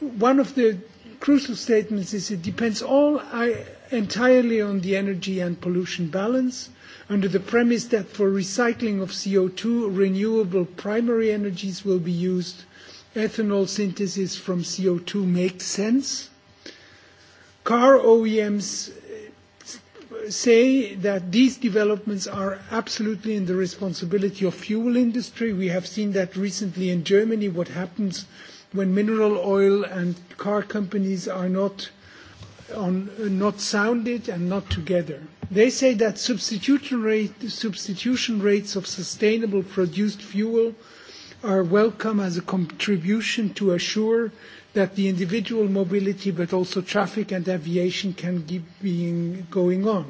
one of the crucial statements is it depends all entirely on the energy and pollution balance under the premise that for recycling of CO2, renewable primary energies will be used. Ethanol synthesis from CO2 makes sense. Car OEMs say that these developments are absolutely in the responsibility of fuel industry. We have seen that recently in Germany, what happens when mineral oil and car companies are not not sounded and not together. They say that substitution rates of sustainable produced fuel are welcome as a contribution to assure that the individual mobility but also traffic and aviation can keep being going on.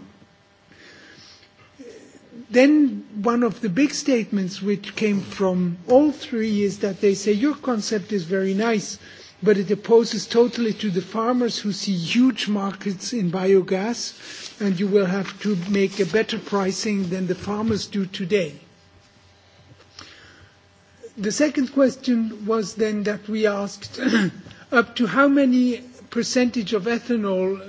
Then one of the big statements which came from all three is that they say your concept is very nice but it opposes totally to the farmers who see huge markets in biogas and you will have to make a better pricing than the farmers do today. The second question was then that we asked up to how many percentage of ethanol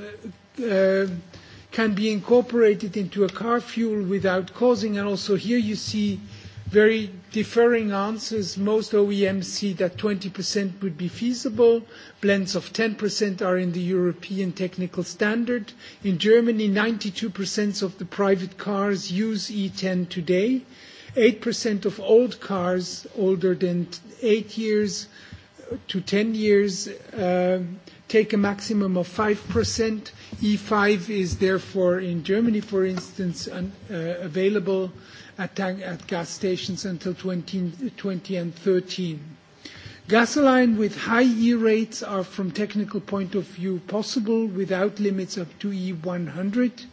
can be incorporated into a car fuel without causing, and also here you see very differing answers. Most OEMs see that 20% would be feasible. Blends of 10% are in the European technical standard. In Germany, 92% of the private cars use E10 today. 8% of old cars older than eight years to 10 years take a maximum of 5%. E5 is therefore in Germany, for instance, available at gas stations until 2013. and Gasoline with high E rates are from technical point of view possible without limits up to E100.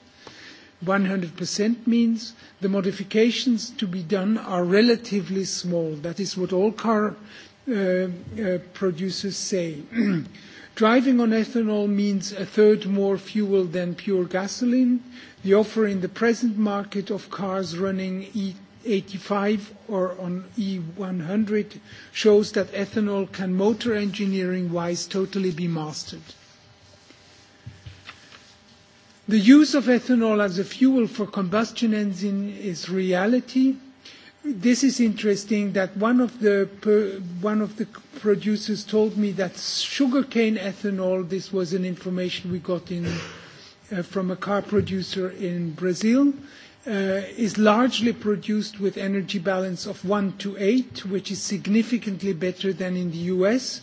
100% means the modifications to be done are relatively small. That is what all car producers say. Driving on ethanol means a third more fuel than pure gasoline. The offer in the present market of cars running E85 or on E100 shows that ethanol can motor engineering-wise totally be mastered. The use of ethanol as a fuel for combustion engine is reality This is interesting that one of the one of the producers told me that sugarcane ethanol. This was an information we got in from a car producer in Brazil, is largely produced with energy balance of 1 to 8, which is significantly better than in the U.S.,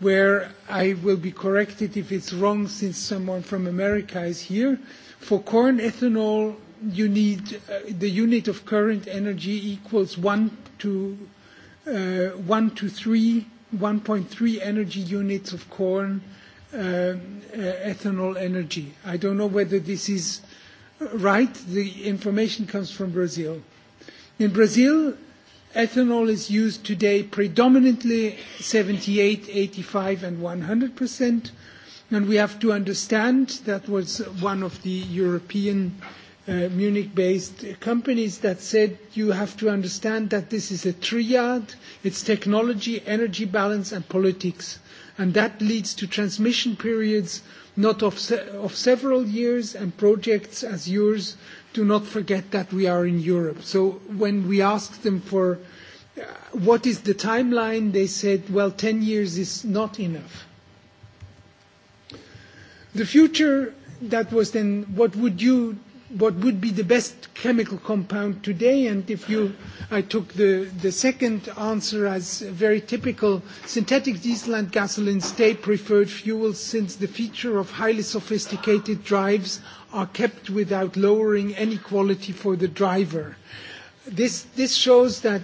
where I will be corrected if it's wrong, since someone from America is here. For corn ethanol you need the unit of current energy equals one to 1 to 3, 1.3 energy units of corn ethanol energy. I don't know whether this is right. The information comes from Brazil. In Brazil, ethanol is used today predominantly 78, 85 and 100%. And we have to understand that was one of the European Munich-based companies that said you have to understand that this is a triad, it's technology, energy balance and politics, and that leads to transmission periods not of several years and projects as yours do not forget that we are in Europe. So when we asked them for what is the timeline, they said, well, 10 years is not enough. The future that was then, what would you what would be the best chemical compound today and if you I took the the second answer as very typical synthetic diesel and gasoline stay preferred fuels since the feature of highly sophisticated drives are kept without lowering any quality for the driver. This this shows that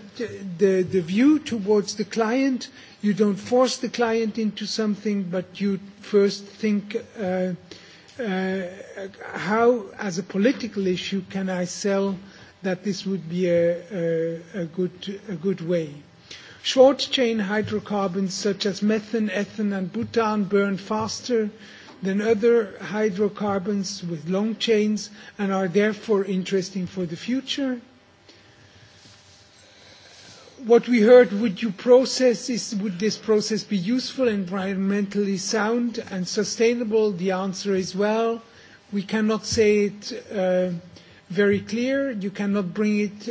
the the view towards the client you don't force the client into something but you first think how, as a political issue, can I sell that this would be a good way? Short-chain hydrocarbons such as methane, ethane, and butane burn faster than other hydrocarbons with long chains and are therefore interesting for the future what we heard, would you process this, would this process be useful, environmentally sound and sustainable? The answer is well. We cannot say it very clear. You cannot bring it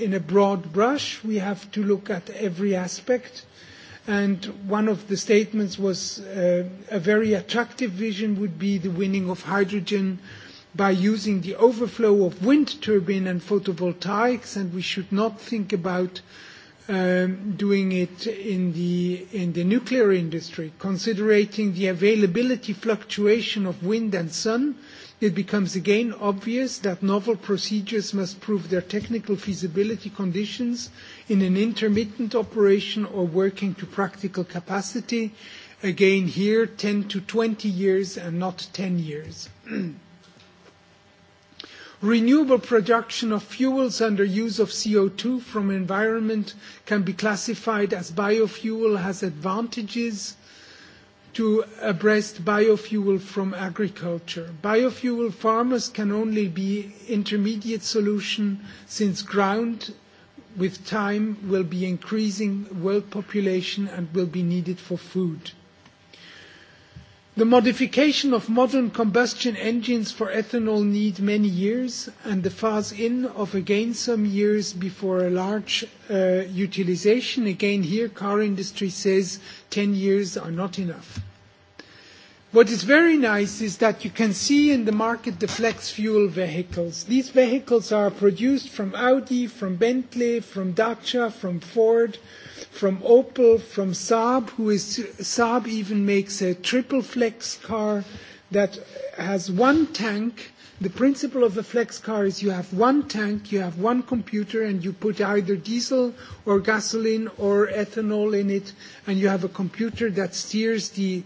in a broad brush. We have to look at every aspect. And one of the statements was a very attractive vision would be the winning of hydrogen by using the overflow of wind turbine and photovoltaics, and we should not think about doing it in the in the nuclear industry. Considering the availability fluctuation of wind and sun, it becomes again obvious that novel procedures must prove their technical feasibility conditions in an intermittent operation or working to practical capacity, again here 10 to 20 years and not 10 years. Renewable production of fuels under use of CO2 from environment can be classified as biofuel has advantages to abreast biofuel from agriculture. Biofuel farmers can only be intermediate solution since ground with time will be increasing world population and will be needed for food. The modification of modern combustion engines for ethanol need many years and the phase-in of again some years before a large utilization. Again here car industry says 10 years are not enough. What is very nice is that you can see in the market the flex fuel vehicles. These vehicles are produced from Audi, from Bentley, from Dacia, from Ford from Opel, from Saab, who is Saab even makes a triple flex car that has one tank. The principle of a flex car is you have one tank, you have one computer, and you put either diesel or gasoline or ethanol in it, and you have a computer that steers the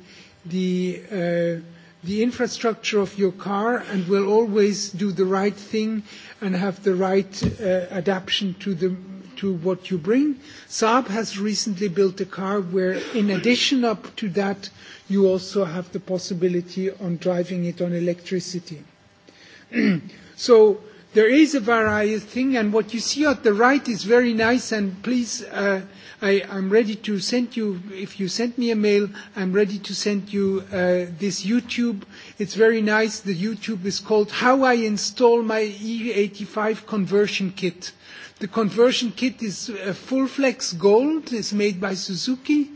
the the infrastructure of your car and will always do the right thing and have the right adaptation to the what you bring. Saab has recently built a car where, in addition up to that, you also have the possibility on driving it on electricity. So there is a variety of thing, and what you see at the right is very nice, and please, I am ready to send you, if you send me a mail, I am ready to send you this YouTube. It's very nice. The YouTube is called How I Install My E85 Conversion Kit. The conversion kit is full flex gold. It's made by Suzuki.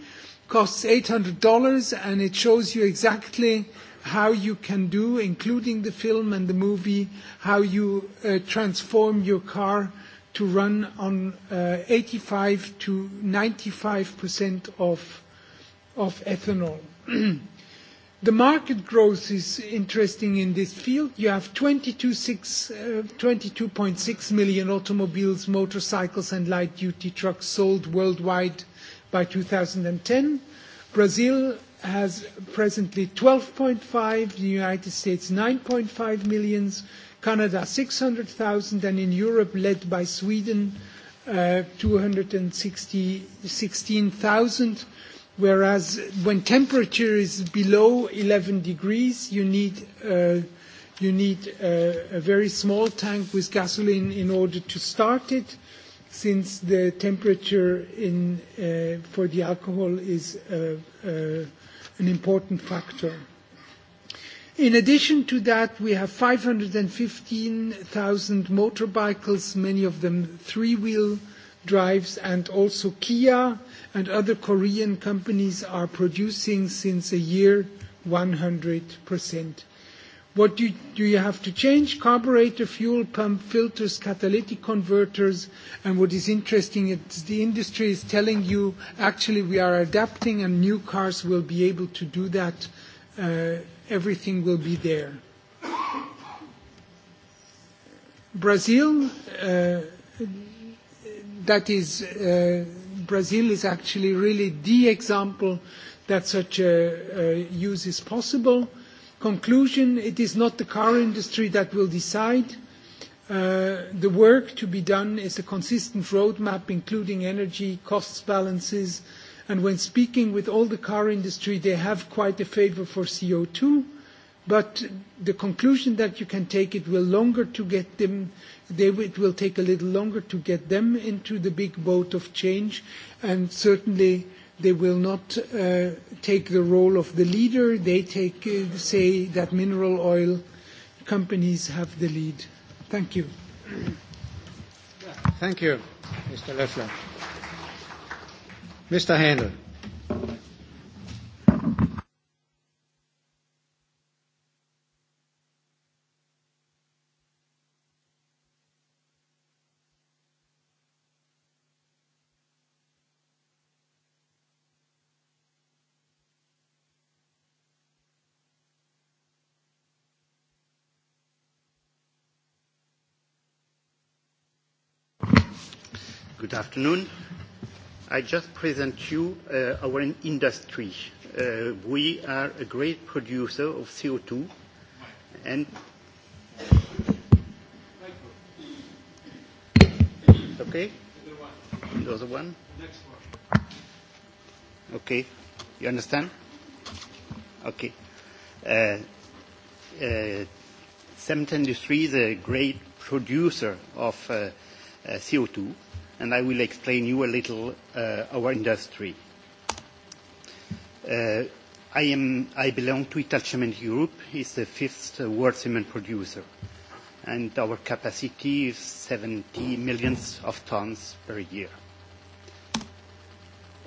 Costs $800 and it shows you exactly how you can do, including the film and the movie, how you transform your car to run on 85 to 95% of ethanol. The market growth is interesting in this field. You have 22.6 million automobiles, motorcycles and light-duty trucks sold worldwide by 2010. Brazil has presently 12.5, the United States 9.5 million, Canada 600,000 and in Europe, led by Sweden, 216,000 whereas when temperature is below 11 degrees, you need you need a very small tank with gasoline in order to start it, since the temperature for the alcohol is an important factor. In addition to that, we have 515,000 motorbikes, many of them three-wheel drives, and also Kia and other Korean companies are producing since a year 100%. What do you have to change? Carburetor, fuel pump, filters, catalytic converters. And what is interesting is the industry is telling you, actually, we are adapting and new cars will be able to do that. Everything will be there. Brazil, that is Brazil is actually really the example that such a use is possible. Conclusion, it is not the car industry that will decide. The work to be done is a consistent roadmap, including energy, costs balances, and when speaking with all the car industry, they have quite a favour for CO2 But the conclusion that you can take it will longer to get them, it will take a little longer to get them into the big boat of change, and certainly they will not take the role of the leader. They take, say that mineral oil companies have the lead. Thank you. Thank you, Mr. Leffler. Mr. Handel. afternoon. I just present you our industry. We are a great producer of CO2 and okay? The one? Next one. Okay. You understand? Okay. Cement industry is a great producer of CO2 and I will explain you a little our industry. I belong to Cement Europe. It's the fifth world cement producer, and our capacity is 70 millions of tons per year.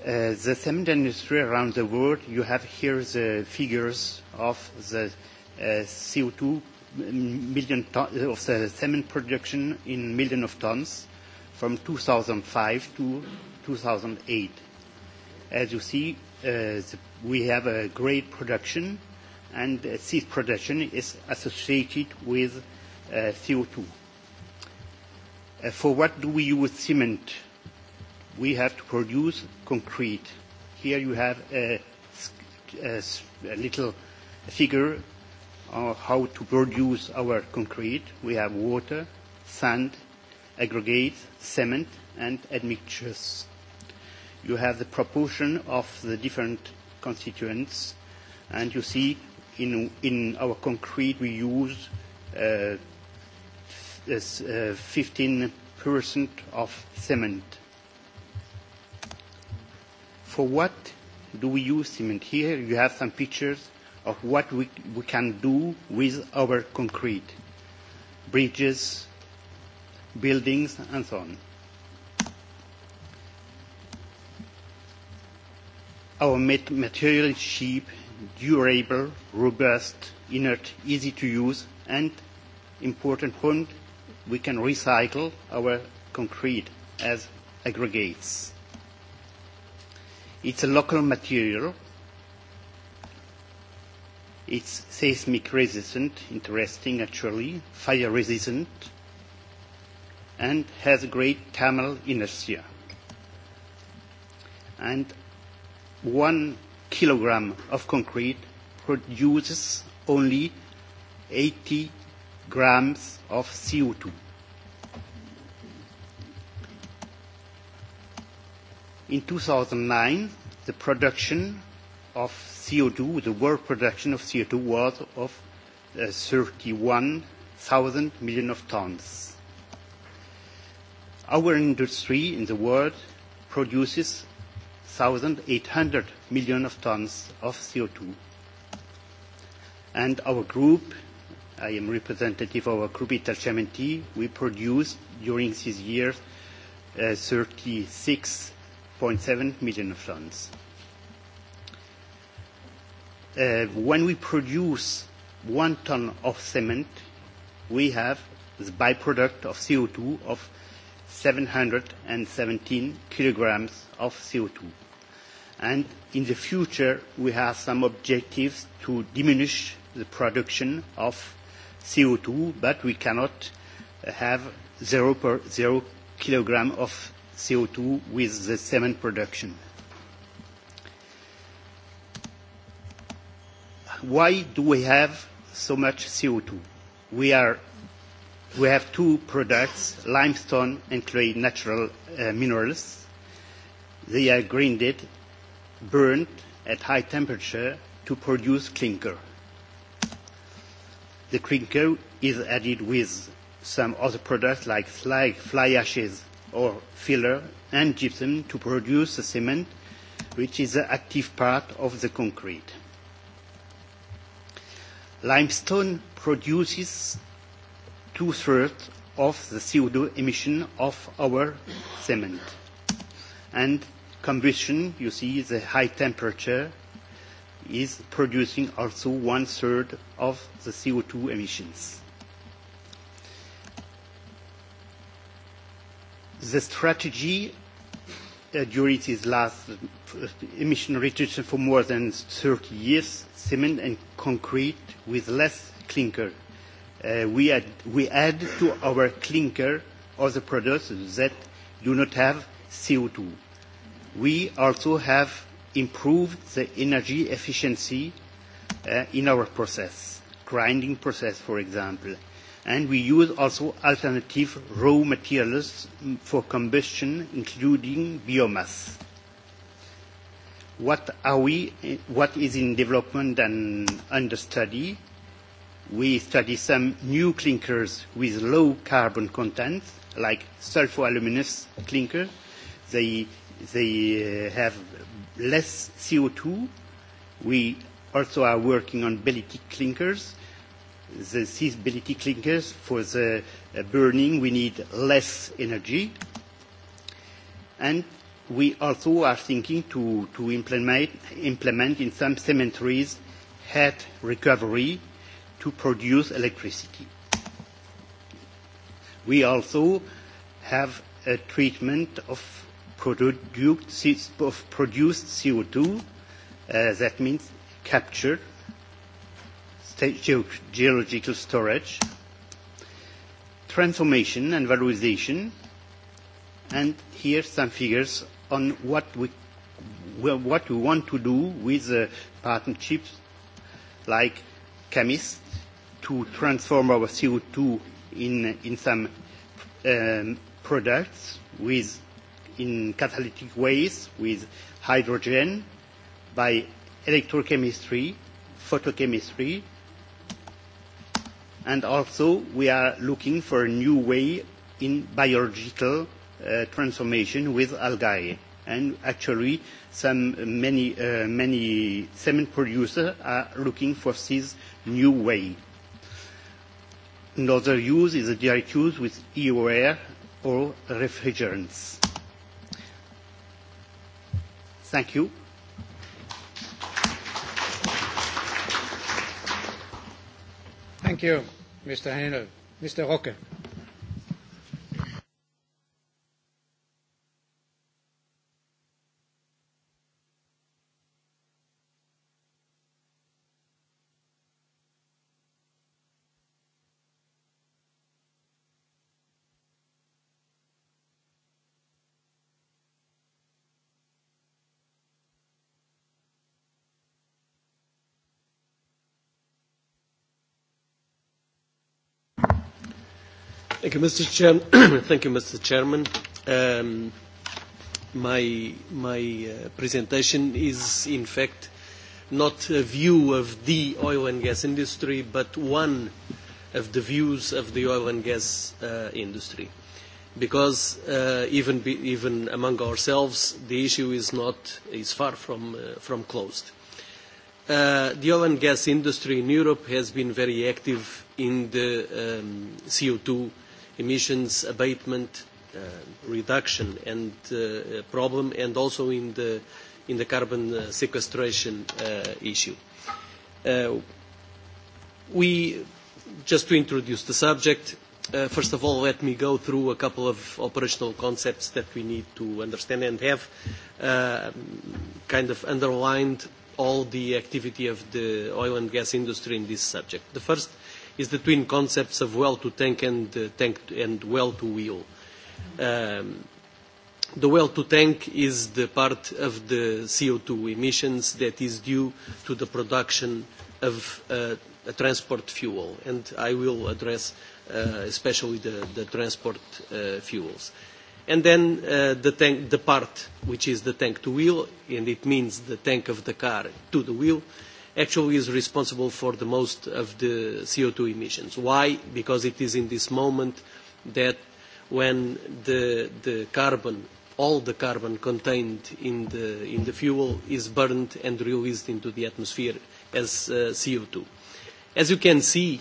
The cement industry around the world, you have here the figures of the CO2 million of the cement production in million of tons from 2005 to 2008. As you see, we have a great production, and seed production is associated with CO2. For what do we use cement? We have to produce concrete. Here you have a little figure on how to produce our concrete. We have water, sand, aggregates, cement and admixtures. You have the proportion of the different constituents and you see in in our concrete we use 15% of cement. For what do we use cement? Here you have some pictures of what we we can do with our concrete. Bridges, buildings and so on. Our material is cheap, durable, robust, inert, easy to use and important point we can recycle our concrete as aggregates. It's a local material. It's seismic resistant, interesting actually, fire resistant and has great Tamil inertia. And one kilogram of concrete produces only 80 grams of CO2. In 2009, the production of CO2, the world production of CO2 was of 31,000 million of tons. Our industry in the world produces 1,800 million of tons of CO2. And our group, I am representative of our group Italcementi, we produced during this year 36.7 million of tons. When we produce one ton of cement, we have the byproduct of CO2 of 717 kilograms of CO2. And in the future, we have some objectives to diminish the production of CO2, but we cannot have zero kilogram of CO2 with the cement production. Why do we have so much CO2? We are we have two products, limestone and clay natural minerals. They are grinded, burned at high temperature to produce clinker. The clinker is added with some other products like fly ashes or filler and gypsum to produce the cement, which is the active part of the concrete. Limestone produces two-thirds of the CO2 emission of our cement. And combustion, you see the high temperature, is producing also one-third of the CO2 emissions. The strategy during this last emission reduction for more than 30 years, cement and concrete with less clinker we add to our clinker other products that do not have CO2. We also have improved the energy efficiency in our process, grinding process, for example. And we use also alternative raw materials for combustion, including biomass. What are we? What is in development and under study? We study some new clinkers with low carbon content, like sulfur aluminous clinker. They have less CO2. We also are working on belly clinkers. These clinkers, for the burning, we need less energy. And we also are thinking to to implement in some cemeteries head recovery to produce electricity. We also have a treatment of produced CO2, that means capture, geological storage, transformation and valorization, and here some figures on what we what we want to do with partnerships like chemists to transform our CO2 in in some um products with in catalytic ways with hydrogen by electrochemistry, photochemistry, and also we are looking for a new way in biological transformation with algae. And actually, some many many cement producers are looking for these new way. Another use is the direct use with EOR or refrigerants. Thank you. Thank you, Mr. Heiner. Mr. Rocke. Thank Mr. Chairman. My presentation is, in fact, not a view of the oil and gas industry, but one of the views of the oil and gas industry, because even even among ourselves, the issue is not is far from from closed. The oil and gas industry in Europe has been very active in the CO2 emissions abatement reduction and problem and also in the in the carbon sequestration issue. We just to introduce the subject, first of all let me go through a couple of operational concepts that we need to understand and have kind of underlined all the activity of the oil and gas industry in this subject. The first is the twin concepts of well to tank and tank and well to wheel. The well to tank is the part of the CO2 emissions that is due to the production of a transport fuel, and I will address especially the transport fuels. And then the part which is the tank to wheel, and it means the tank of the car to the wheel actually is responsible for the most of the CO2 emissions. Why? Because it is in this moment that when the carbon, all the carbon contained in the fuel is burned and released into the atmosphere as CO2. As you can see,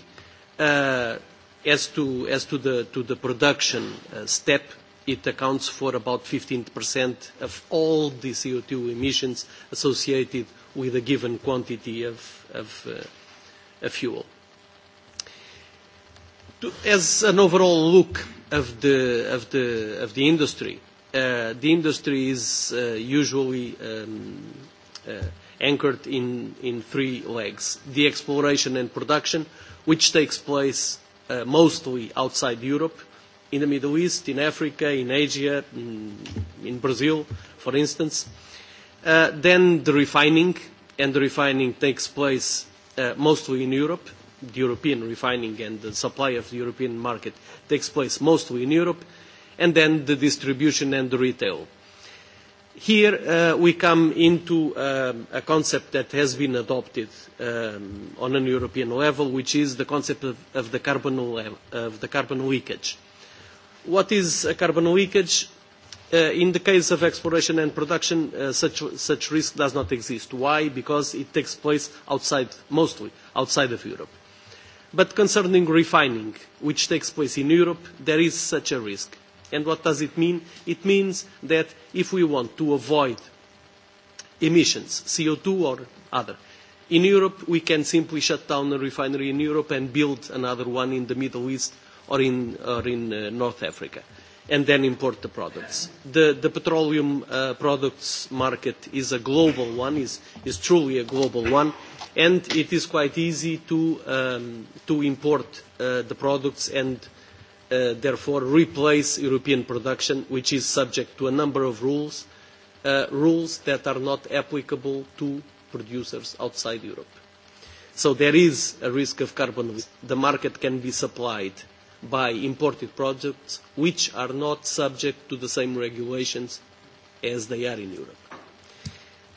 as to the production step, it accounts for about 15% of all the CO2 emissions associated with a given quantity of fuel. As an overall look of the industry, the industry is usually anchored in three legs. The exploration and production, which takes place mostly outside Europe, in the Middle East, in Africa, in Asia, in Brazil, for instance Then the refining, and the refining takes place mostly in Europe. The European refining and the supply of the European market takes place mostly in Europe, and then the distribution and the retail. Here we come into a concept that has been adopted on a European level, which is the concept of the carbon leakage. What is a carbon leakage? In the case of exploration and production, such risk does not exist. Why? Because it takes place outside, mostly outside of Europe. But concerning refining, which takes place in Europe, there is such a risk. And what does it mean? It means that if we want to avoid emissions, CO2 or other, in Europe we can simply shut down a refinery in Europe and build another one in the Middle East or in North Africa and then import the products. The petroleum products market is a global one, is truly a global one, and it is quite easy to import the products and therefore replace European production, which is subject to a number of rules, rules that are not applicable to producers outside Europe. So there is a risk of carbon. The market can be supplied by imported products which are not subject to the same regulations as they are in Europe.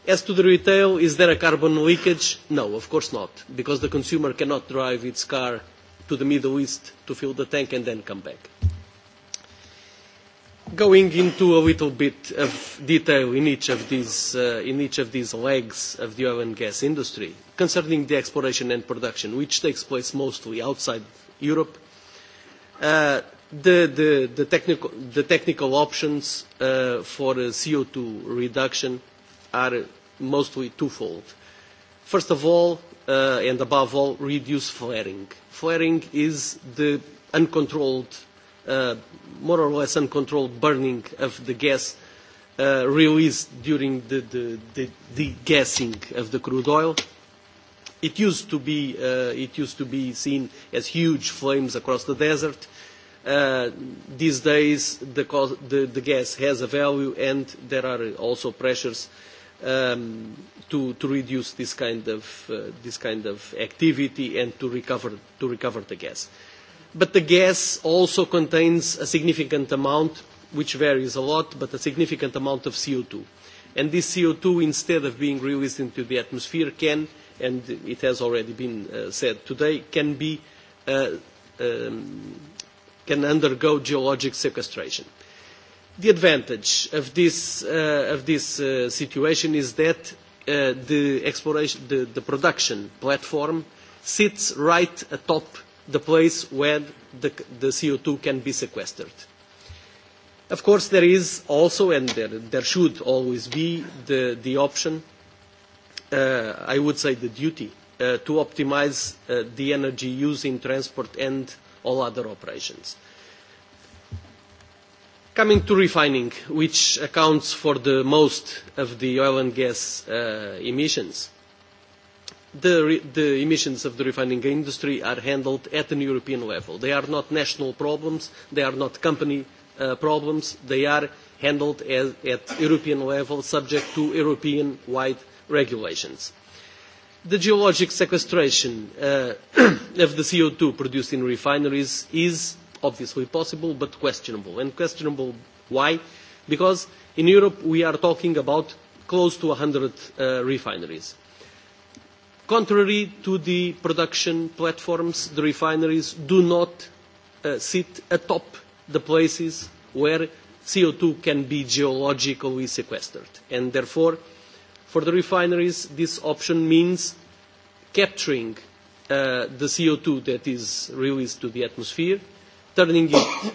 As to the retail, is there a carbon leakage? No, of course not, because the consumer cannot drive its car to the Middle East to fill the tank and then come back. Going into a little bit of detail in each of these legs of the oil and gas industry, concerning the exploration and production, which takes place mostly outside Europe, the technical options for CO2 reduction are mostly twofold. First of all, and above all, reduce flaring. Flaring is the uncontrolled, more or less uncontrolled burning of the gas released during the gassing of the crude oil It used to be it used to be seen as huge flames across the desert. These days the gas has a value and there are also pressures to reduce this kind of activity and to recover the gas. But the gas also contains a significant amount, which varies a lot, but a significant amount of CO2. And this CO2, instead of being released into the atmosphere, can and it has already been said today, can be can undergo geologic sequestration. The advantage of this situation is that the exploration the production platform sits right atop the place where the CO2 can be sequestered. Of course, there is also, and there should always be, the option I would say, the duty to optimise the energy used in transport and all other operations. Coming to refining, which accounts for the most of the oil and gas emissions, the emissions of the refining industry are handled at an European level. They are not national problems, they are not company problems, they are handled at European level, subject to European-wide regulations. The geologic sequestration of the CO2 produced in refineries is obviously possible but questionable. And questionable why? Because in Europe we are talking about close to 100 refineries. Contrary to the production platforms, the refineries do not sit atop the places where CO2 can be geologically sequestered. And therefore For the refineries, this option means capturing the CO2 that is released to the atmosphere, turning it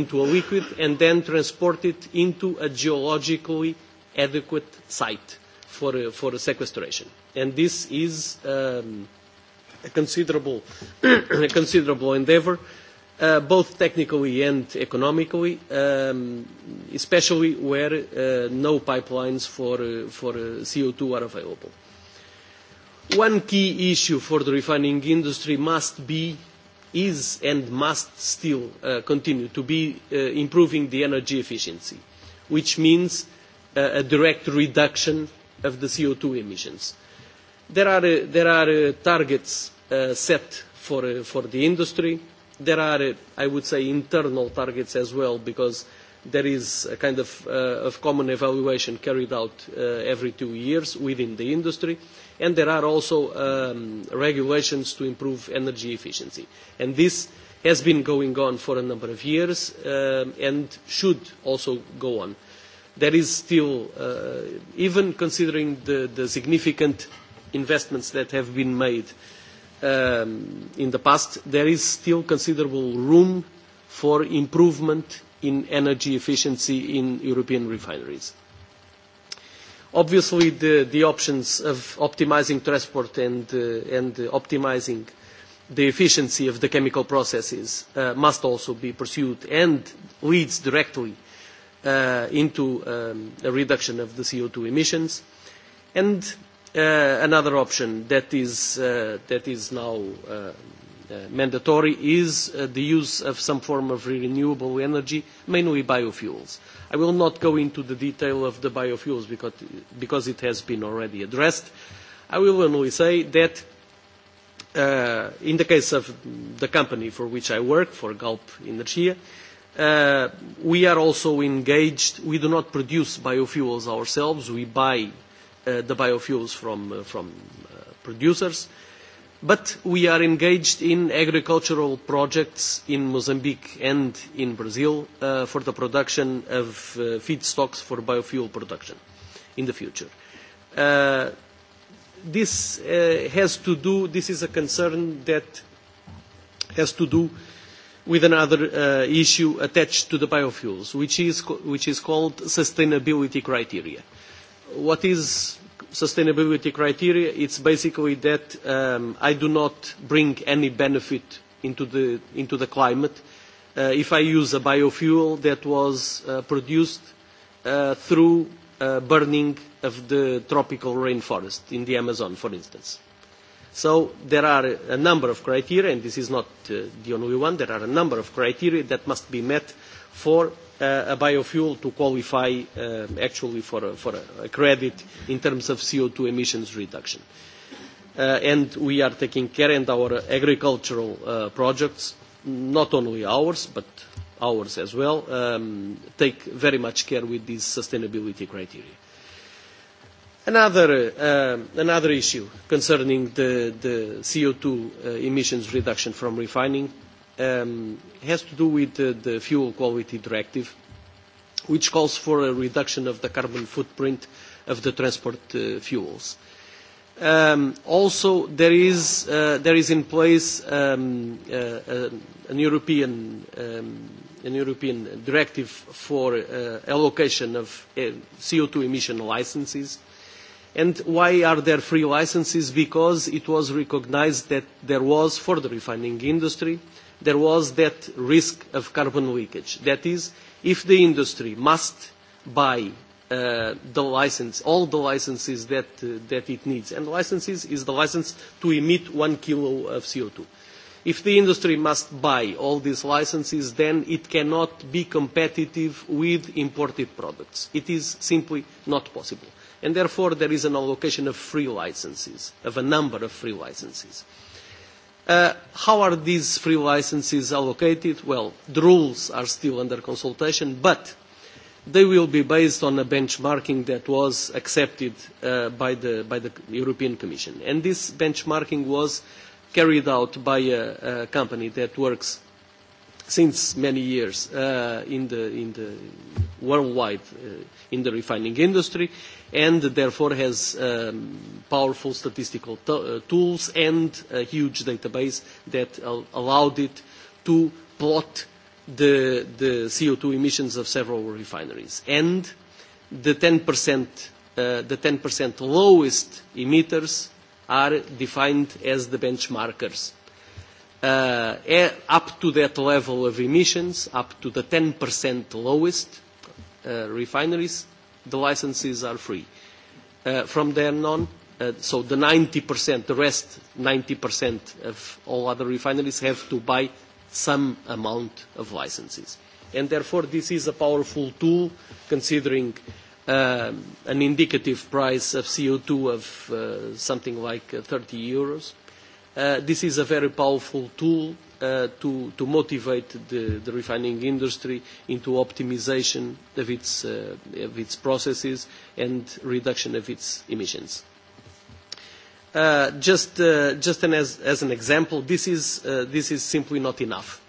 into a liquid, and then transport it into a geologically adequate site for sequestration. And this is a considerable endeavour both technically and economically, especially where no pipelines for CO2 are available. One key issue for the refining industry must be, is and must still continue to be improving the energy efficiency, which means a direct reduction of the CO2 emissions. There are targets set for the industry there are, I would say, internal targets as well, because there is a kind of common evaluation carried out every two years within the industry, and there are also regulations to improve energy efficiency. And this has been going on for a number of years and should also go on. There is still, even considering the significant investments that have been made in the past, there is still considerable room for improvement in energy efficiency in European refineries. Obviously, the options of optimizing transport and optimizing the efficiency of the chemical processes must also be pursued and leads directly into a reduction of the CO2 emissions. And Another option that is now mandatory is the use of some form of renewable energy, mainly biofuels. I will not go into the detail of the biofuels because it has been already addressed. I will only say that in the case of the company for which I work, for Galp Energia, we are also engaged. We do not produce biofuels ourselves. We buy the biofuels from producers. But we are engaged in agricultural projects in Mozambique and in Brazil for the production of feedstocks for biofuel production in the future. This has to do, this is a concern that has to do with another issue attached to the biofuels, which is called sustainability criteria what is sustainability criteria? It's basically that I do not bring any benefit into the into the climate if I use a biofuel that was produced through burning of the tropical rainforest in the Amazon, for instance. So there are a number of criteria, and this is not the only one. There are a number of criteria that must be met for a biofuel to qualify actually for a credit in terms of CO2 emissions reduction. And we are taking care and our agricultural projects, not only ours, but ours as well, take very much care with these sustainability criteria. Another issue concerning the CO2 emissions reduction from refining has to do with the Fuel Quality Directive, which calls for a reduction of the carbon footprint of the transport fuels. Also, there is in place an European directive for allocation of CO2 emission licenses. And why are there free licenses? Because it was recognized that there was, for the refining industry, there was that risk of carbon leakage. That is, if the industry must buy all the licenses that it needs, and licenses is the license to emit one kilo of CO2. If the industry must buy all these licenses, then it cannot be competitive with imported products. It is simply not possible. And therefore, there is an allocation of free licenses, of a number of free licenses. How are these free licences allocated? Well, the rules are still under consultation, but they will be based on a benchmarking that was accepted by the European Commission. And this benchmarking was carried out by a company that works since many years in the worldwide in the refining industry and therefore has powerful statistical tools and a huge database that allowed it to plot the CO2 emissions of several refineries. And the 10% lowest emitters are defined as the benchmarkers up to that level of emissions, up to the 10% lowest refineries, the licenses are free. From then on, so the 90%, the rest 90% of all other refineries have to buy some amount of licenses. And therefore, this is a powerful tool, considering an indicative price of CO2 of something like 30 euros This is a very powerful tool to motivate the refining industry into optimization of its processes and reduction of its emissions. Just as an example, this is simply not enough.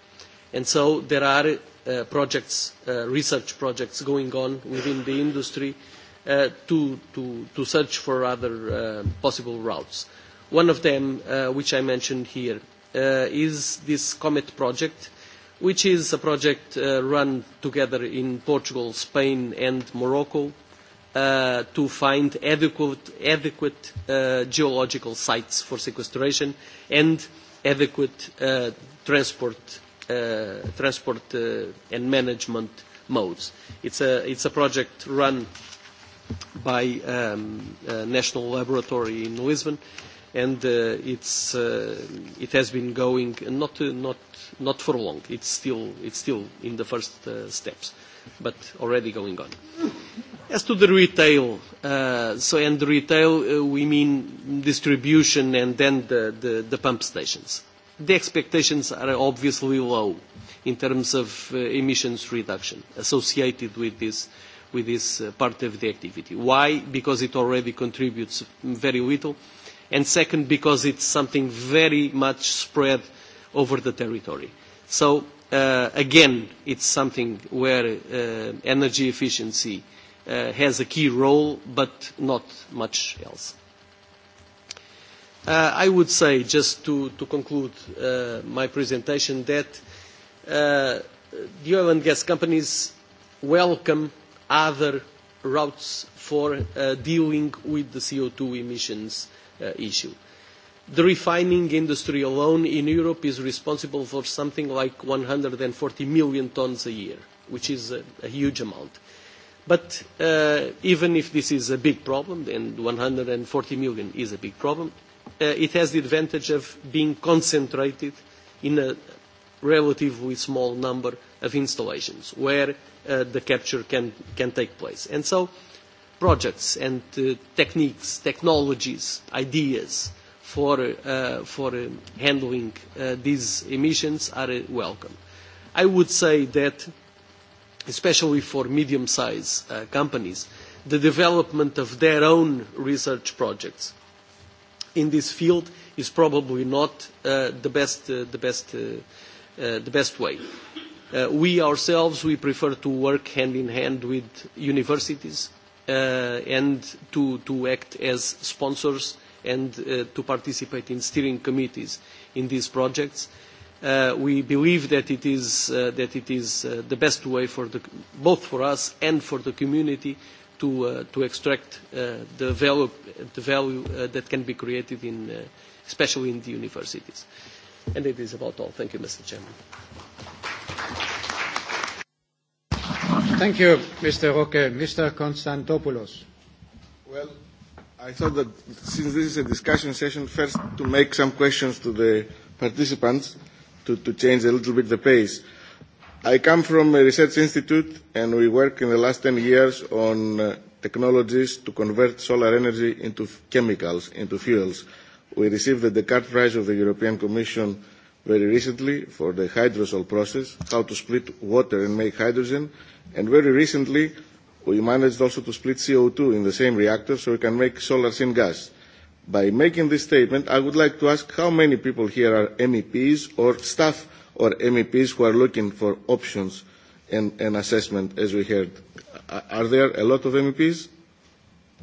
And so there are projects, research projects going on within the industry to search for other possible routes. One of them, which I mentioned here, is this COMET project, which is a project run together in Portugal, Spain and Morocco to find adequate geological sites for sequestration and adequate transport and management modes. It's a project run by a national laboratory in Lisbon and it has been going not not not for long. It's still it's still in the first steps, but already going on. As to the retail, so and retail we mean distribution and then the the pump stations. The expectations are obviously low in terms of emissions reduction associated with this with this part of the activity. Why? Because it already contributes very little and second because it's something very much spread over the territory. So again, it's something where energy efficiency has a key role, but not much else. I would say, just to conclude my presentation, that the oil and gas companies welcome other routes for dealing with the CO2 emissions issue. The refining industry alone in Europe is responsible for something like 140 million tons a year, which is a huge amount. But even if this is a big problem, and 140 million is a big problem, it has the advantage of being concentrated in a relatively small number of installations where the capture can take place. And so projects and techniques, technologies, ideas for handling these emissions are welcome. I would say that, especially for medium-sized companies, the development of their own research projects in this field is probably not the best way. We ourselves, we prefer to work hand-in-hand with universities and to act as sponsors and to participate in steering committees in these projects. We believe that it is the best way both for us and for the community to extract the value that can be created especially in the universities. And it is about all. Thank you, Mr. Chairman. Thank you, Mr. Roque. Mr. Konstantopoulos. Well, I thought that since this is a discussion session, first to make some questions to the participants to, to change a little bit the pace. I come from a research institute and we work in the last 10 years on technologies to convert solar energy into chemicals, into fuels. We received the Descartes Prize of the European Commission very recently for the hydrosol process, how to split water and make hydrogen, and very recently we managed also to split CO2 in the same reactor so we can make solar gas. By making this statement, I would like to ask how many people here are MEPs or staff or MEPs who are looking for options and assessment, as we heard. Are there a lot of MEPs?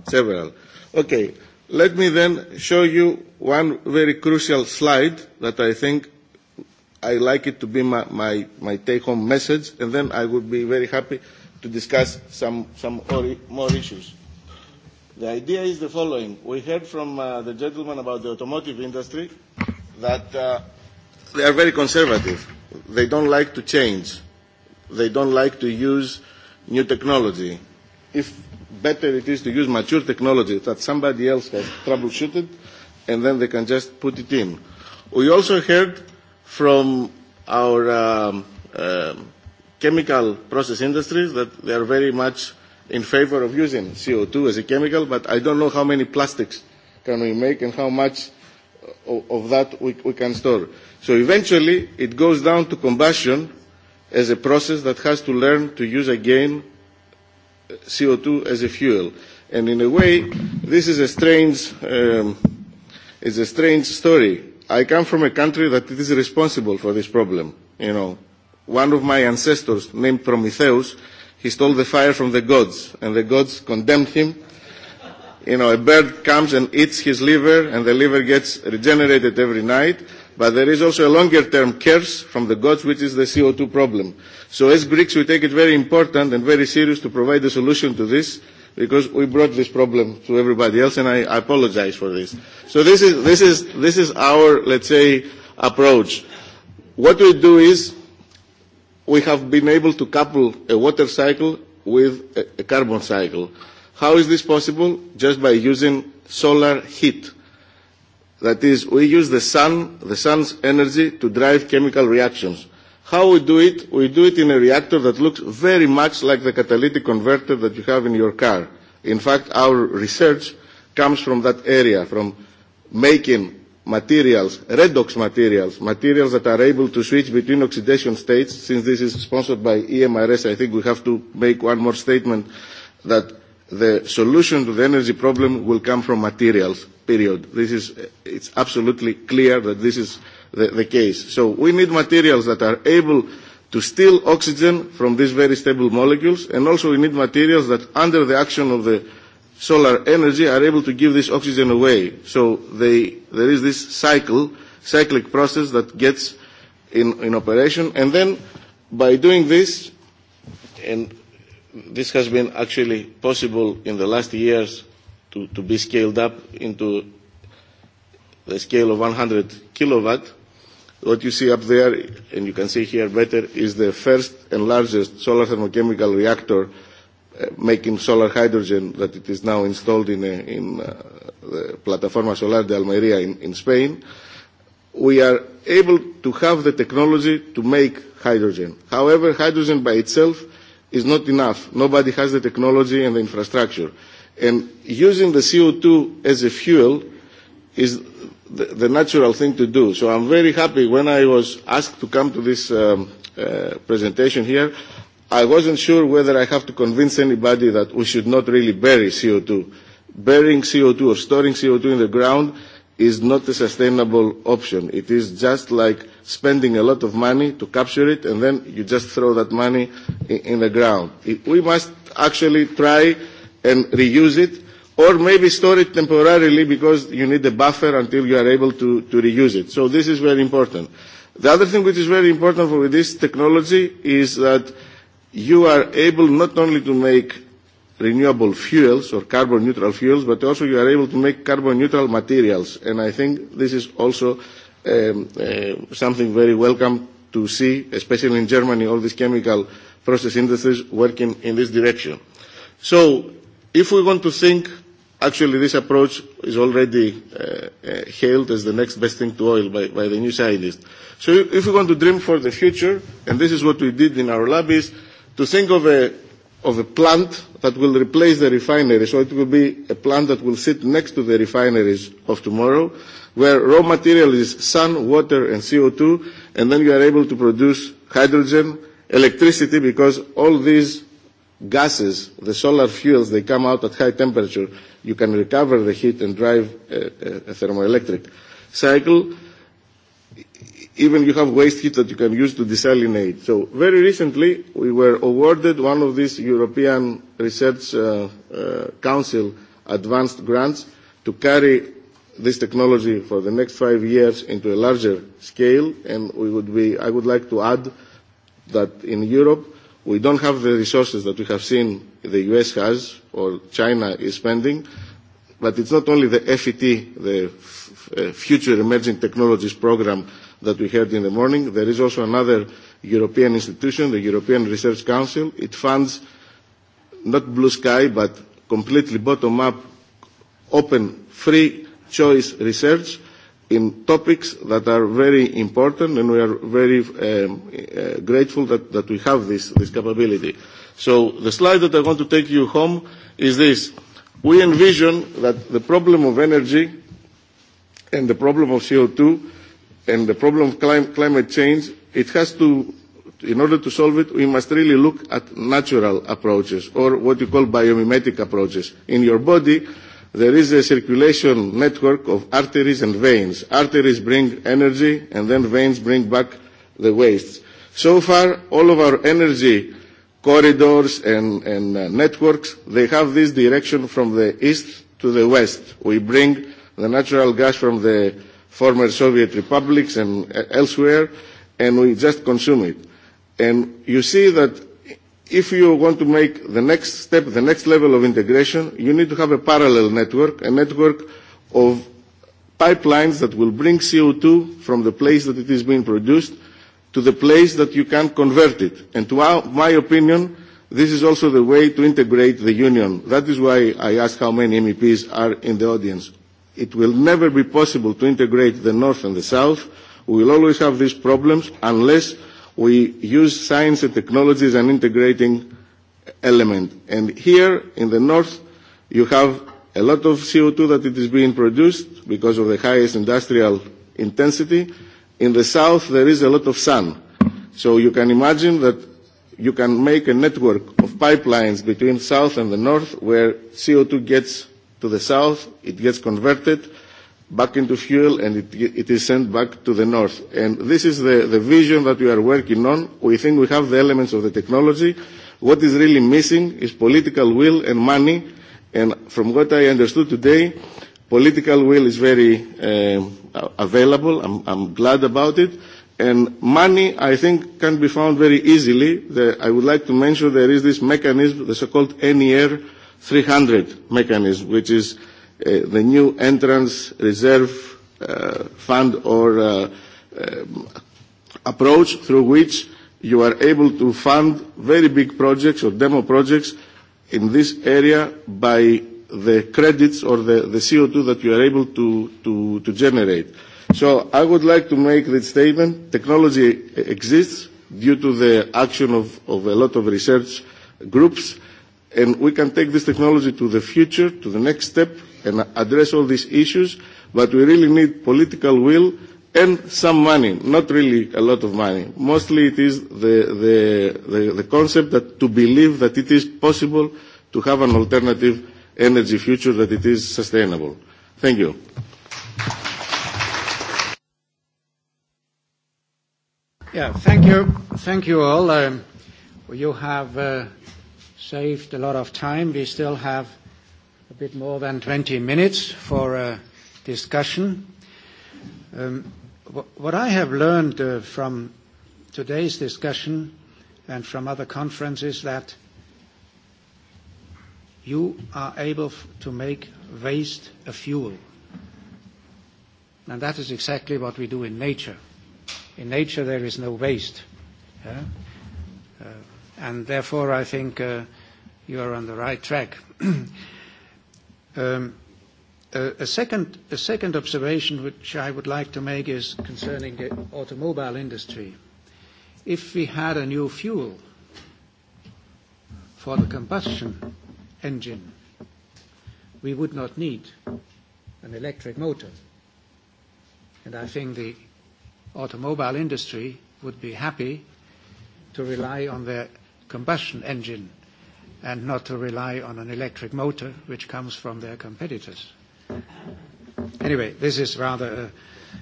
Several. Okay. Let me then show you one very crucial slide that I think I like it to be my, my, my take-home message, and then I would be very happy to discuss some, some more issues. The idea is the following. We heard from the gentleman about the automotive industry that they are very conservative. They don't like to change. They don't like to use new technology. If better it is to use mature technology that somebody else has troubleshooted, and then they can just put it in. We also heard from our chemical process industries that they are very much in favor of using CO2 as a chemical, but I don't know how many plastics can we make and how much of that we can store. So eventually it goes down to combustion as a process that has to learn to use again CO2 as a fuel. And in a way, this is a strange, is a strange story I come from a country that is responsible for this problem. You know, one of my ancestors, named Prometheus, he stole the fire from the gods, and the gods condemned him. You know, a bird comes and eats his liver, and the liver gets regenerated every night. But there is also a longer-term curse from the gods, which is the CO2 problem. So as Greeks, we take it very important and very serious to provide a solution to this because we brought this problem to everybody else, and I apologize for this. So this is this is this is our let's say approach. What we do is we have been able to couple a water cycle with a carbon cycle. How is this possible? Just by using solar heat. That is, we use the sun, the sun's energy to drive chemical reactions. How we do it? We do it in a reactor that looks very much like the catalytic converter that you have in your car. In fact, our research comes from that area, from making materials, redox materials, materials that are able to switch between oxidation states. Since this is sponsored by EMRS, I think we have to make one more statement that the solution to the energy problem will come from materials, period. This is, it's absolutely clear that this is the case. So we need materials that are able to steal oxygen from these very stable molecules and also we need materials that under the action of the solar energy are able to give this oxygen away. So there is this cycle, cyclic process that gets in in operation and then by doing this and this has been actually possible in the last years to to be scaled up into the scale of 100 kilowatt What you see up there, and you can see here better, is the first and largest solar thermochemical reactor making solar hydrogen that it is now installed in the Plataforma Solar de Almeria in Spain. We are able to have the technology to make hydrogen. However, hydrogen by itself is not enough. Nobody has the technology and the infrastructure. And using the CO2 as a fuel is the natural thing to do. So I'm very happy when I was asked to come to this presentation here, I wasn't sure whether I have to convince anybody that we should not really bury CO2. Burying CO2 or storing CO2 in the ground is not a sustainable option. It is just like spending a lot of money to capture it and then you just throw that money in the ground. We must actually try and reuse it or maybe store it temporarily because you need a buffer until you are able to reuse it. So this is very important. The other thing which is very important with this technology is that you are able not only to make renewable fuels or carbon neutral fuels, but also you are able to make carbon neutral materials. And I think this is also something very welcome to see, especially in Germany, all these chemical process industries working in this direction. So if we want to think Actually, this approach is already hailed as the next best thing to oil by, by the new scientists. So if we want to dream for the future, and this is what we did in our lab, is to think of a, of a plant that will replace the refinery. So it will be a plant that will sit next to the refineries of tomorrow, where raw material is sun, water, and CO2, and then you are able to produce hydrogen, electricity, because all these gases, the solar fuels, they come out at high temperature you can recover the heat and drive a thermoelectric cycle. Even you have waste heat that you can use to desalinate. So very recently we were awarded one of these European Research Council advanced grants to carry this technology for the next five years into a larger scale and I would like to add that in Europe we don't have the resources that we have seen the US has or China is spending, but it's not only the FET, the Future Emerging Technologies Program that we heard in the morning. There is also another European institution, the European Research Council. It funds not blue sky, but completely bottom-up, open, free choice research in topics that are very important, and we are very grateful that we have this capability. So the slide that I want to take you home is this. We envision that the problem of energy and the problem of CO2 and the problem of climate change, it has to, in order to solve it, we must really look at natural approaches or what you call biomimetic approaches. In your body, there is a circulation network of arteries and veins. Arteries bring energy and then veins bring back the waste. So far, all of our energy corridors and networks, they have this direction from the east to the west. We bring the natural gas from the former Soviet republics and elsewhere, and we just consume it. And you see that if you want to make the next step, the next level of integration, you need to have a parallel network, a network of pipelines that will bring CO2 from the place that it is being produced to the place that you can convert it. And to my opinion, this is also the way to integrate the union. That is why I ask how many MEPs are in the audience. It will never be possible to integrate the north and the south. We will always have these problems unless we use science and technology as an integrating element. And here in the north, you have a lot of CO2 that is being produced because of the highest industrial intensity In the south there is a lot of sun. So you can imagine that you can make a network of pipelines between south and the north where CO2 gets to the south, it gets converted back into fuel and it, it is sent back to the north. And this is the, the vision that we are working on. We think we have the elements of the technology. What is really missing is political will and money. And from what I understood today, political will is very available. I'm, I'm glad about it. And money, I think, can be found very easily. I would like to mention there is this mechanism, the so-called NER 300 mechanism, which is the new entrance reserve fund or approach through which you are able to fund very big projects or demo projects in this area by the credits or the CO2 that you are able to generate. So I would like to make this statement. Technology exists due to the action of a lot of research groups, and we can take this technology to the future, to the next step, and address all these issues, but we really need political will and some money, not really a lot of money. Mostly it is the concept that to believe that it is possible to have an alternative energy future that it is sustainable. Thank you. Yeah, thank you. Thank you all. You have saved a lot of time. We still have a bit more than 20 minutes for discussion. What I have learned from today's discussion and from other conferences that you are able to make waste a fuel. And that is exactly what we do in nature. In nature there is no waste. And therefore I think you are on the right track. A second observation which I would like to make is concerning the automobile industry. If we had a new fuel for the combustion engine. We would not need an electric motor. And I think the automobile industry would be happy to rely on their combustion engine and not to rely on an electric motor which comes from their competitors. Anyway, this is rather a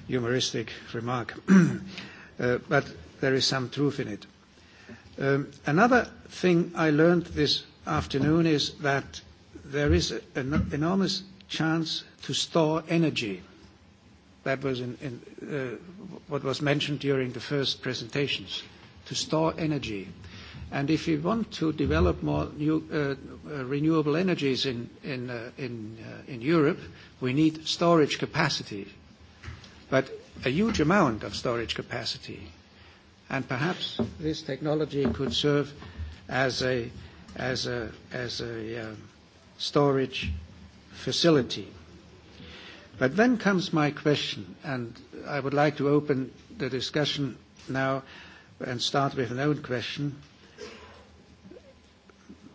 humoristic remark, but there is some truth in it. Another thing I learned this afternoon is that there is an enormous chance to store energy. That was what was mentioned during the first presentations, to store energy. And if we want to develop more new renewable energies in Europe, we need storage capacity, but a huge amount of storage capacity. And perhaps this technology could serve as a as a as a storage facility. But then comes my question, and I would like to open the discussion now and start with an own question.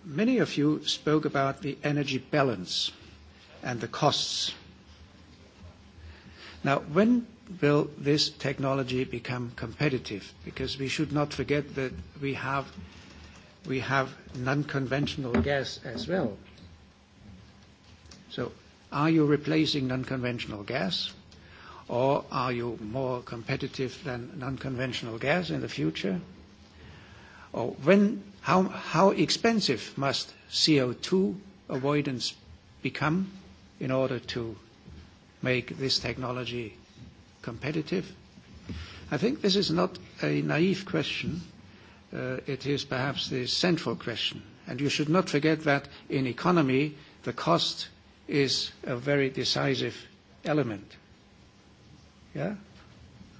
Many of you spoke about the energy balance and the costs. Now, when will this technology become competitive? Because we should not forget that we have we have non-conventional gas as well. So are you replacing non-conventional gas, or are you more competitive than non-conventional gas in the future? Or when, how, how expensive must CO2 avoidance become in order to make this technology competitive? I think this is not a naive question it is perhaps the central question. And you should not forget that in economy, the cost is a very decisive element. Yeah?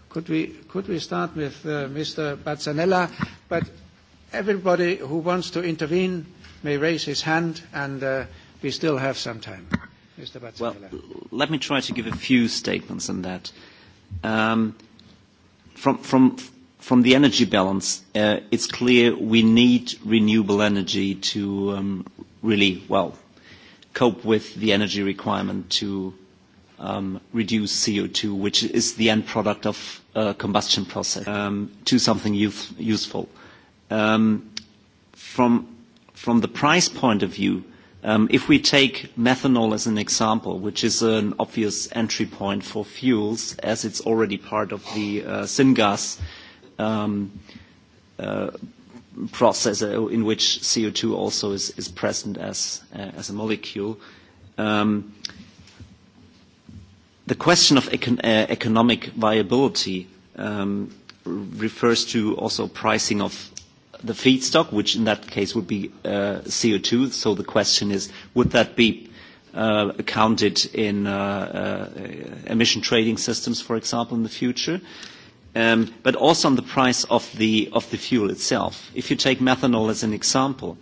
Could we, could we start with Mr. Bazzanella? But everybody who wants to intervene may raise his hand, and we still have some time. Mr. Bazzanella. Well, let me try to give a few statements on that. from, from, From the energy balance, it's clear we need renewable energy to really, well, cope with the energy requirement to reduce CO2, which is the end product of combustion process, to something useful. From the price point of view, if we take methanol as an example, which is an obvious entry point for fuels, as it's already part of the syngas process in which CO2 also is present as a molecule. The question of economic viability refers to also pricing of the feedstock, which in that case would be CO2. So the question is, would that be accounted in emission trading systems, for example, in the future? but also on the price of the fuel itself. If you take methanol as an example,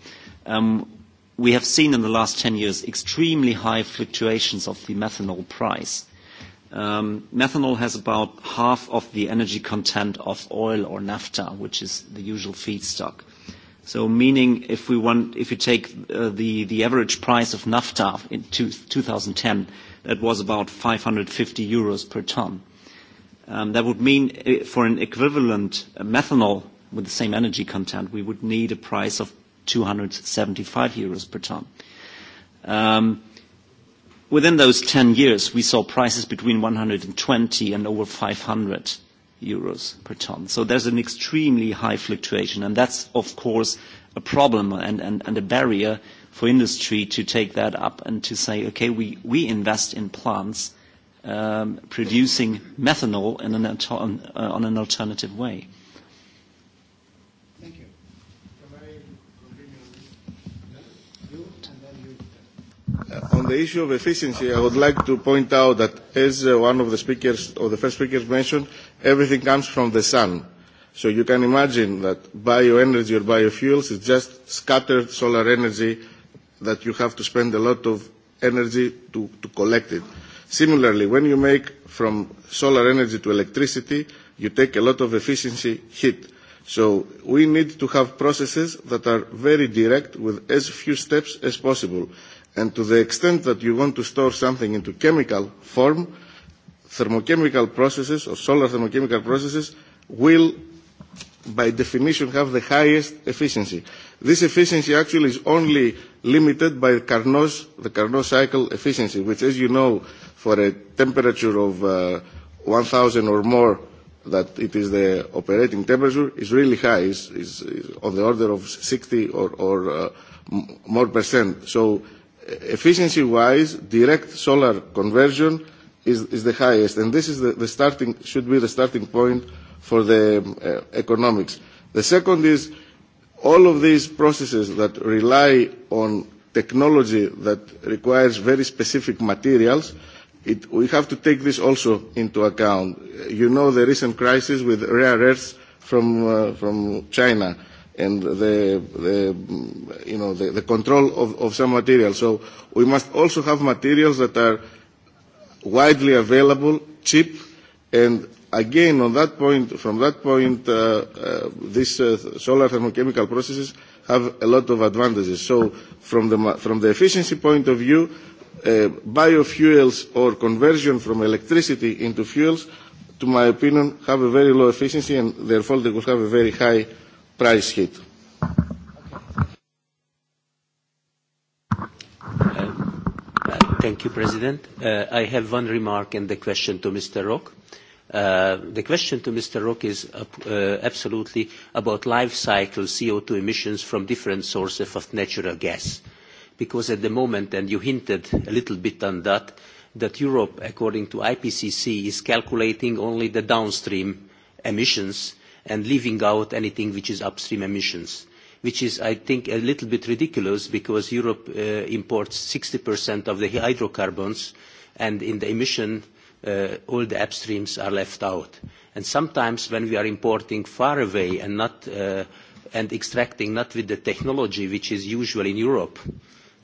we have seen in the last 10 years extremely high fluctuations of the methanol price. Methanol has about half of the energy content of oil or naphtha, which is the usual feedstock. So meaning if we want, if you take the average price of naphtha in 2010, that was about 550 euros per tonne. That would mean for an equivalent methanol with the same energy content, we would need a price of 275 euros per ton. Within those 10 years, we saw prices between 120 and over 500 euros per ton. So there's an extremely high fluctuation, and that's, of course, a problem and a barrier for industry to take that up and to say, okay, we invest in plants producing methanol on an alternative way. Thank On the issue of efficiency, I would like to point out that, as one of the speakers or the first speakers mentioned, everything comes from the sun. So you can imagine that bioenergy or biofuels is just scattered solar energy that you have to spend a lot of energy to collect it. Similarly, when you make from solar energy to electricity, you take a lot of efficiency hit. So we need to have processes that are very direct with as few steps as possible. And to the extent that you want to store something into chemical form, thermochemical processes or solar thermochemical processes will by definition have the highest efficiency. This efficiency actually is only limited by the Carnot cycle efficiency, which as you know for a temperature of 1,000 or more that it is the operating temperature is really high, is on the order of 60 or more percent. So efficiency-wise, direct solar conversion is the highest, and this is the starting should be the starting point for the economics. The second is all of these processes that rely on technology that requires very specific materials We have to take this also into account. You know the recent crisis with rare earths from China and the you know the control of some materials. So we must also have materials that are widely available, cheap, and again on that point, from that point, these solar thermochemical processes have a lot of advantages. So from the from the efficiency point of view biofuels or conversion from electricity into fuels, to my opinion, have a very low efficiency and therefore they will have a very high price hit. Thank you, President. I have one remark and the question to Mr. Rock. The question to Mr. Rock is absolutely about life cycle CO2 emissions from different sources of natural gas because at the moment, and you hinted a little bit on that, that Europe, according to IPCC, is calculating only the downstream emissions and leaving out anything which is upstream emissions, which is, I think, a little bit ridiculous because Europe imports 60% of the hydrocarbons and in the emission all the upstreams are left out. And sometimes when we are importing far away and extracting not with the technology which is usual in Europe,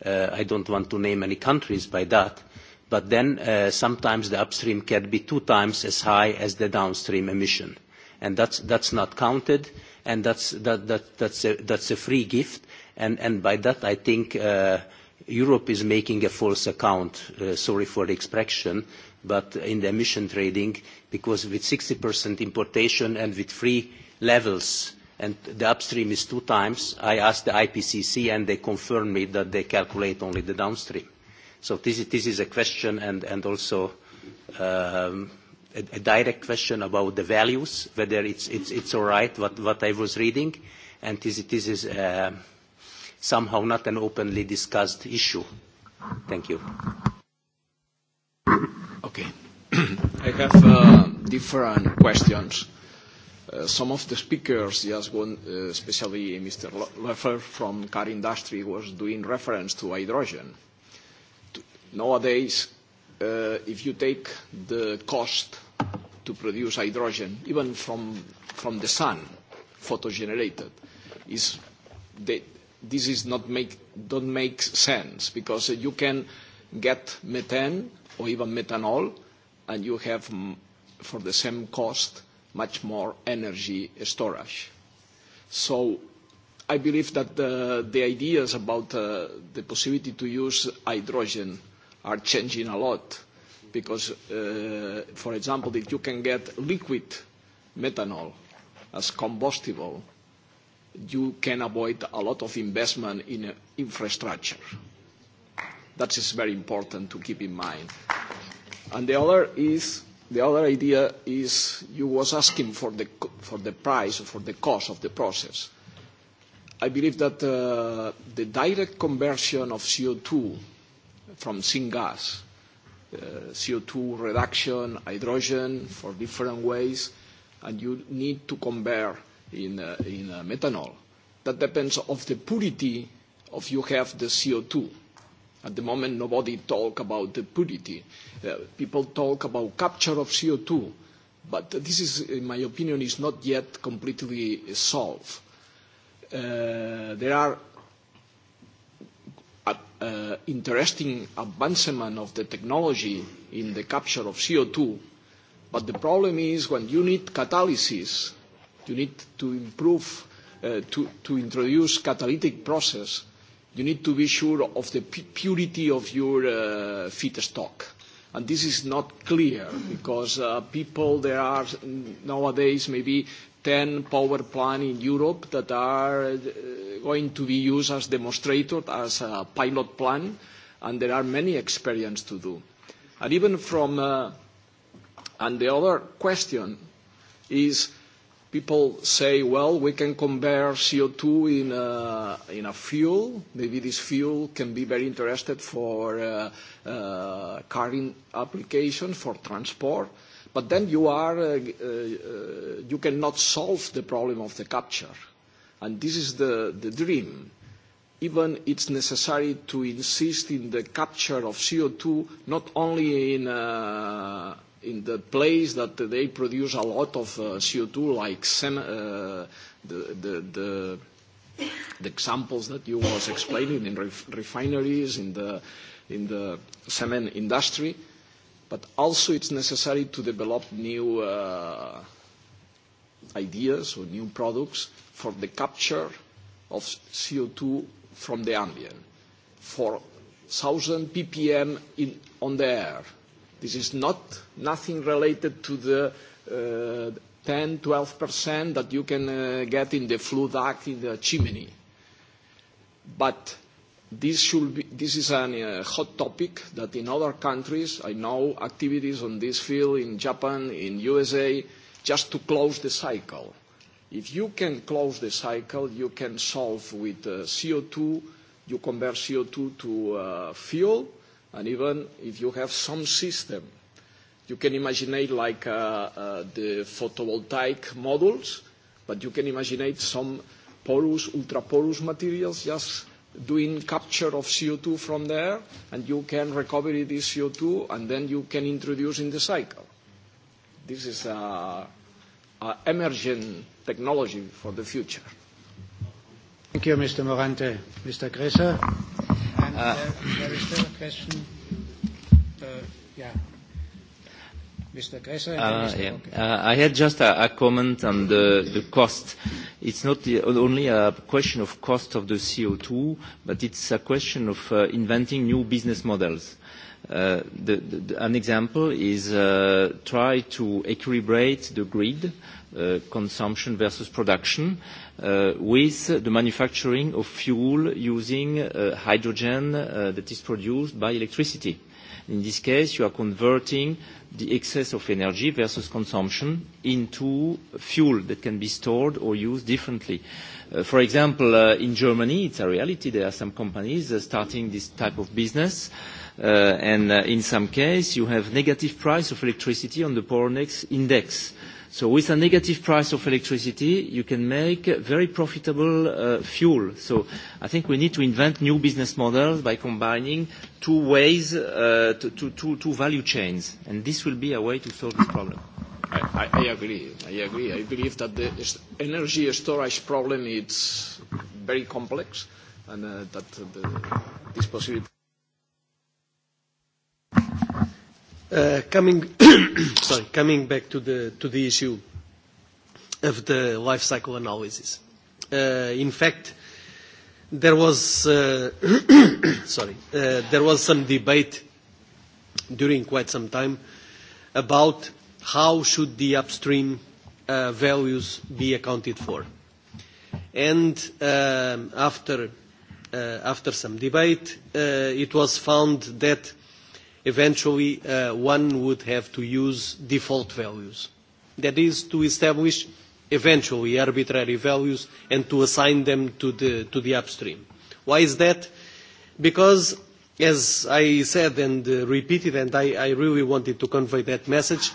I don't want to name any countries by that, but then sometimes the upstream can be two times as high as the downstream emission. And that's not counted, and is a free gift. And by that, I think Europe is making a false account, sorry for the expression, but in the emission trading, because with 60% importation and with free levels and the upstream is two times. I asked the IPCC and they confirmed me that they calculate only the downstream. So this is a question and also a direct question about the values, whether it's all right what I was reading, and this is somehow not an openly discussed issue. Thank you. Okay. I have different questions. Some of the speakers, just one, especially Mr. Leffer from car industry, was doing reference to hydrogen. Nowadays, if you take the cost to produce hydrogen, even from from the sun, photogenerated, is this is not make don't make sense because you can get methane or even methanol, and you have for the same cost much more energy storage. So I believe that the ideas about the possibility to use hydrogen are changing a lot because, for example, if you can get liquid methanol as combustible, you can avoid a lot of investment in infrastructure. That is very important to keep in mind. And the other is The other idea is you was asking for the for the price, for the cost of the process. I believe that the direct conversion of CO2 from syngas, CO2 reduction, hydrogen for different ways, and you need to convert in in methanol. That depends on the purity of you have the CO2 At the moment, nobody talks about the purity. People talk about capture of CO2, but this is, in my opinion, is not yet completely solved. There are interesting advancement of the technology in the capture of CO2, but the problem is when you need catalysis, you need to improve, to introduce catalytic process you need to be sure of the purity of your feedstock. And this is not clear because people, there are nowadays maybe 10 power plants in Europe that are going to be used as demonstrator, as a pilot plant, and there are many experiments to do. And even from, and the other question is people say, well, we can convert CO2 in a, fuel. Maybe this fuel can be very interested for carrying applications, for transport. But then you, are, you cannot solve the problem of the capture. And this is the, the dream. Even it's necessary to insist in the capture of CO2, not only in in the place that they produce a lot of CO2, like the examples that you was explaining in refineries, in the cement industry. But also it's necessary to develop new ideas or new products for the capture of CO2 from the ambient, for 1,000 ppm on the air This is not nothing related to the 10-12% that you can get in the flue duct in the chimney. But this should be this is a hot topic that in other countries I know activities on this field in Japan, in USA, just to close the cycle. If you can close the cycle, you can solve with CO2, you convert CO2 to fuel And even if you have some system, you can imagine like the photovoltaic modules, but you can imagine some porous, ultra-porous materials just doing capture of CO2 from there, and you can recover this CO2, and then you can introduce in the cycle. This is an emerging technology for the future. Thank you, Mr. Morante. Mr. Gresser. Mr. President, I had just a comment on the cost. It's not only a question of cost of the CO2, but it's a question of inventing new business models. An example is try to equilibrate the grid consumption versus production, with the manufacturing of fuel using hydrogen that is produced by electricity. In this case, you are converting the excess of energy versus consumption into fuel that can be stored or used differently. For example, in Germany, it's a reality. There are some companies starting this type of business, and in some cases, you have negative price of electricity on the Power index So with a negative price of electricity, you can make very profitable fuel. So I think we need to invent new business models by combining two ways, two value chains, and this will be a way to solve this problem. I agree. I agree. I believe that the energy storage problem is very complex, and that this possibility. Coming back to the issue of the life cycle analysis. In fact, there was some debate during quite some time about how should the upstream values be accounted for. And after some debate, it was found that eventually one would have to use default values. That is to establish eventually arbitrary values and to assign them to the upstream. Why is that? Because, as I said and repeated, and I really wanted to convey that message,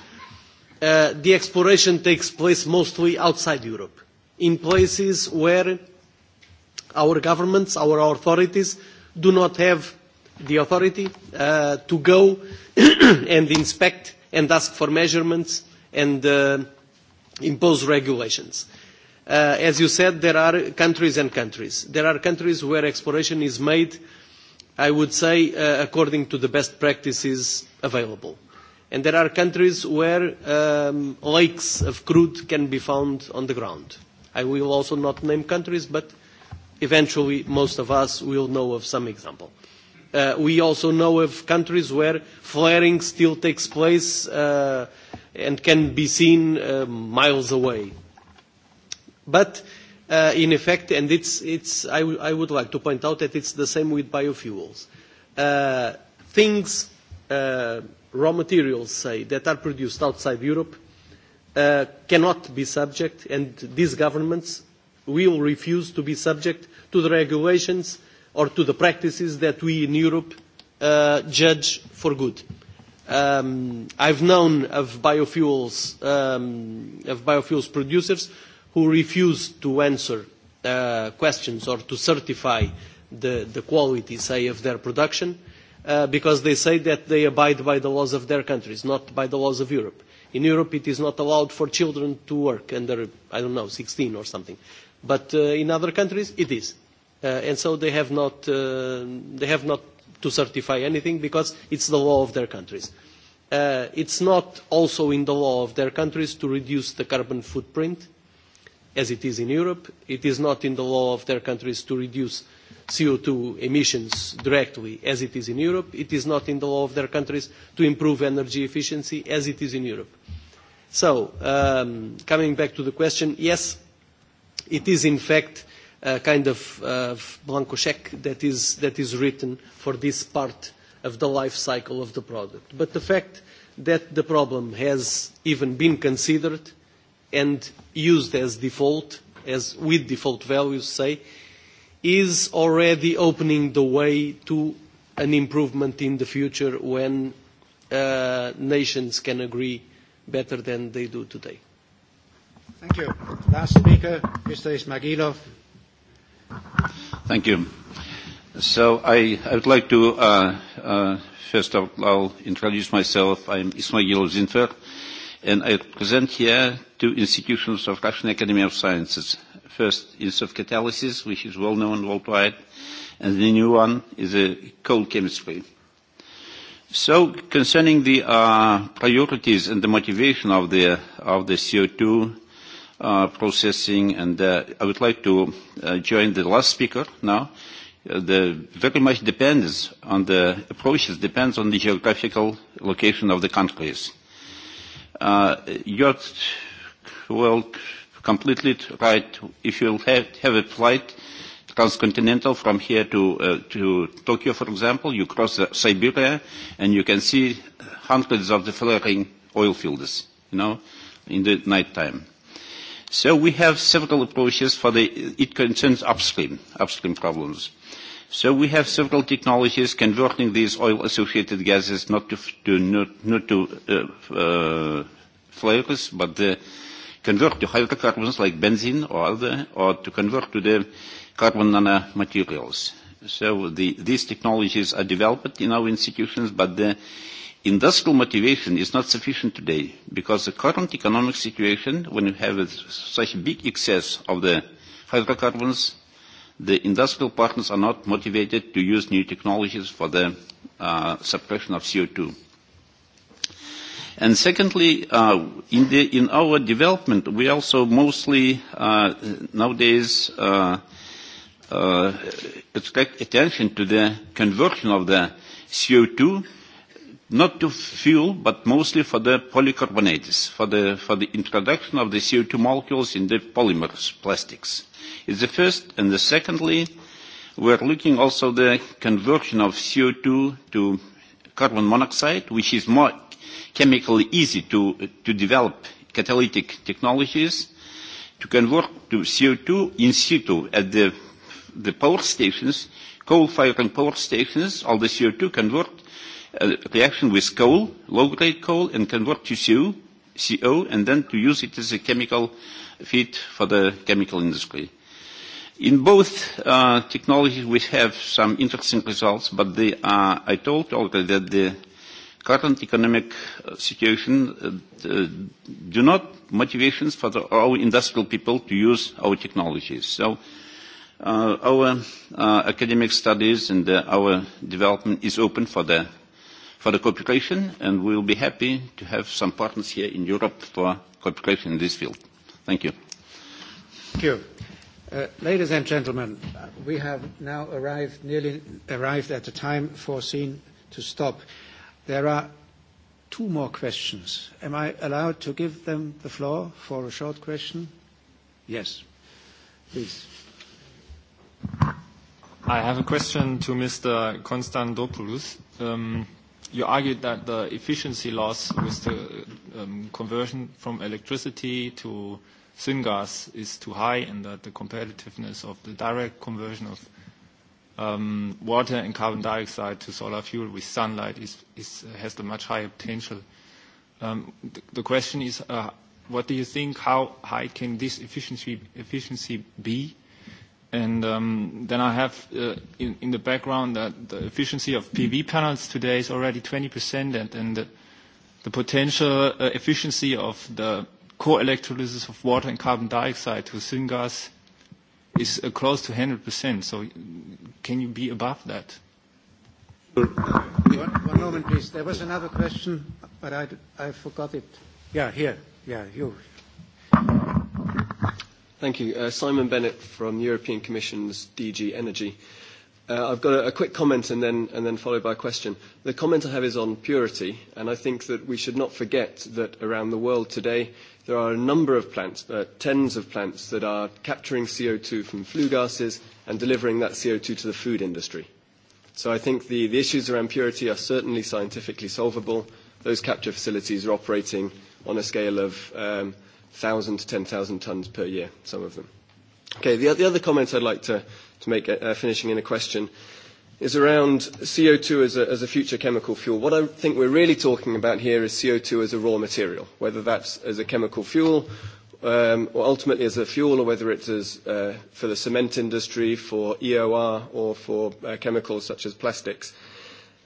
the exploration takes place mostly outside Europe, in places where our governments, our authorities do not have the authority to go and inspect and ask for measurements and impose regulations. As you said, there are countries and countries. There are countries where exploration is made, I would say, according to the best practices available. And there are countries where lakes of crude can be found on the ground. I will also not name countries, but eventually most of us will know of some example. We also know of countries where flaring still takes place and can be seen miles away. But in effect, and I would like to point out that it's the same with biofuels. Things, raw materials, say, that are produced outside Europe cannot be subject, and these governments will refuse to be subject to the regulations or to the practices that we in Europe judge for good. I've known of biofuels producers who refuse to answer questions or to certify the quality, say, of their production because they say that they abide by the laws of their countries, not by the laws of Europe. In Europe it is not allowed for children to work under, I don't know, 16 or something. But in other countries it is and so they have not they have not to certify anything because it's the law of their countries. It's not also in the law of their countries to reduce the carbon footprint, as it is in Europe. It is not in the law of their countries to reduce CO2 emissions directly, as it is in Europe. It is not in the law of their countries to improve energy efficiency, as it is in Europe. So, coming back to the question, yes, it is in fact kind of blanco check that is that is written for this part of the life cycle of the product. But the fact that the problem has even been considered and used as default, as with default values say, is already opening the way to an improvement in the future when nations can agree better than they do today. Thank you. Last speaker, Mr. Ismagilov Thank you. So I, I would like to, uh, first of all, introduce myself. I am Ismail Zinfer, and I present here two institutions of Russian Academy of Sciences. First is of catalysis, which is well known worldwide, and the new one is a cold chemistry. So concerning the priorities and the motivation of the, of the CO2 processing. And I would like to join the last speaker now. The very much depends on the approaches, depends on the geographical location of the countries. You're well completely right. If you have a flight transcontinental from here to to Tokyo, for example, you cross Siberia and you can see hundreds of the flaring oil fields, you know, in the nighttime. So we have several approaches for the, it concerns upstream, upstream problems. So we have several technologies converting these oil-associated gases not to, to, not, not to uh, flavors, but the, convert to hydrocarbons like benzene or other, or to convert to the carbon nanomaterials. So the, these technologies are developed in our institutions, but the Industrial motivation is not sufficient today because the current economic situation, when you have such a big excess of the hydrocarbons, the industrial partners are not motivated to use new technologies for the suppression of CO2. And secondly, in our development, we also mostly nowadays attract attention to the conversion of the CO2 not to fuel, but mostly for the polycarbonates, for the introduction of the CO2 molecules in the polymers, plastics. It's the first. And the secondly, we are looking also the conversion of CO2 to carbon monoxide, which is more chemically easy to develop catalytic technologies, to convert to CO2 in situ at the power stations, coal-firing power stations, all the CO2 convert reaction with coal, low-grade coal, and convert to CO, and then to use it as a chemical feed for the chemical industry. In both technologies, we have some interesting results, but they are, I told already that the current economic situation do not motivations for our industrial people to use our technologies. So our academic studies and our development is open for the for the cooperation, and we will be happy to have some partners here in Europe for cooperation in this field. Thank you. Thank you. Ladies and gentlemen, we have now arrived, nearly arrived at the time foreseen to stop. There are two more questions. Am I allowed to give them the floor for a short question? Yes. Please. I have a question to Mr. Konstantopoulos you argued that the efficiency loss with the conversion from electricity to syngas is too high and that the competitiveness of the direct conversion of water and carbon dioxide to solar fuel with sunlight has a much higher potential. The question is, what do you think, how high can this efficiency be? And then I have in the background that the efficiency of PV panels today is already 20%, and the potential efficiency of the co-electrolysis of water and carbon dioxide to syngas is close to 100%. So can you be above that? One moment, please. There was another question, but I forgot it. Yeah, here. Yeah, you. Thank you. Simon Bennett from European Commission's DG Energy. I've got a quick comment and then followed by a question. The comment I have is on purity, and I think that we should not forget that around the world today there are a number of plants, tens of plants, that are capturing CO2 from flue gases and delivering that CO2 to the food industry. So I think the issues around purity are certainly scientifically solvable. Those capture facilities are operating on a scale of 1,000 to 10,000 tons per year, some of them. Okay, the other comments I'd like to to make, finishing in a question, is around CO2 as a as a future chemical fuel. What I think we're really talking about here is CO2 as a raw material, whether that's as a chemical fuel or ultimately as a fuel or whether it's as for the cement industry, for EOR or for chemicals such as plastics.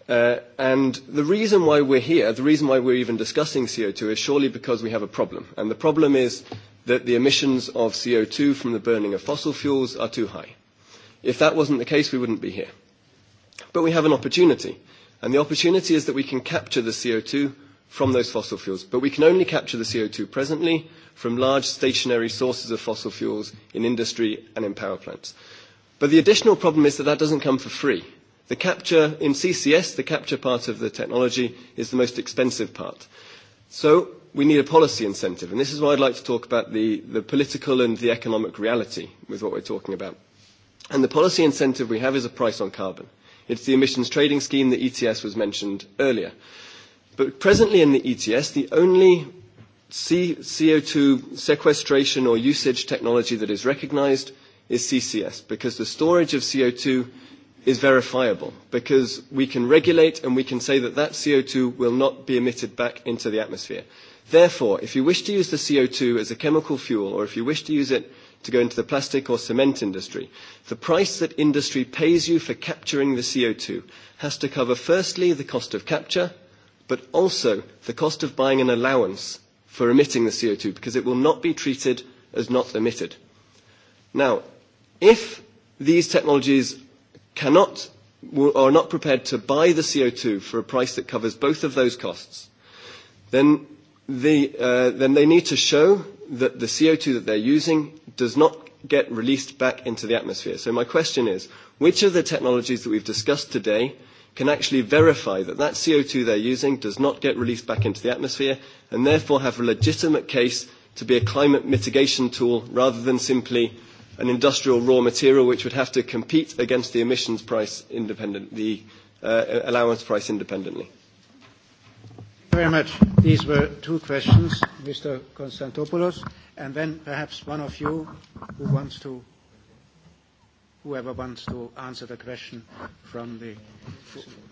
And the reason why we're here, the reason why we're even discussing CO2 is surely because we have a problem. And the problem is that the emissions of CO2 from the burning of fossil fuels are too high. If that wasn't the case, we wouldn't be here. But we have an opportunity. And the opportunity is that we can capture the CO2 from those fossil fuels. But we can only capture the CO2 presently from large stationary sources of fossil fuels in industry and in power plants. But the additional problem is that that doesn't come for free. The capture in CCS, the capture part of the technology, is the most expensive part. So we need a policy incentive, and this is why I'd like to talk about the political and the economic reality with what we're talking about. And the policy incentive we have is a price on carbon. It's the emissions trading scheme, the ETS was mentioned earlier. But presently in the ETS, the only CO2 sequestration or usage technology that is recognised is CCS, because the storage of CO2 is verifiable because we can regulate and we can say that that CO2 will not be emitted back into the atmosphere. Therefore, if you wish to use the CO2 as a chemical fuel or if you wish to use it to go into the plastic or cement industry, the price that industry pays you for capturing the CO2 has to cover firstly the cost of capture, but also the cost of buying an allowance for emitting the CO2 because it will not be treated as not emitted. Now, if these technologies cannot or are not prepared to buy the CO2 for a price that covers both of those costs, then they need to show that the CO2 that they're using does not get released back into the atmosphere. So my question is, which of the technologies that we've discussed today can actually verify that that CO2 they're using does not get released back into the atmosphere and therefore have a legitimate case to be a climate mitigation tool rather than simply an industrial raw material which would have to compete against the emissions price independent, the allowance price independently. Very much. These were two questions, Mr. Konstantopoulos, and then perhaps one of you who wants to, whoever wants to answer the question from the,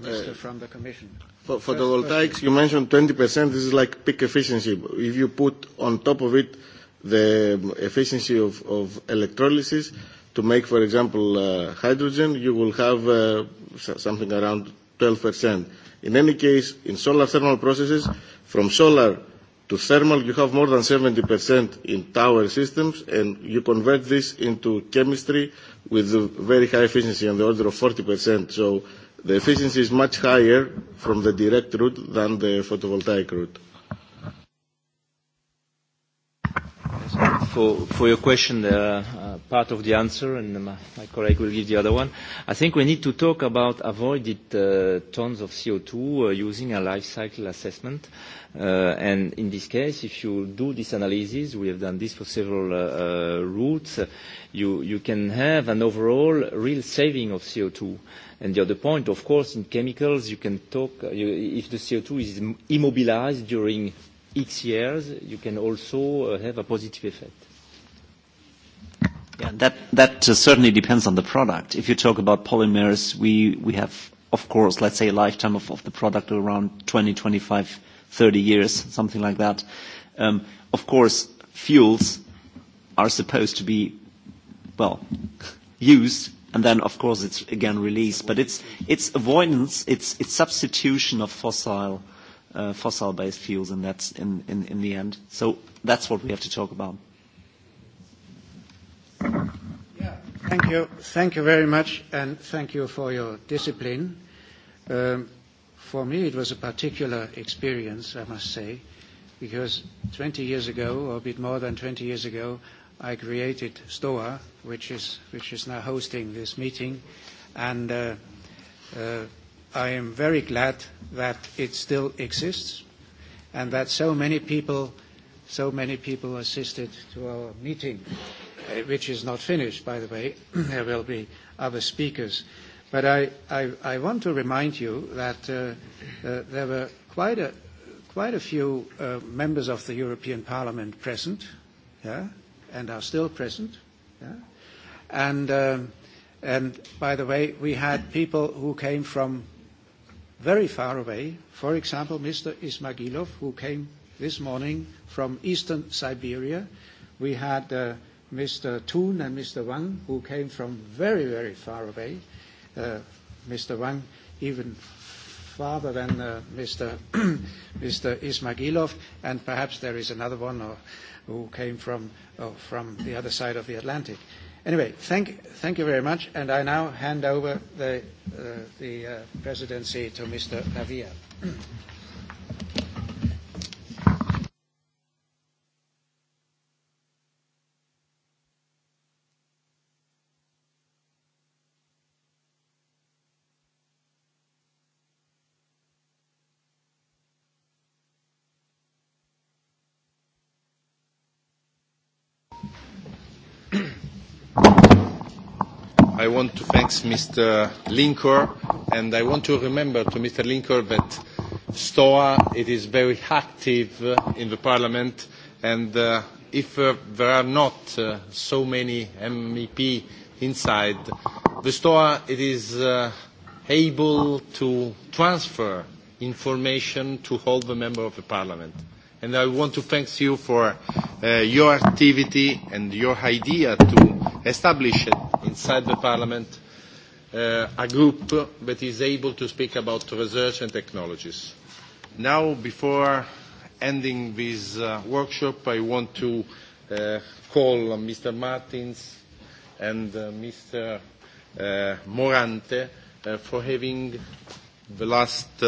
Mr. from the Commission. For photovoltaics, you mentioned 20%. This is like peak efficiency. If you put on top of it the efficiency of, of electrolysis to make, for example, hydrogen, you will have something around 12%. In any case, in solar thermal processes, from solar to thermal, you have more than 70% in tower systems, and you convert this into chemistry with very high efficiency on the order of 40%. So the efficiency is much higher from the direct route than the photovoltaic route. for your question, part of the answer, and my colleague will give the other one. I think we need to talk about avoided tons of CO2 using a life cycle assessment. And in this case, if you do this analysis, we have done this for several routes, you you can have an overall real saving of CO2. And the other point, of course, in chemicals, you can talk if the CO2 is immobilized during X years, you can also have a positive effect. that that certainly depends on the product. If you talk about polymers, we we have, of course, let's say a lifetime of the product around 20, 25, 30 years, something like that. Of course, fuels are supposed to be, well, used and then of course it's again released. But it's it's avoidance, it's it's substitution of fossil fossil-based fuels, and that's in in the end. So that's what we have to talk about. Thank you. Thank you very much, and thank you for your discipline. For me, it was a particular experience, I must say, because 20 years ago, or a bit more than 20 years ago, I created STOA, which is which is now hosting this meeting, and I am very glad that it still exists and that so many people so many people assisted to our meeting, which is not finished, by the way. There will be other speakers. But I want to remind you that there were quite a quite a few members of the European Parliament present, yeah, and are still present, yeah. and by the way, we had people who came from very far away. For example, Mr. Ismagilov, who came this morning from eastern Siberia. We had Mr. Toon and Mr. Wang, who came from very, very far away. Mr. Wang even farther than Mr. Ismagilov, and perhaps there is another one who came from the other side of the Atlantic. Anyway, thank thank you very much, and I now hand over the the presidency to Mr. Javier. I want to thank Mr. Linker, and I want to remember to Mr. Linker that STOA it is very active in the Parliament, and if there are not so many MEP inside, the STOA it is able to transfer information to all the members of the Parliament. And I want to thank you for your activity and your idea to establish inside the Parliament a group that is able to speak about research and technologies. Now, before ending this workshop, I want to call Mr. Martins and Mr. Morante for having the last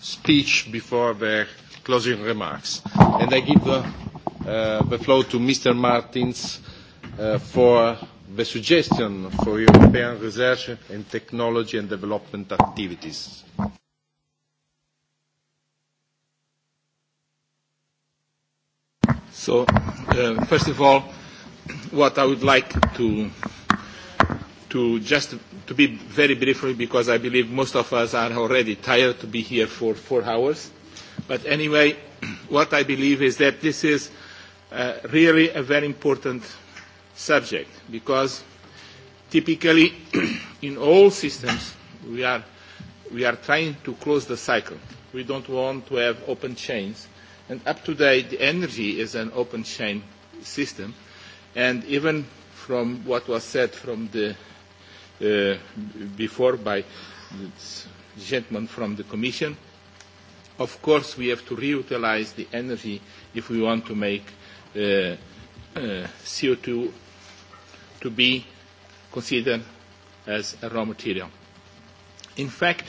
speech before their closing remarks. And I give the floor to Mr. Martins for the suggestion for European research and technology and development activities. So, first of all, what I would like to to just to be very brief, because I believe most of us are already tired to be here for four hours. But anyway, what I believe is that this is really a very important subject because typically in all systems we are we are trying to close the cycle. We don't want to have open chains. And up to date, the energy is an open chain system. And even from what was said from the before by the gentleman from the Commission, of course we have to reutilize the energy if we want to make CO2 to be considered as a raw material. In fact,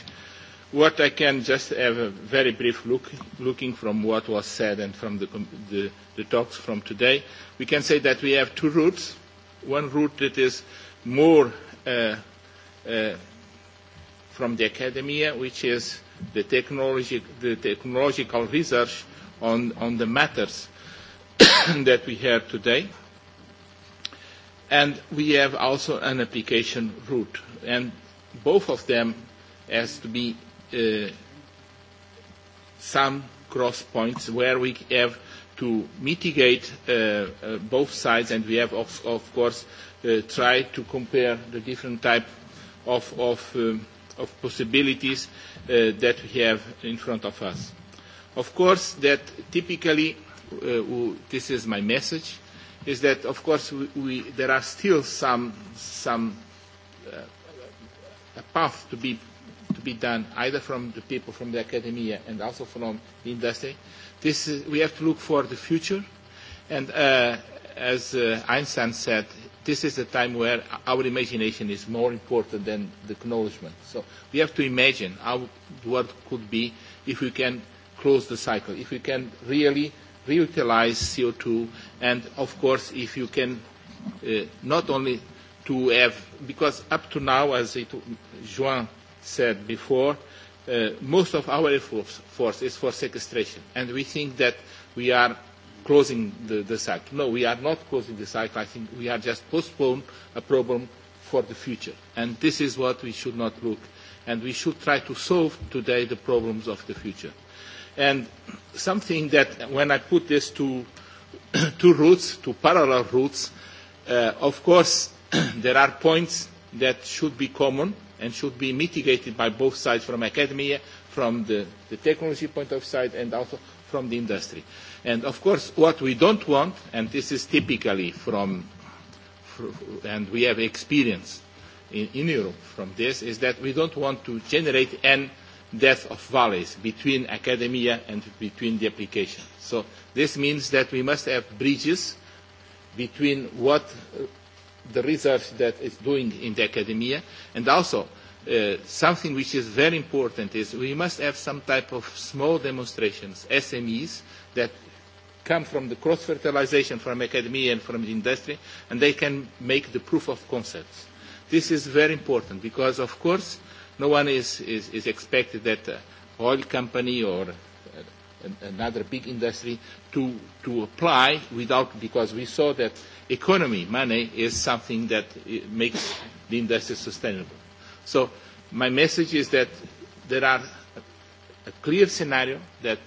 what I can just have a very brief look, looking from what was said and from the, the, talks from today, we can say that we have two routes. One route that is more from the academia, which is the, technology, the technological research on, on the matters that we have today and we have also an application route. And both of them has to be some cross points where we have to mitigate both sides and we have of course tried to compare the different type of of possibilities that we have in front of us. Of course that typically this is my message is that, of course, there are still some some path to be to be done, either from the people from the academia and also from the industry. This we have to look for the future, and as Einstein said, this is the time where our imagination is more important than the acknowledgement. So we have to imagine how the world could be if we can close the cycle, if we can really reutilize CO2, and of course if you can not only to have, because up to now, as Joan said before, most of our force is for sequestration, and we think that we are closing the cycle. No, we are not closing the cycle. I think we are just postponing a problem for the future, and this is what we should not look, and we should try to solve today the problems of the future. And something that when I put this to two routes, to parallel routes, of course there are points that should be common and should be mitigated by both sides from academia, from the technology point of sight and also from the industry. And of course what we don't want, and this is typically from, and we have experience in Europe from this, is that we don't want to generate an death of valleys between academia and between the application. So this means that we must have bridges between what the research that is doing in the academia and also something which is very important is we must have some type of small demonstrations, SMEs, that come from the cross-fertilization from academia and from the industry, and they can make the proof of concepts. This is very important because, of course, No one is is expected that an oil company or another big industry to to apply without because we saw that economy, money is something that makes the industry sustainable. So my message is that there are a clear scenario that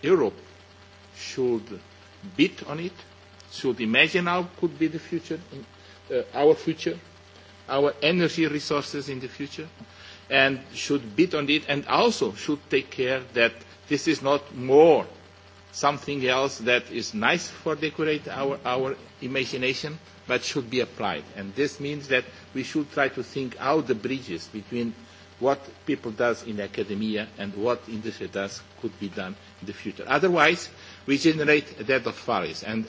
Europe should bid on it, should imagine how could be the future, our future, our energy resources in the future and should bid on it and also should take care that this is not more something else that is nice for decorate our our imagination but should be applied. And this means that we should try to think out the bridges between what people does in academia and what industry does could be done in the future. Otherwise, we generate a debt of values. And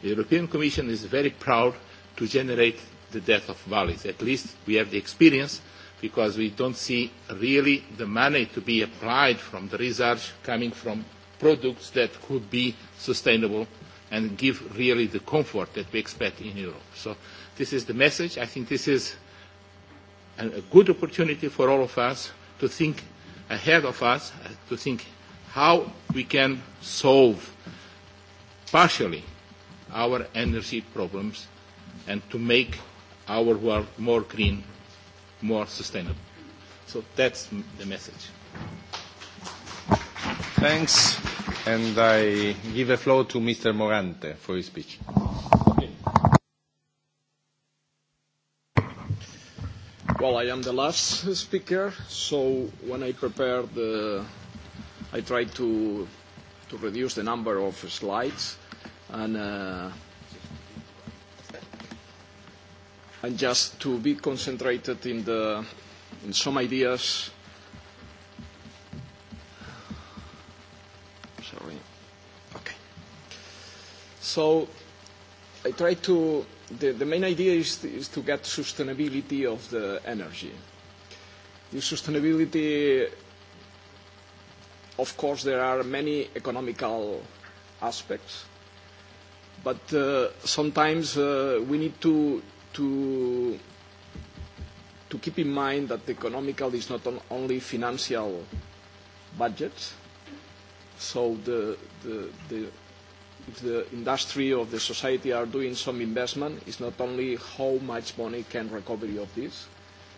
the European Commission is very proud to generate the death of valleys. At least we have the experience because we don't see really the money to be applied from the research coming from products that could be sustainable and give really the comfort that we expect in Europe. So this is the message. I think this is a good opportunity for all of us to think ahead of us, to think how we can solve partially our energy problems and to make our world more green, more sustainable. So that's the message. Thanks. And I give the floor to Mr. Morante for his speech. Well, I am the last speaker, so when I prepared, I tried to to reduce the number of slides, and and just to be concentrated in the in some ideas sorry okay so I try to the, the main idea is, is to get sustainability of the energy the sustainability of course there are many economical aspects but sometimes we need to to to keep in mind that the economical is not only financial budgets. So the the the if the industry or the society are doing some investment, it's not only how much money can recovery of this.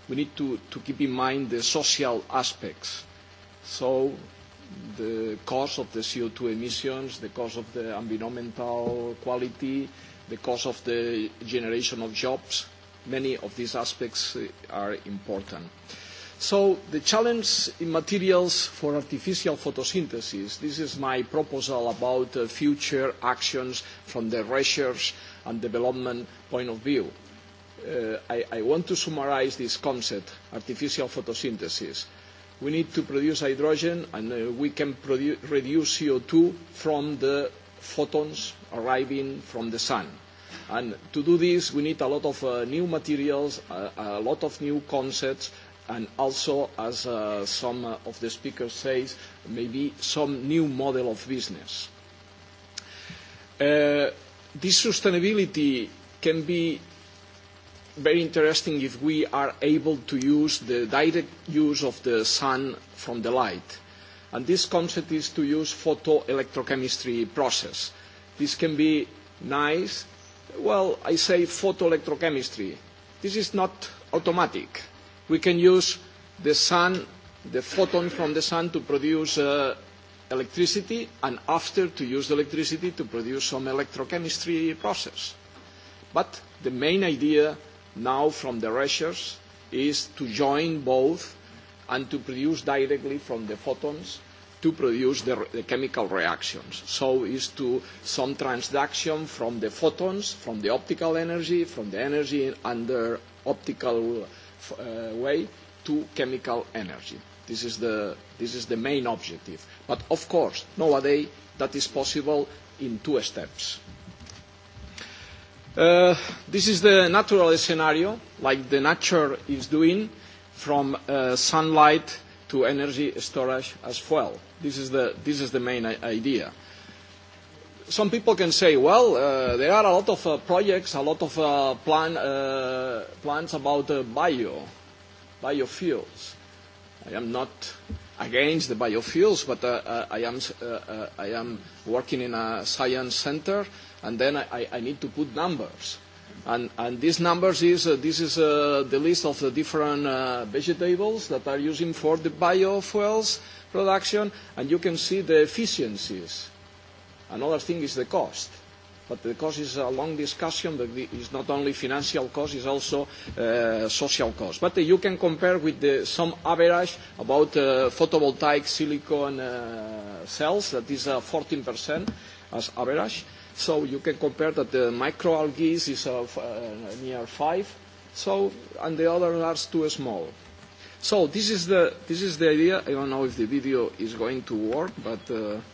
We need to to keep in mind the social aspects. So the cost of the CO2 emissions, the cost of the environmental quality, Because of the generation of jobs. Many of these aspects are important. So the challenge in materials for artificial photosynthesis. This is my proposal about future actions from the research and development point of view. I want to summarize this concept, artificial photosynthesis. We need to produce hydrogen and we can reduce CO2 from the photons arriving from the sun. And to do this, we need a lot of new materials, a lot of new concepts, and also, as some of the speakers say, maybe some new model of business. This sustainability can be very interesting if we are able to use the direct use of the sun from the light. And this concept is to use photoelectrochemistry process. This can be nice. Well, I say photoelectrochemistry. This is not automatic. We can use the sun, the photon from the sun to produce electricity and after to use the electricity to produce some electrochemistry process. But the main idea now from the research is to join both and to produce directly from the photons to produce the chemical reactions. So is to some transduction from the photons, from the optical energy, from the energy under optical way to chemical energy. This is the this is the main objective. But of course, nowadays that is possible in two steps. This is the natural scenario, like the nature is doing, from sunlight to energy storage as well. This is the this is the main idea. Some people can say, well, there are a lot of projects, a lot of plans about bio, biofuels. I am not against the biofuels, but I am I am working in a science center, and then I I need to put numbers. And and these numbers is this is the list of the different vegetables that are using for the biofuels production, and you can see the efficiencies. Another thing is the cost. But the cost is a long discussion that is not only financial cost, it's also social cost. But you can compare with some average about photovoltaic silicon cells, that is 14% as average. So you can compare that the microalgae is near 5, so and the other are too small. So this is the this is the idea. I don't know if the video is going to work, but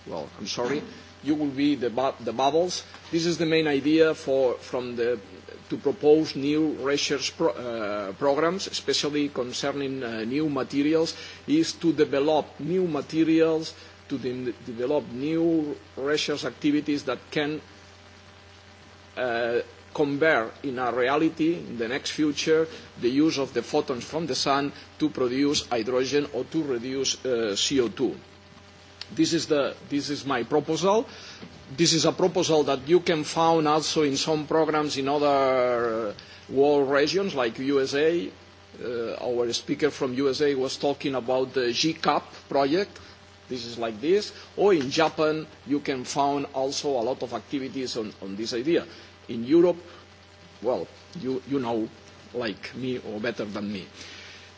well, I'm sorry. You will be the the bubbles. This is the main idea for from the to propose new research programs, especially concerning new materials, is to develop new materials, to develop new research activities that can convert in a reality in the next future the use of the photons from the sun to produce hydrogen or to reduce CO2. This is the this is my proposal. This is a proposal that you can find also in some programs in other world regions like USA. Our speaker from USA was talking about the GCAP project. This is like this. Or in Japan, you can find also a lot of activities on this idea in Europe, well, you you know like me or better than me.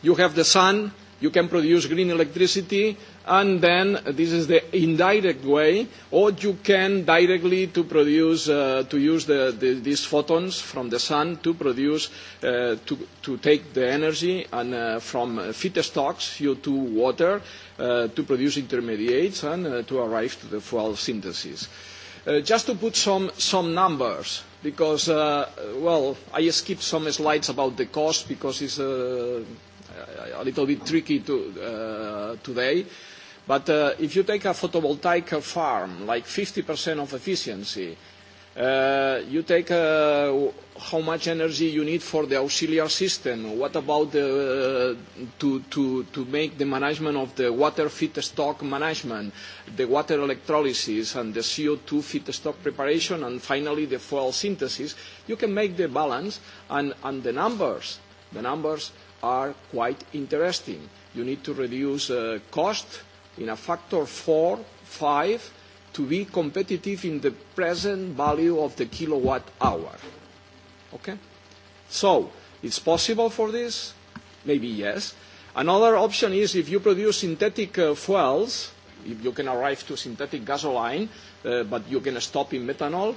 You have the sun, you can produce green electricity, and then this is the indirect way, or you can directly to produce, to use these photons from the sun to produce, to take the energy and from feedstocks, CO2, water, to produce intermediates and to arrive to the fuel synthesis. Just to put some some numbers because, well, I skipped some slides about the cost because it's a little bit tricky to today. But if you take a photovoltaic farm, like 50% of efficiency, You take how much energy you need for the auxiliary system. What about to make the management of the water feedstock management, the water electrolysis and the CO2 feedstock preparation, and finally the fuel synthesis? You can make the balance and the numbers. The numbers are quite interesting. You need to reduce cost in a factor four, five to be competitive in the present value of the kilowatt hour. Okay? So, it's possible for this? Maybe yes. Another option is if you produce synthetic fuels, if you can arrive to synthetic gasoline, but you can stop in methanol,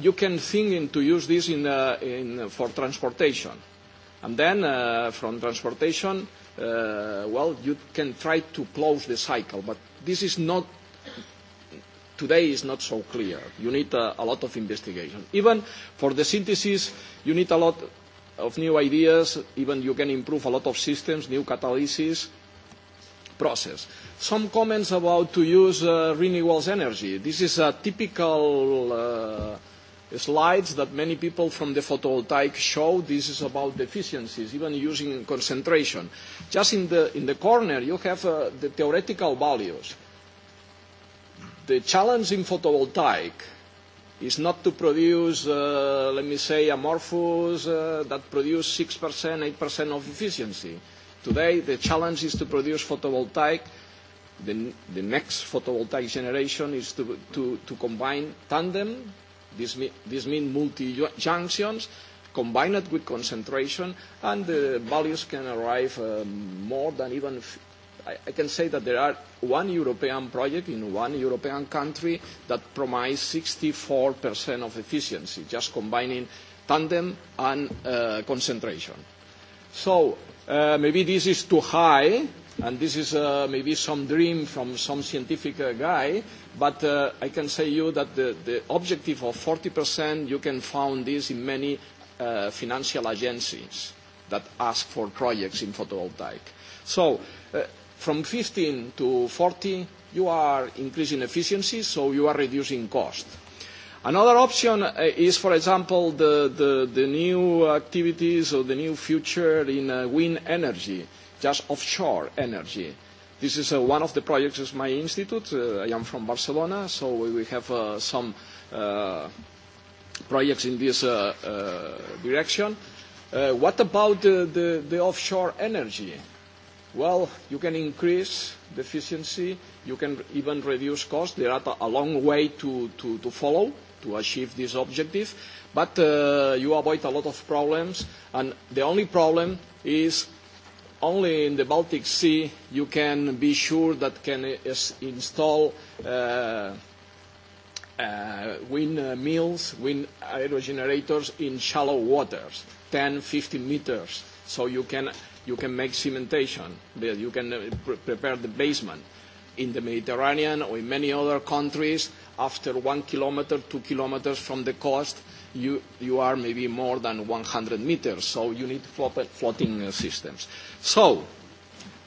you can think to use this in for transportation. And then from transportation, well, you can try to close the cycle, but this is not today is not so clear. You need a lot of investigation. Even for the synthesis, you need a lot of new ideas. Even you can improve a lot of systems, new catalysis process. Some comments about to use renewables energy. This is a typical slides that many people from the photovoltaic show. This is about deficiencies, even using concentration. Just in the corner, you have the theoretical values the challenge in photovoltaic is not to produce, let me say, amorphous that produce 6%, 8% of efficiency. Today, the challenge is to produce photovoltaic. The next photovoltaic generation is to combine tandem, this means multi-junctions, combine it with concentration, and the values can arrive more than even I can say that there are one European project in one European country that promises 64% of efficiency, just combining tandem and concentration. So maybe this is too high, and this is maybe some dream from some scientific guy, but I can say you that the objective of 40%, you can find this in many financial agencies that ask for projects in photovoltaic. So From 15 to 40, you are increasing efficiency, so you are reducing cost. Another option is, for example, the new activities or the new future in wind energy, just offshore energy. This is one of the projects of my institute. I am from Barcelona, so we have some projects in this direction. What about the offshore energy? well, you can increase the efficiency, you can even reduce costs. There are a long way to, follow to achieve this objective, but you avoid a lot of problems, and the only problem is only in the Baltic Sea you can be sure that can install wind mills, wind aerogenerators in shallow waters, 10, 15 meters, so you can you can make cementation, you can prepare the basement. In the Mediterranean or in many other countries, after one kilometer, two kilometers from the coast, you you are maybe more than 100 meters, so you need floating systems. So,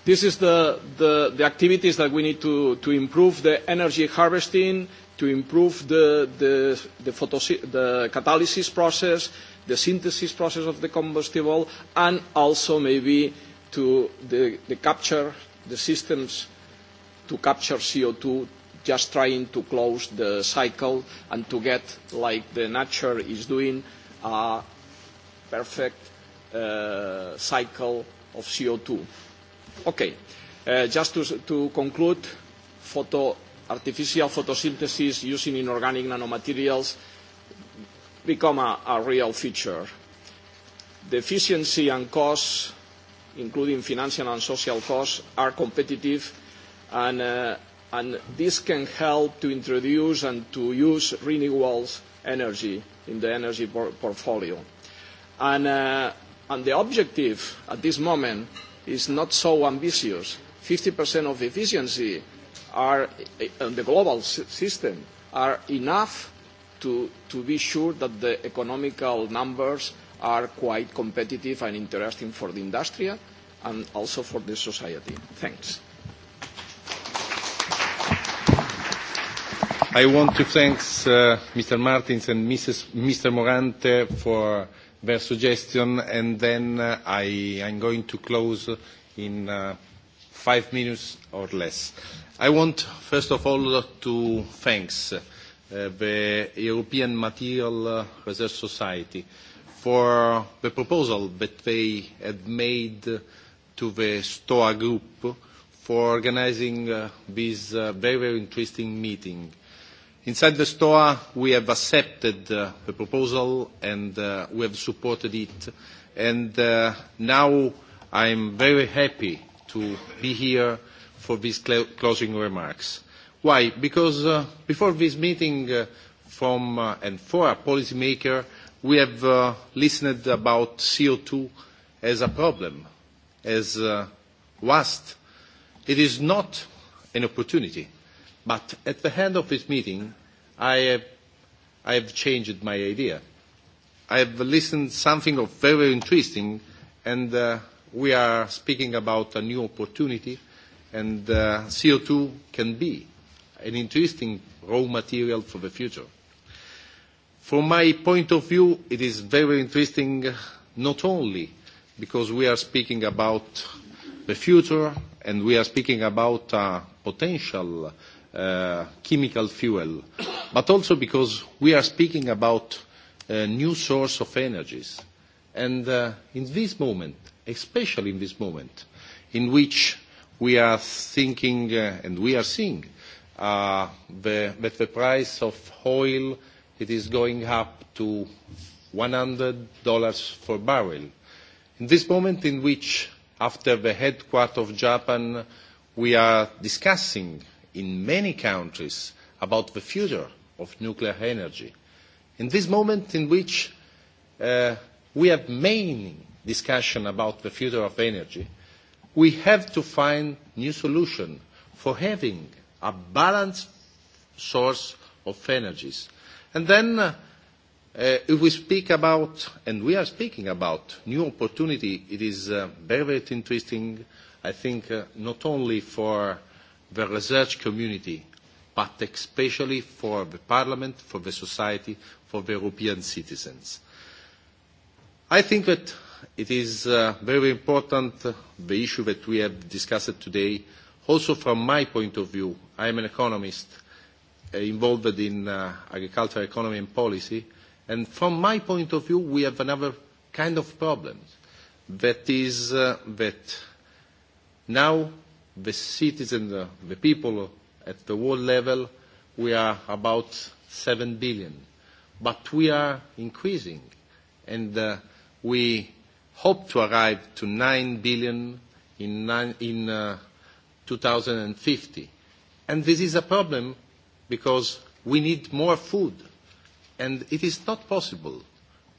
this is the the activities that we need to to improve the energy harvesting, to improve the the the catalysis process, the synthesis process of the combustible, and also maybe to the capture, the systems to capture CO2, just trying to close the cycle and to get, like the nature is doing, a perfect cycle of CO2. Okay, just to conclude, artificial photosynthesis using inorganic nanomaterials become a real feature. The efficiency and costs, including financial and social costs, are competitive and this can help to introduce and to use renewable energy in the energy portfolio. And the objective at this moment is not so ambitious. 50% of efficiency are on the global system are enough to be sure that the economical numbers are quite competitive and interesting for the industry and also for the society. Thanks. I want to thank Mr. Martins and Mr. Morante for their suggestion, and then I am going to close in five minutes or less. I want, first of all, to thank the European Material Research Society for the proposal that they had made to the STOA group for organizing this very, very interesting meeting. Inside the STOA, we have accepted the proposal and we have supported it. And now I am very happy to be here for these closing remarks. Why? Because before this meeting from and for a policymaker, we have listened about CO2 as a problem, as waste. It is not an opportunity. But at the end of this meeting, I have changed my idea. I have listened something of very interesting, and we are speaking about a new opportunity, and CO2 can be an interesting raw material for the future. From my point of view, it is very interesting not only because we are speaking about the future and we are speaking about a potential chemical fuel, but also because we are speaking about a new source of energies. And in this moment, especially in this moment, in which we are thinking and we are seeing that the price of oil it is going up to $100 per barrel. In this moment in which, after the headquarters of Japan, we are discussing in many countries about the future of nuclear energy, in this moment in which we have main discussion about the future of energy, we have to find new solution for having a balanced source of energies. And then if we speak about, and we are speaking about, new opportunity, it is very, very interesting, I think, not only for the research community, but especially for the Parliament, for the society, for the European citizens. I think that it is very important, the issue that we have discussed today, Also from my point of view, I am an economist involved in agricultural economy and policy, and from my point of view we have another kind of problem, that is that now the citizens, the people at the world level, we are about 7 billion, but we are increasing, and we hope to arrive to 9 billion in 2050. And this is a problem because we need more food. And it is not possible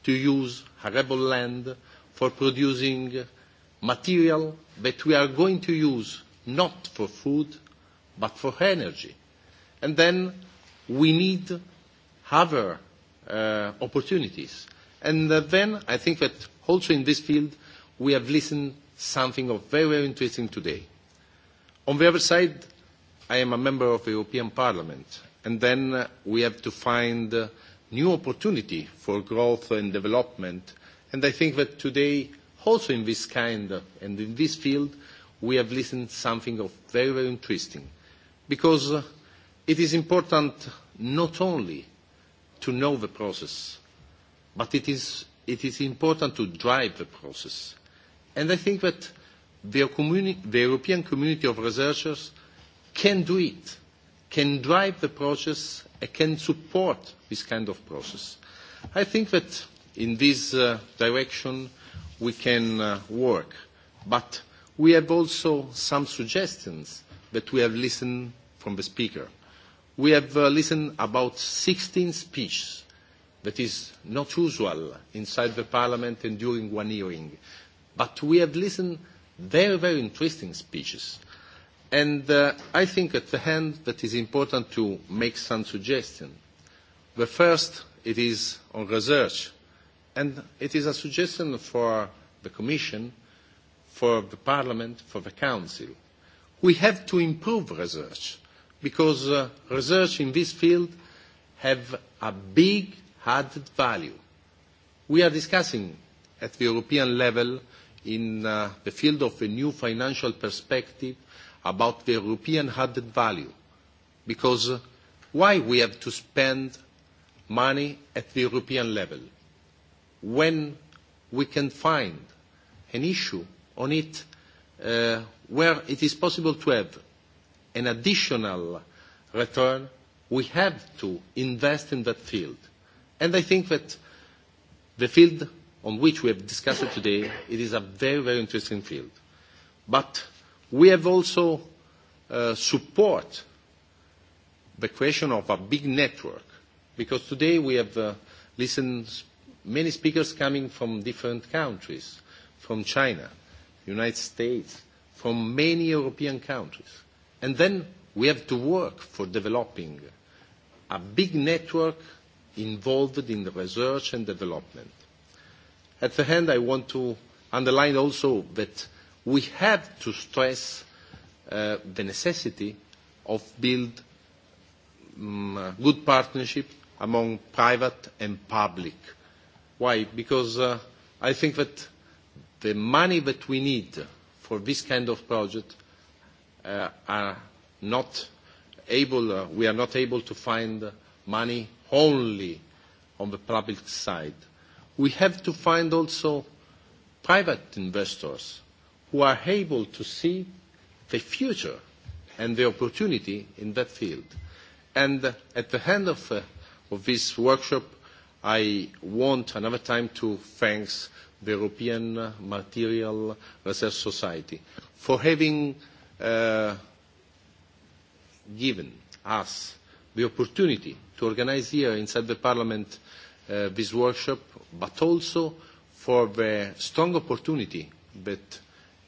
to use arable land for producing material that we are going to use not for food but for energy. And then we need other opportunities. And then I think that also in this field we have listened something of very, very interesting today. On the other side, I am a member of the European Parliament, and then we have to find new opportunity for growth and development. And I think that today, also in this kind and in this field, we have listened something of very, very interesting, because it is important not only to know the process, but it is important to drive the process. And I think that the European community of researchers can do it, can drive the process, can support this kind of process. I think that in this direction we can work, but we have also some suggestions that we have listened from the speaker. We have listened about 16 speeches. That is not usual inside the Parliament and during one hearing. But we have listened very, very interesting speeches. And I think at the end that is important to make some suggestions. The first, it is on research. And it is a suggestion for the Commission, for the Parliament, for the Council. We have to improve research because research in this field have a big added value. We are discussing at the European level in the field of a new financial perspective about the European added value. Because why we have to spend money at the European level when we can find an issue on it where it is possible to have an additional return, we have to invest in that field. And I think that the field on which we have discussed today, it is a very, very interesting field. But we have also support the creation of a big network, because today we have listened many speakers coming from different countries, from China, United States, from many European countries. And then we have to work for developing a big network involved in the research and development At the end, I want to underline also that we have to stress the necessity of build good partnership among private and public. Why? Because I think that the money that we need for this kind of project are not able, we are not able to find money only on the public side we have to find also private investors who are able to see the future and the opportunity in that field. And at the end of this workshop, I want another time to thank the European Material Research Society for having given us the opportunity to organize here inside the Parliament this workshop, but also for the strong opportunity that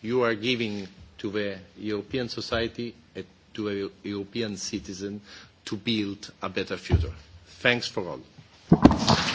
you are giving to the European society and to the European citizen to build a better future. Thanks for all.